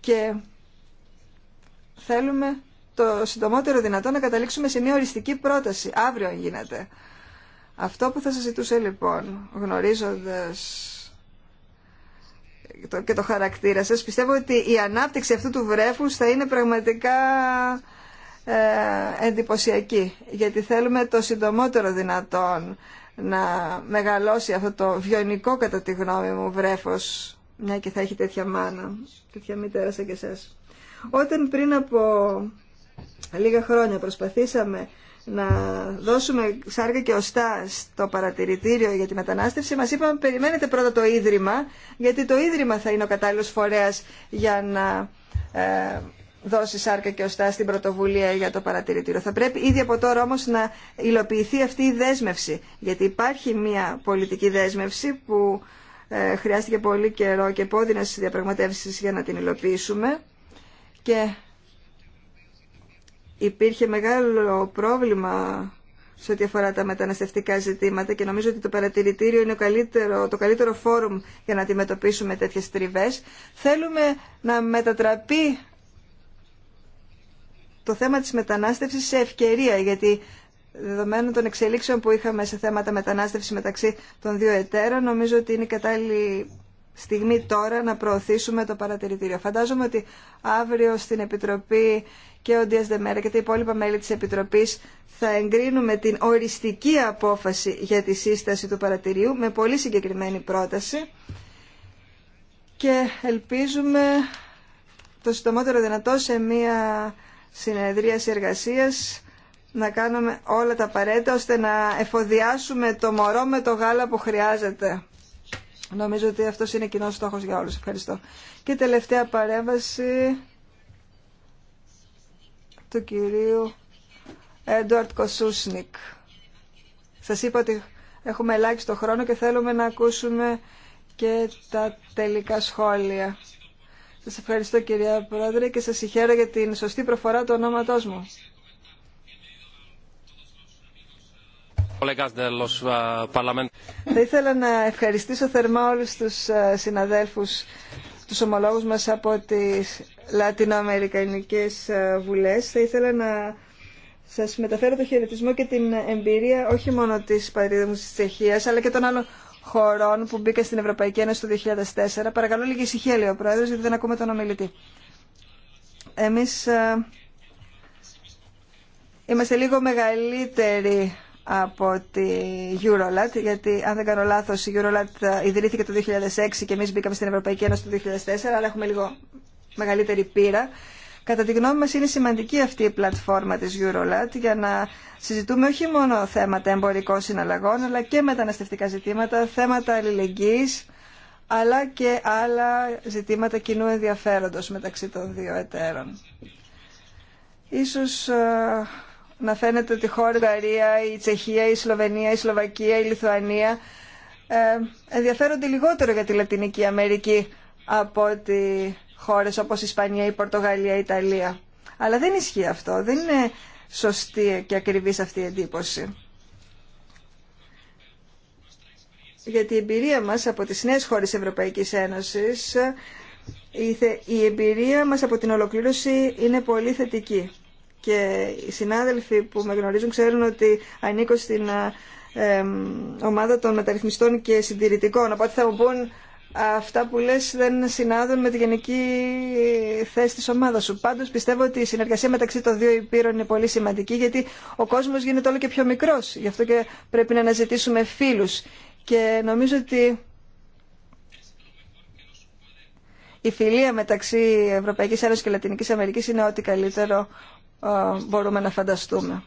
και θέλουμε το συντομότερο δυνατό να καταλήξουμε σε μια οριστική πρόταση. Αύριο γίνεται. Αυτό που θα σας ζητούσε λοιπόν, γνωρίζοντας και το χαρακτήρα σας, πιστεύω ότι η ανάπτυξη αυτού του βρέφους θα είναι πραγματικά ε, εντυπωσιακή. Γιατί θέλουμε το συντομότερο δυνατόν να μεγαλώσει αυτό το βιονικό κατά τη γνώμη μου βρέφος μια και θα έχει τέτοια μάνα, τέτοια μητέρα σαν και εσάς. Όταν πριν από λίγα χρόνια προσπαθήσαμε να δώσουμε σάρκα και οστά στο παρατηρητήριο για τη μετανάστευση, μας είπαμε περιμένετε πρώτα το Ίδρυμα, γιατί το Ίδρυμα θα είναι ο κατάλληλος φορέας για να ε, δώσει σάρκα και οστά στην πρωτοβουλία για το παρατηρητήριο. Θα πρέπει ήδη από τώρα όμως να υλοποιηθεί αυτή η δέσμευση, γιατί υπάρχει μια πολιτική δέσμευση που ε, χρειάστηκε πολύ καιρό και πόδινες διαπραγματεύσεις για να την υλοποιήσουμε και υπήρχε μεγάλο πρόβλημα σε ό,τι αφορά τα μεταναστευτικά ζητήματα και νομίζω ότι το παρατηρητήριο είναι καλύτερο, το καλύτερο φόρουμ για να αντιμετωπίσουμε τέτοιες τριβές. Θέλουμε να μετατραπεί το θέμα της μετανάστευσης σε ευκαιρία γιατί δεδομένων των εξελίξεων που είχαμε σε θέματα μετανάστευση μεταξύ των δύο εταίρων, νομίζω ότι είναι κατάλληλη στιγμή τώρα να προωθήσουμε το παρατηρητήριο. Φαντάζομαι ότι αύριο στην Επιτροπή και ο Ντίας Δεμέρα και τα υπόλοιπα μέλη της Επιτροπής θα εγκρίνουμε την οριστική απόφαση για τη σύσταση του παρατηρίου με πολύ συγκεκριμένη πρόταση και ελπίζουμε το συντομότερο δυνατό σε μια συνεδρίαση εργασίας να κάνουμε όλα τα απαραίτητα ώστε να εφοδιάσουμε το μωρό με το γάλα που χρειάζεται. Νομίζω ότι αυτό είναι κοινό στόχο για όλου. Ευχαριστώ. Και τελευταία παρέμβαση του κυρίου Έντουαρτ Κοσούσνικ. Σα είπα ότι έχουμε ελάχιστο χρόνο και θέλουμε να ακούσουμε και τα τελικά σχόλια. Σας ευχαριστώ κυρία Πρόεδρε και σας συγχαίρω για την σωστή προφορά του ονόματός μου. Uh, Θα ήθελα να ευχαριστήσω θερμά όλους τους uh, συναδέλφους, τους ομολόγους μας από τις Λατινοαμερικανικές uh, βουλές. Θα ήθελα να σας μεταφέρω το χαιρετισμό και την εμπειρία όχι μόνο της πατρίδα μου της Τσεχίας, αλλά και των άλλων χωρών που μπήκαν στην Ευρωπαϊκή Ένωση το 2004. Παρακαλώ λίγη ησυχία, λέει ο Πρόεδρος, γιατί δεν ακούμε τον ομιλητή. Εμείς είμαστε λίγο μεγαλύτεροι από τη Eurolat, γιατί αν δεν κάνω λάθος η Eurolat ε, ιδρύθηκε το 2006 και εμείς μπήκαμε στην Ευρωπαϊκή Ένωση το 2004, αλλά έχουμε λίγο μεγαλύτερη πείρα. Κατά τη γνώμη μας είναι σημαντική αυτή η πλατφόρμα της Eurolat για να συζητούμε όχι μόνο θέματα εμπορικών συναλλαγών, αλλά και μεταναστευτικά ζητήματα, θέματα αλληλεγγύης, αλλά και άλλα ζητήματα κοινού ενδιαφέροντος μεταξύ των δύο εταίρων. Ίσως ε, να φαίνεται ότι η χώρα, η Ουγγαρία, η Τσεχία, η Σλοβενία, η Σλοβακία, η Λιθουανία ε, ενδιαφέρονται λιγότερο για τη Λατινική Αμερική από ότι χώρες όπως η Ισπανία, η Πορτογαλία, η Ιταλία. Αλλά δεν ισχύει αυτό. Δεν είναι σωστή και ακριβής αυτή η εντύπωση. Γιατί η εμπειρία μας από τις νέες χώρες Ευρωπαϊκής Ένωσης, ε, η εμπειρία μας από την ολοκλήρωση είναι πολύ θετική και οι συνάδελφοι που με γνωρίζουν ξέρουν ότι ανήκω στην ε, ομάδα των μεταρρυθμιστών και συντηρητικών. Οπότε θα μου πούν αυτά που λες δεν συνάδουν με τη γενική θέση της ομάδας σου. Πάντως πιστεύω ότι η συνεργασία μεταξύ των δύο υπήρων είναι πολύ σημαντική γιατί ο κόσμος γίνεται όλο και πιο μικρός. Γι' αυτό και πρέπει να αναζητήσουμε φίλους. Και νομίζω ότι η φιλία μεταξύ Ευρωπαϊκής Ένωσης και Λατινικής Αμερικής είναι ό,τι καλύτερο μπορούμε να φανταστούμε.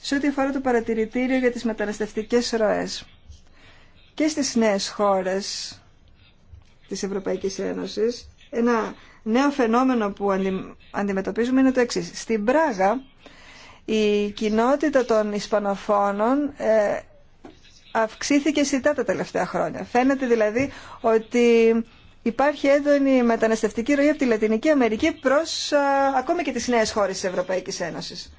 Σε ό,τι αφορά το παρατηρητήριο για τις μεταναστευτικές ροές και στις νέες χώρες της Ευρωπαϊκής Ένωσης, ένα νέο φαινόμενο που αντιμετωπίζουμε είναι το εξής. Στην Πράγα, η κοινότητα των Ισπανοφώνων ε, αυξήθηκε σιτά τα τελευταία χρόνια. Φαίνεται δηλαδή ότι υπάρχει έντονη μεταναστευτική ροή από τη Λατινική Αμερική προς α, ακόμη και τις νέες χώρες της Ευρωπαϊκής Ένωσης.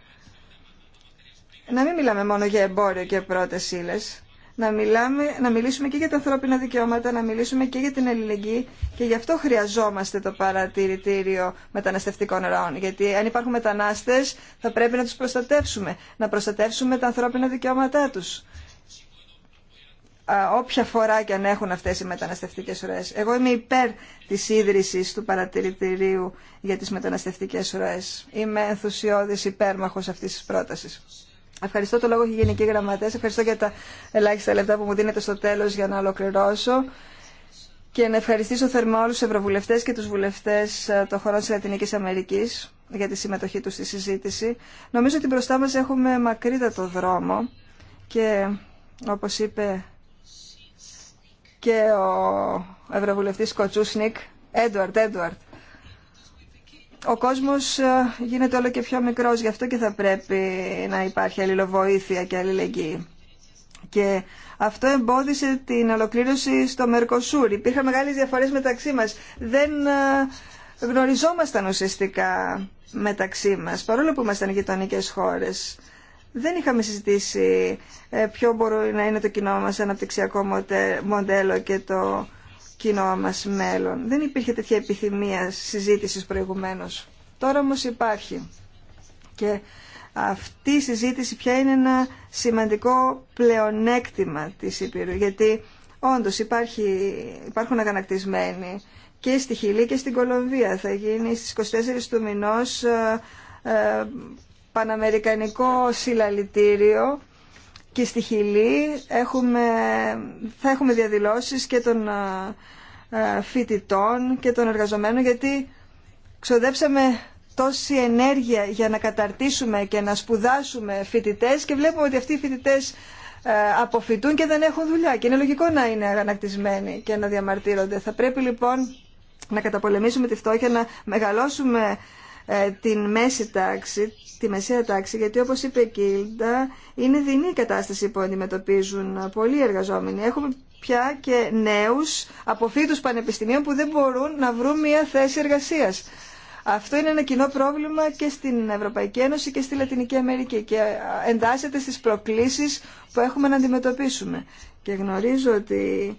Να μην μιλάμε μόνο για εμπόριο και πρώτες ύλες, να, μιλάμε, να μιλήσουμε και για τα ανθρώπινα δικαιώματα, να μιλήσουμε και για την ελληνική και γι' αυτό χρειαζόμαστε το παρατηρητήριο μεταναστευτικών ροών. Γιατί αν υπάρχουν μετανάστες θα πρέπει να τους προστατεύσουμε, να προστατεύσουμε τα ανθρώπινα δικαιώματά τους όποια φορά και αν έχουν αυτές οι μεταναστευτικές ροές. Εγώ είμαι υπέρ της ίδρυσης του παρατηρητηρίου για τις μεταναστευτικές ροές. Είμαι ενθουσιώδης υπέρμαχος αυτής της πρότασης. Ευχαριστώ το λόγο και γενικοί γραμματές. Ευχαριστώ για τα ελάχιστα λεπτά που μου δίνετε στο τέλος για να ολοκληρώσω. Και να ευχαριστήσω θερμά όλου του ευρωβουλευτέ και του βουλευτέ των χωρών τη Λατίνική Αμερική για τη συμμετοχή του στη συζήτηση. Νομίζω ότι μπροστά μα έχουμε μακρύτατο δρόμο και όπω είπε και ο Ευρωβουλευτής Κοτσούσνικ, Έντουαρτ, Έντουαρτ. Ο κόσμος ε, γίνεται όλο και πιο μικρός, γι' αυτό και θα πρέπει να υπάρχει αλληλοβοήθεια και αλληλεγγύη. Και αυτό εμπόδισε την ολοκλήρωση στο Μερκοσούρ. Υπήρχαν μεγάλες διαφορές μεταξύ μας. Δεν ε, γνωριζόμασταν ουσιαστικά μεταξύ μας, παρόλο που ήμασταν γειτονικέ χώρες δεν είχαμε συζητήσει ε, ποιο μπορεί να είναι το κοινό μας αναπτυξιακό μοντέλο και το κοινό μας μέλλον. Δεν υπήρχε τέτοια επιθυμία συζήτησης προηγουμένως. Τώρα όμως υπάρχει. Και αυτή η συζήτηση πια είναι ένα σημαντικό πλεονέκτημα της Ήπειρου. Γιατί όντως υπάρχει, υπάρχουν αγανακτισμένοι και στη Χιλή και στην Κολομβία. Θα γίνει στις 24 του μηνός ε, ε, παναμερικανικό συλλαλητήριο και στη Χιλή έχουμε, θα έχουμε διαδηλώσεις και των ε, ε, φοιτητών και των εργαζομένων γιατί ξοδέψαμε τόση ενέργεια για να καταρτήσουμε και να σπουδάσουμε φοιτητές και βλέπουμε ότι αυτοί οι φοιτητές ε, αποφοιτούν και δεν έχουν δουλειά και είναι λογικό να είναι αγανακτισμένοι και να διαμαρτύρονται. Θα πρέπει λοιπόν να καταπολεμήσουμε τη φτώχεια, να μεγαλώσουμε ε, την μέση τάξη, τη μεσαία τάξη, γιατί όπως είπε η Κίλντα, είναι δεινή η κατάσταση που αντιμετωπίζουν πολλοί εργαζόμενοι. Έχουμε πια και νέους από πανεπιστημίων που δεν μπορούν να βρουν μια θέση εργασίας. Αυτό είναι ένα κοινό πρόβλημα και στην Ευρωπαϊκή Ένωση και στη Λατινική Αμερική και εντάσσεται στις προκλήσεις που έχουμε να αντιμετωπίσουμε. Και γνωρίζω ότι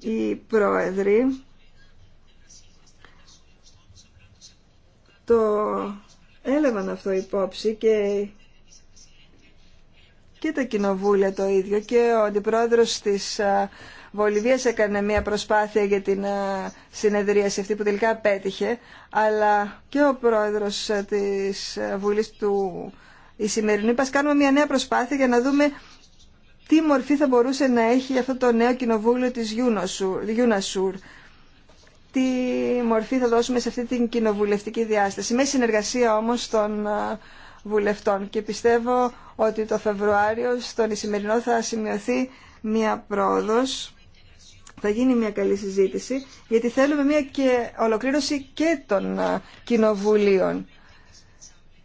οι πρόεδροι το έλαβαν αυτό υπόψη και, και τα κοινοβούλια το ίδιο και ο αντιπρόεδρος της Βολιβίας έκανε μια προσπάθεια για την συνεδρίαση αυτή που τελικά πέτυχε αλλά και ο πρόεδρος της Βουλής του η σημερινή κάνουμε μια νέα προσπάθεια για να δούμε τι μορφή θα μπορούσε να έχει αυτό το νέο κοινοβούλιο της Γιούνασουρ τι μορφή θα δώσουμε σε αυτή την κοινοβουλευτική διάσταση. Με συνεργασία όμως των βουλευτών και πιστεύω ότι το Φεβρουάριο στον Ισημερινό θα σημειωθεί μια πρόοδος, θα γίνει μια καλή συζήτηση, γιατί θέλουμε μια και ολοκλήρωση και των κοινοβουλίων.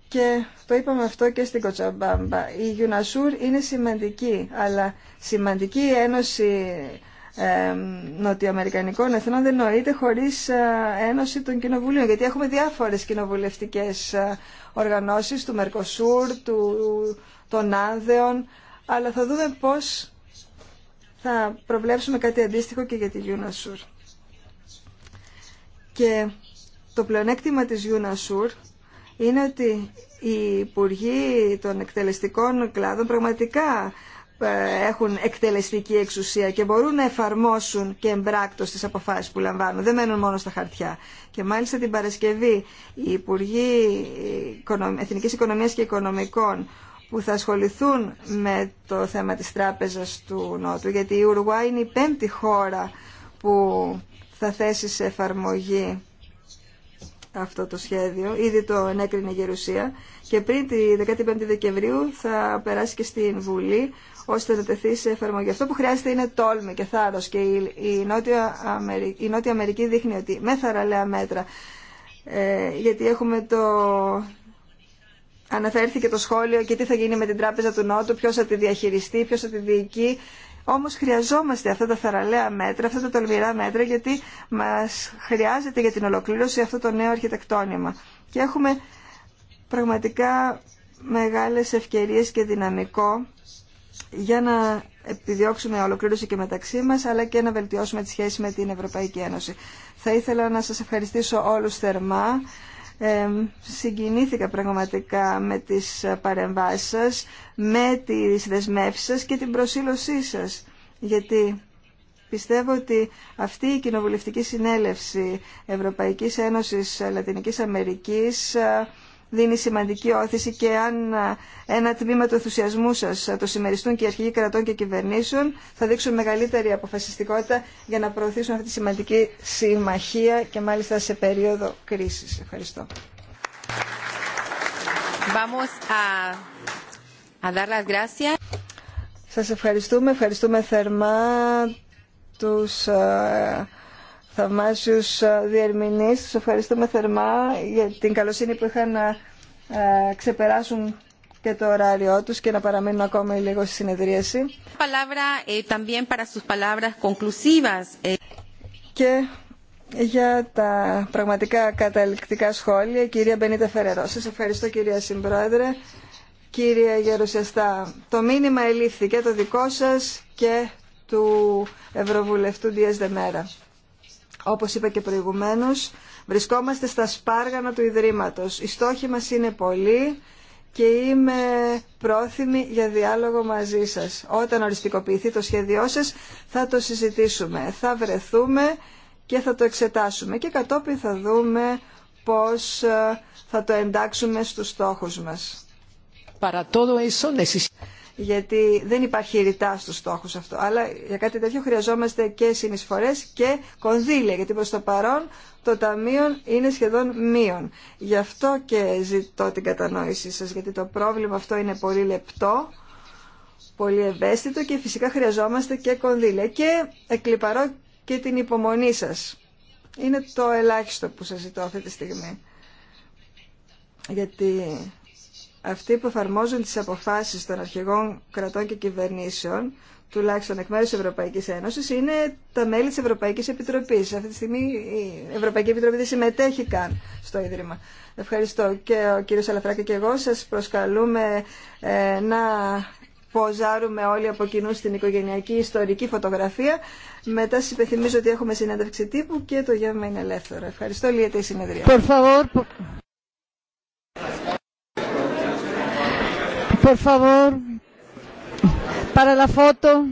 Και το είπαμε αυτό και στην Κοτσαμπάμπα. Η Γιουνασούρ είναι σημαντική, αλλά σημαντική Ένωση νοτιοαμερικανικών εθνών δεν νοείται χωρίς ε, ένωση των κοινοβουλίων. Γιατί έχουμε διάφορες κοινοβουλευτικές ε, οργανώσεις του Μερκοσούρ, του, των Άνδεων, αλλά θα δούμε πώς θα προβλέψουμε κάτι αντίστοιχο και για τη UNASUR. Και το πλεονέκτημα της UNASUR είναι ότι οι υπουργοί των εκτελεστικών κλάδων πραγματικά ε, έχουν εκτελεστική εξουσία και μπορούν να εφαρμόσουν και εμπράκτο τι αποφάσεις που λαμβάνουν. Δεν μένουν μόνο στα χαρτιά. Και μάλιστα την Παρασκευή οι Υπουργοί ε, Εθνική Οικονομίας και Οικονομικών που θα ασχοληθούν με το θέμα της Τράπεζας του Νότου, γιατί η Ουρουά είναι η πέμπτη χώρα που θα θέσει σε εφαρμογή αυτό το σχέδιο. Ήδη το ενέκρινε η Γερουσία και πριν τη 15η Δεκεμβρίου θα περάσει και στην Βουλή ώστε να τεθεί σε εφαρμογή. Αυτό που χρειάζεται είναι τόλμη και θάρρος και η, Νότια, Αμερική, η Νότια Αμερική δείχνει ότι με θαραλέα μέτρα, ε, γιατί έχουμε το... Αναφέρθηκε το σχόλιο και τι θα γίνει με την Τράπεζα του Νότου, ποιος θα τη διαχειριστεί, ποιος θα τη διοικεί. Όμως χρειαζόμαστε αυτά τα θαραλέα μέτρα, αυτά τα τολμηρά μέτρα, γιατί μας χρειάζεται για την ολοκλήρωση αυτό το νέο αρχιτεκτόνημα. Και έχουμε πραγματικά μεγάλες ευκαιρίες και δυναμικό για να επιδιώξουμε ολοκλήρωση και μεταξύ μας, αλλά και να βελτιώσουμε τη σχέση με την Ευρωπαϊκή Ένωση. Θα ήθελα να σας ευχαριστήσω όλους θερμά. συγκινήθηκα πραγματικά με τις παρεμβάσεις με τις δεσμεύσεις σας και την προσήλωσή σας. Γιατί πιστεύω ότι αυτή η κοινοβουλευτική συνέλευση Ευρωπαϊκής Ένωσης Λατινικής Αμερικής δίνει σημαντική όθηση και αν ε, ένα τμήμα του ενθουσιασμού σας ε, το συμμεριστούν και οι αρχηγοί κρατών και κυβερνήσεων θα δείξουν μεγαλύτερη αποφασιστικότητα για να προωθήσουν αυτή τη σημαντική συμμαχία και μάλιστα σε περίοδο κρίσης. Ευχαριστώ. Vamos a, a dar las gracias. ευχαριστούμε. Ευχαριστούμε θερμά τους ε, θαυμάσιους ε, διερμηνείς. Τους ευχαριστούμε θερμά για την καλοσύνη που είχαν να ε, ε, ξεπεράσουν και το ωράριό τους και να παραμείνουν ακόμα λίγο στη συνεδρίαση. Και για τα πραγματικά καταληκτικά σχόλια, κυρία Μπενίτα Φερερό. Σας ευχαριστώ κυρία Συμπρόεδρε. Κύριε Γερουσιαστά, το μήνυμα και το δικό σας και του Ευρωβουλευτού Διέσδε Μέρα. Όπως είπα και προηγουμένως, βρισκόμαστε στα σπάργανα του Ιδρύματος. Οι στόχοι μας είναι πολλοί και είμαι πρόθυμη για διάλογο μαζί σας. Όταν οριστικοποιηθεί το σχέδιό σας θα το συζητήσουμε, θα βρεθούμε και θα το εξετάσουμε και κατόπιν θα δούμε πώς ε, θα το εντάξουμε στους στόχους μας γιατί δεν υπάρχει ρητά στους στόχους αυτό. Αλλά για κάτι τέτοιο χρειαζόμαστε και συνεισφορές και κονδύλια, γιατί προς το παρόν το ταμείο είναι σχεδόν μείον. Γι' αυτό και ζητώ την κατανόησή σας, γιατί το πρόβλημα αυτό είναι πολύ λεπτό, πολύ ευαίσθητο και φυσικά χρειαζόμαστε και κονδύλια. Και εκλυπαρώ και την υπομονή σας. Είναι το ελάχιστο που σας ζητώ αυτή τη στιγμή. Γιατί αυτοί που εφαρμόζουν τις αποφάσεις των αρχηγών κρατών και κυβερνήσεων, τουλάχιστον εκ μέρους της Ευρωπαϊκής Ένωσης, είναι τα μέλη της Ευρωπαϊκής Επιτροπής. Αυτή τη στιγμή η Ευρωπαϊκή Επιτροπή δεν συμμετέχει καν στο Ίδρυμα. Ευχαριστώ και ο κύριος Αλαφράκη και εγώ σας προσκαλούμε ε, να ποζάρουμε όλοι από κοινού στην οικογενειακή ιστορική φωτογραφία. Μετά σα υπενθυμίζω ότι έχουμε συνέντευξη τύπου και το γεύμα είναι ελεύθερο. Ευχαριστώ, λύεται η συνεδρία. por favor, para la foto.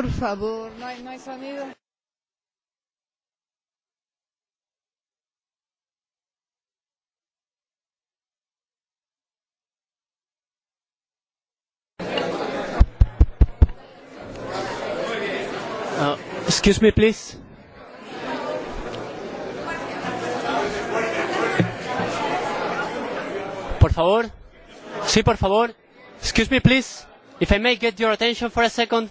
Por favor, no hay, no hay sonido. Excuse me, please. Por favor. Sí, por favor. Excuse me, please. If I may get your attention for a second